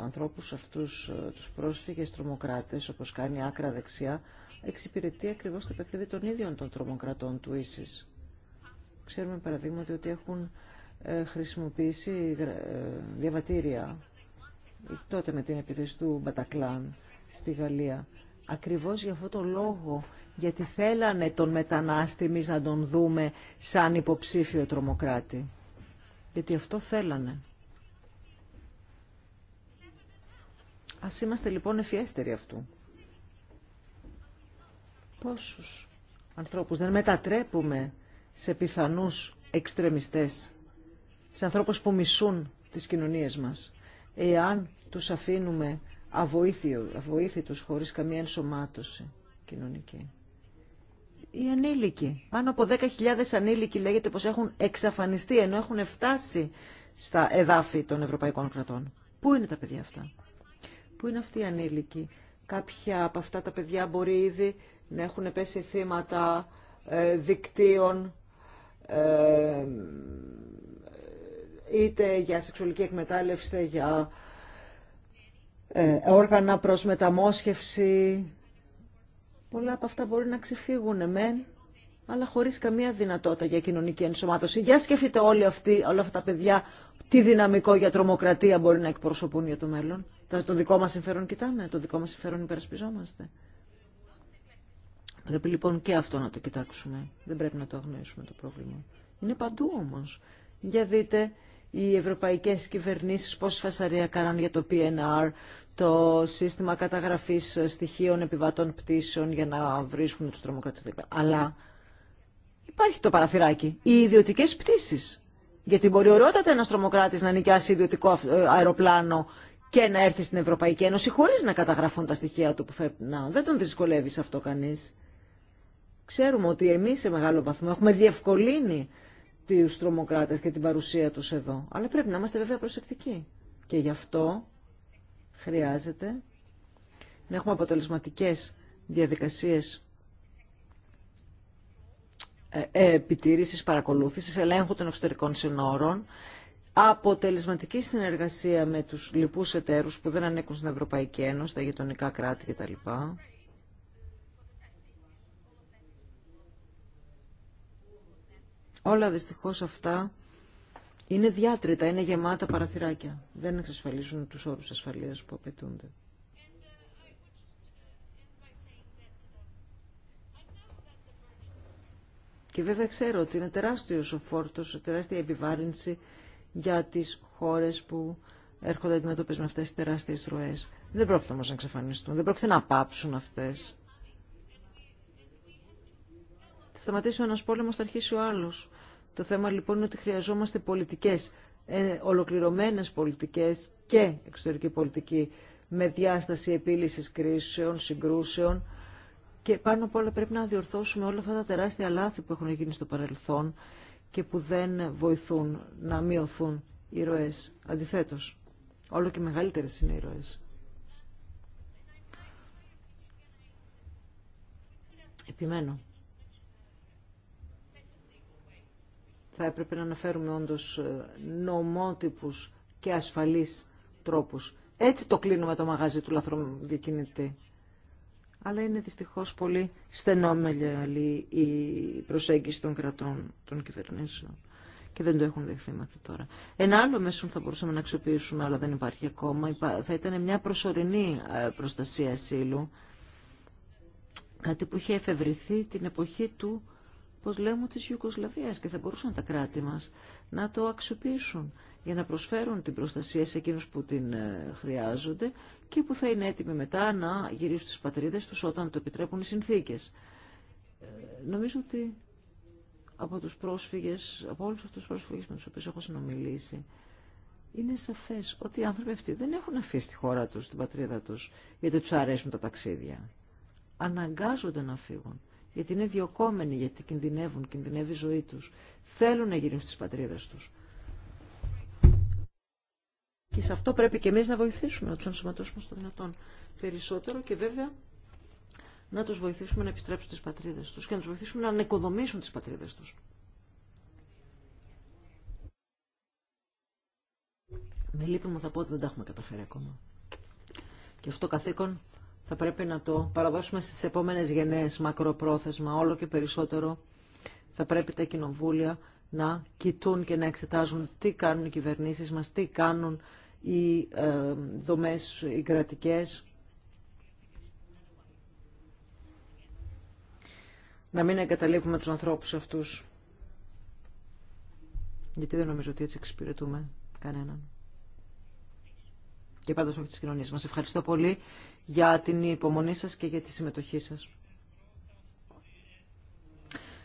ανθρώπους αυτούς, ε, τους πρόσφυγες τρομοκράτες, όπως κάνει άκρα δεξιά, εξυπηρετεί ακριβώς το παιχνίδι των ίδιων των τρομοκρατών του ίσης. Ξέρουμε παραδείγματι ότι έχουν ε, χρησιμοποιήσει ε, διαβατήρια ε, τότε με την επιθέση του Μπατακλάν στη Γαλλία. Ακριβώς για αυτό το λόγο, γιατί θέλανε τον μετανάστη εμείς να τον δούμε σαν υποψήφιο τρομοκράτη. Γιατί αυτό θέλανε. Ας είμαστε λοιπόν ευφιέστεροι αυτού. Πόσους ανθρώπους δεν μετατρέπουμε σε πιθανούς εξτρεμιστές σε ανθρώπους που μισούν τις κοινωνίες μας. Εάν τους αφήνουμε αβοήθειο, αβοήθητους χωρίς καμία ενσωμάτωση κοινωνική. Οι ανήλικοι. Πάνω από 10.000 ανήλικοι λέγεται πως έχουν εξαφανιστεί ενώ έχουν φτάσει στα εδάφη των ευρωπαϊκών κρατών. Πού είναι τα παιδιά αυτά. Πού είναι αυτοί οι ανήλικοι. Κάποια από αυτά τα παιδιά μπορεί ήδη να έχουν πέσει θύματα ε, δικτύων ε, είτε για σεξουαλική εκμετάλλευση, είτε για ε, όργανα προς μεταμόσχευση. Πολλά από αυτά μπορεί να ξεφύγουν μεν, αλλά χωρίς καμία δυνατότητα για κοινωνική ενσωμάτωση. Για σκεφτείτε όλοι αυτοί, όλα αυτά τα παιδιά τι δυναμικό για τρομοκρατία μπορεί να εκπροσωπούν για το μέλλον. Το δικό μας συμφέρον κοιτάμε, το δικό μας συμφέρον υπερασπιζόμαστε. Πρέπει λοιπόν και αυτό να το κοιτάξουμε. Δεν πρέπει να το αγνοήσουμε το πρόβλημα. Είναι παντού όμως. Για δείτε οι ευρωπαϊκές κυβερνήσεις πόσο φασαρία κάναν για το PNR, το σύστημα καταγραφής στοιχείων επιβατών πτήσεων για να βρίσκουν τους τρομοκρατές. Αλλά υπάρχει το παραθυράκι. Οι ιδιωτικές πτήσεις. Γιατί μπορεί ωραιότατα ένας τρομοκράτης να νοικιάσει ιδιωτικό ε, αεροπλάνο και να έρθει στην Ευρωπαϊκή Ένωση χωρίς να καταγραφούν τα στοιχεία του που θα... Να, δεν τον δυσκολεύει σε αυτό κανείς. Ξέρουμε ότι εμείς σε μεγάλο βαθμό έχουμε διευκολύνει τους τρομοκράτες και την παρουσία τους εδώ. Αλλά πρέπει να είμαστε βέβαια προσεκτικοί. Και γι' αυτό χρειάζεται να έχουμε αποτελεσματικές διαδικασίες ε, ε, επιτήρησης, παρακολούθησης, ελέγχου των εξωτερικών συνόρων, αποτελεσματική συνεργασία με τους λοιπούς εταίρους που δεν ανήκουν στην Ευρωπαϊκή Ένωση, τα γειτονικά κράτη κτλ. Όλα δυστυχώς αυτά είναι διάτρητα, είναι γεμάτα παραθυράκια. Δεν εξασφαλίζουν τους όρους ασφαλείας που απαιτούνται. Και βέβαια ξέρω ότι είναι τεράστιος ο φόρτος, τεράστια επιβάρυνση για τις χώρες που έρχονται με αυτές τις τεράστιες ροές. Δεν πρόκειται όμως να εξαφανιστούν, δεν πρόκειται να πάψουν αυτές. Θα σταματήσει ο ένας πόλεμος, θα αρχίσει ο άλλος. Το θέμα λοιπόν είναι ότι χρειαζόμαστε πολιτικέ, ε, ολοκληρωμένες πολιτικές και εξωτερική πολιτική με διάσταση επίλυση κρίσεων, συγκρούσεων και πάνω απ' όλα πρέπει να διορθώσουμε όλα αυτά τα τεράστια λάθη που έχουν γίνει στο παρελθόν και που δεν βοηθούν να μειωθούν οι ροές. Αντιθέτως, όλο και μεγαλύτερες είναι οι ροές. Επιμένω. θα έπρεπε να αναφέρουμε όντως ε, νομότυπους και ασφαλείς τρόπους. Έτσι το κλείνουμε το μαγαζί του λαθρομδιακινητή. Αλλά είναι δυστυχώς πολύ στενόμελη η προσέγγιση των κρατών, των κυβερνήσεων. Και δεν το έχουν δεχθεί μέχρι τώρα. Ένα άλλο μέσο που θα μπορούσαμε να αξιοποιήσουμε, αλλά δεν υπάρχει ακόμα, θα ήταν μια προσωρινή ε, προστασία ασύλου. Κάτι που είχε εφευρεθεί την εποχή του λέμε, της Ιουκοσλαβίας και θα μπορούσαν τα κράτη μας να το αξιοποιήσουν για να προσφέρουν την προστασία σε εκείνους που την ε, χρειάζονται και που θα είναι έτοιμοι μετά να γυρίσουν στις πατρίδες τους όταν το επιτρέπουν οι συνθήκες. Ε, νομίζω ότι από τους πρόσφυγες, από όλους αυτούς τους πρόσφυγες με τους οποίους έχω συνομιλήσει, είναι σαφές ότι οι άνθρωποι αυτοί δεν έχουν αφήσει τη χώρα τους, την πατρίδα τους, γιατί τους αρέσουν τα ταξίδια. Αναγκάζονται να φύγουν γιατί είναι διοκόμενοι, γιατί κινδυνεύουν, κινδυνεύει η ζωή τους. Θέλουν να γυρίσουν στις πατρίδες τους. Και σε αυτό πρέπει και εμείς να βοηθήσουμε, να τους ενσωματώσουμε στο δυνατόν περισσότερο και βέβαια να τους βοηθήσουμε να επιστρέψουν στις πατρίδες τους και να τους βοηθήσουμε να ανεκοδομήσουν τις πατρίδες τους. Με λύπη μου θα πω ότι δεν τα έχουμε καταφέρει ακόμα. Και αυτό καθήκον θα πρέπει να το παραδώσουμε στις επόμενες γενναίες μακροπρόθεσμα όλο και περισσότερο θα πρέπει τα κοινοβούλια να κοιτούν και να εξετάζουν τι κάνουν οι κυβερνήσεις μας, τι κάνουν οι ε, δομές οι κρατικές. Να μην εγκαταλείπουμε τους ανθρώπους αυτούς. Γιατί δεν νομίζω ότι έτσι εξυπηρετούμε κανέναν και πάντως όχι της κοινωνίας μας. Ευχαριστώ πολύ για την υπομονή σας και για τη συμμετοχή σας.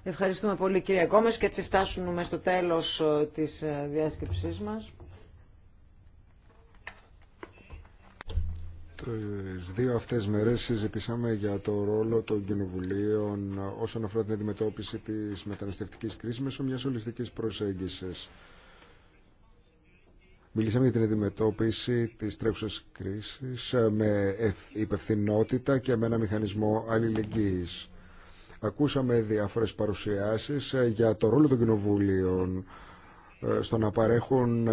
Ευχαριστούμε πολύ κύριε Κόμες και έτσι φτάσουμε στο τέλος ε, της ε, διάσκεψής μας. Τις δύο αυτές μέρες συζητήσαμε για το ρόλο των κοινοβουλίων ε, όσον αφορά την αντιμετώπιση της μεταναστευτικής κρίσης μέσω μιας ολιστικής προσέγγισης. Μιλήσαμε για την αντιμετώπιση τη τρέχουσα κρίση ε, με υπευθυνότητα και με ένα μηχανισμό αλληλεγγύη. Ακούσαμε διάφορε παρουσιάσει ε, για το ρόλο των κοινοβουλίων ε, στο να παρέχουν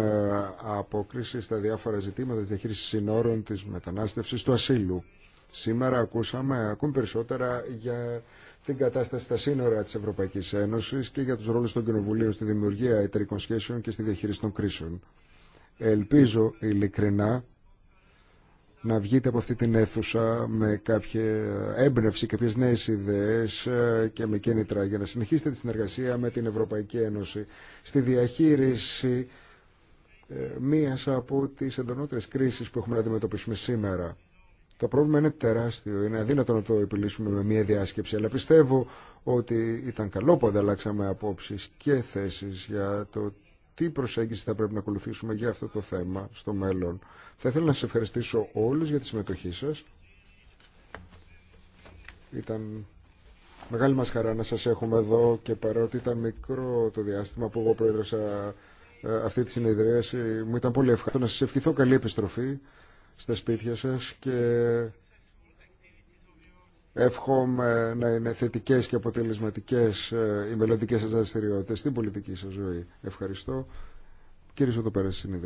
απόκριση στα διάφορα ζητήματα της διαχείρισης συνόρων, τη μετανάστευση του ασύλου. Σήμερα ακούσαμε ακόμη περισσότερα για την κατάσταση στα σύνορα της Ευρωπαϊκής Ένωσης και για τους ρόλους των κοινοβουλίων στη δημιουργία εταιρικών σχέσεων και στη διαχείριση των κρίσεων. Ελπίζω ειλικρινά να βγείτε από αυτή την αίθουσα με κάποια έμπνευση, κάποιες νέες ιδέες ε, και με κίνητρα για να συνεχίσετε τη συνεργασία με την Ευρωπαϊκή Ένωση στη διαχείριση ε, μίας από τις εντονότερες κρίσεις που έχουμε να αντιμετωπίσουμε σήμερα. Το πρόβλημα είναι τεράστιο, είναι αδύνατο να το επιλύσουμε με μία διάσκεψη, αλλά πιστεύω ότι ήταν καλό που ανταλλάξαμε απόψεις και θέσεις για το τι προσέγγιση θα πρέπει να ακολουθήσουμε για αυτό το θέμα στο μέλλον. Θα ήθελα να σας ευχαριστήσω όλους για τη συμμετοχή σας. Ήταν μεγάλη μας χαρά να σας έχουμε εδώ και παρότι ήταν μικρό το διάστημα που εγώ πρόεδρεσα ε, αυτή τη συνεδρία. μου ήταν πολύ ευχαριστώ να σας ευχηθώ καλή επιστροφή στα σπίτια σας και Εύχομαι να είναι θετικέ και αποτελεσματικέ ε, οι μελλοντικέ σα δραστηριότητε στην πολιτική σα ζωή. Ευχαριστώ. Κύριε Σωτοπέρα, συνειδητή.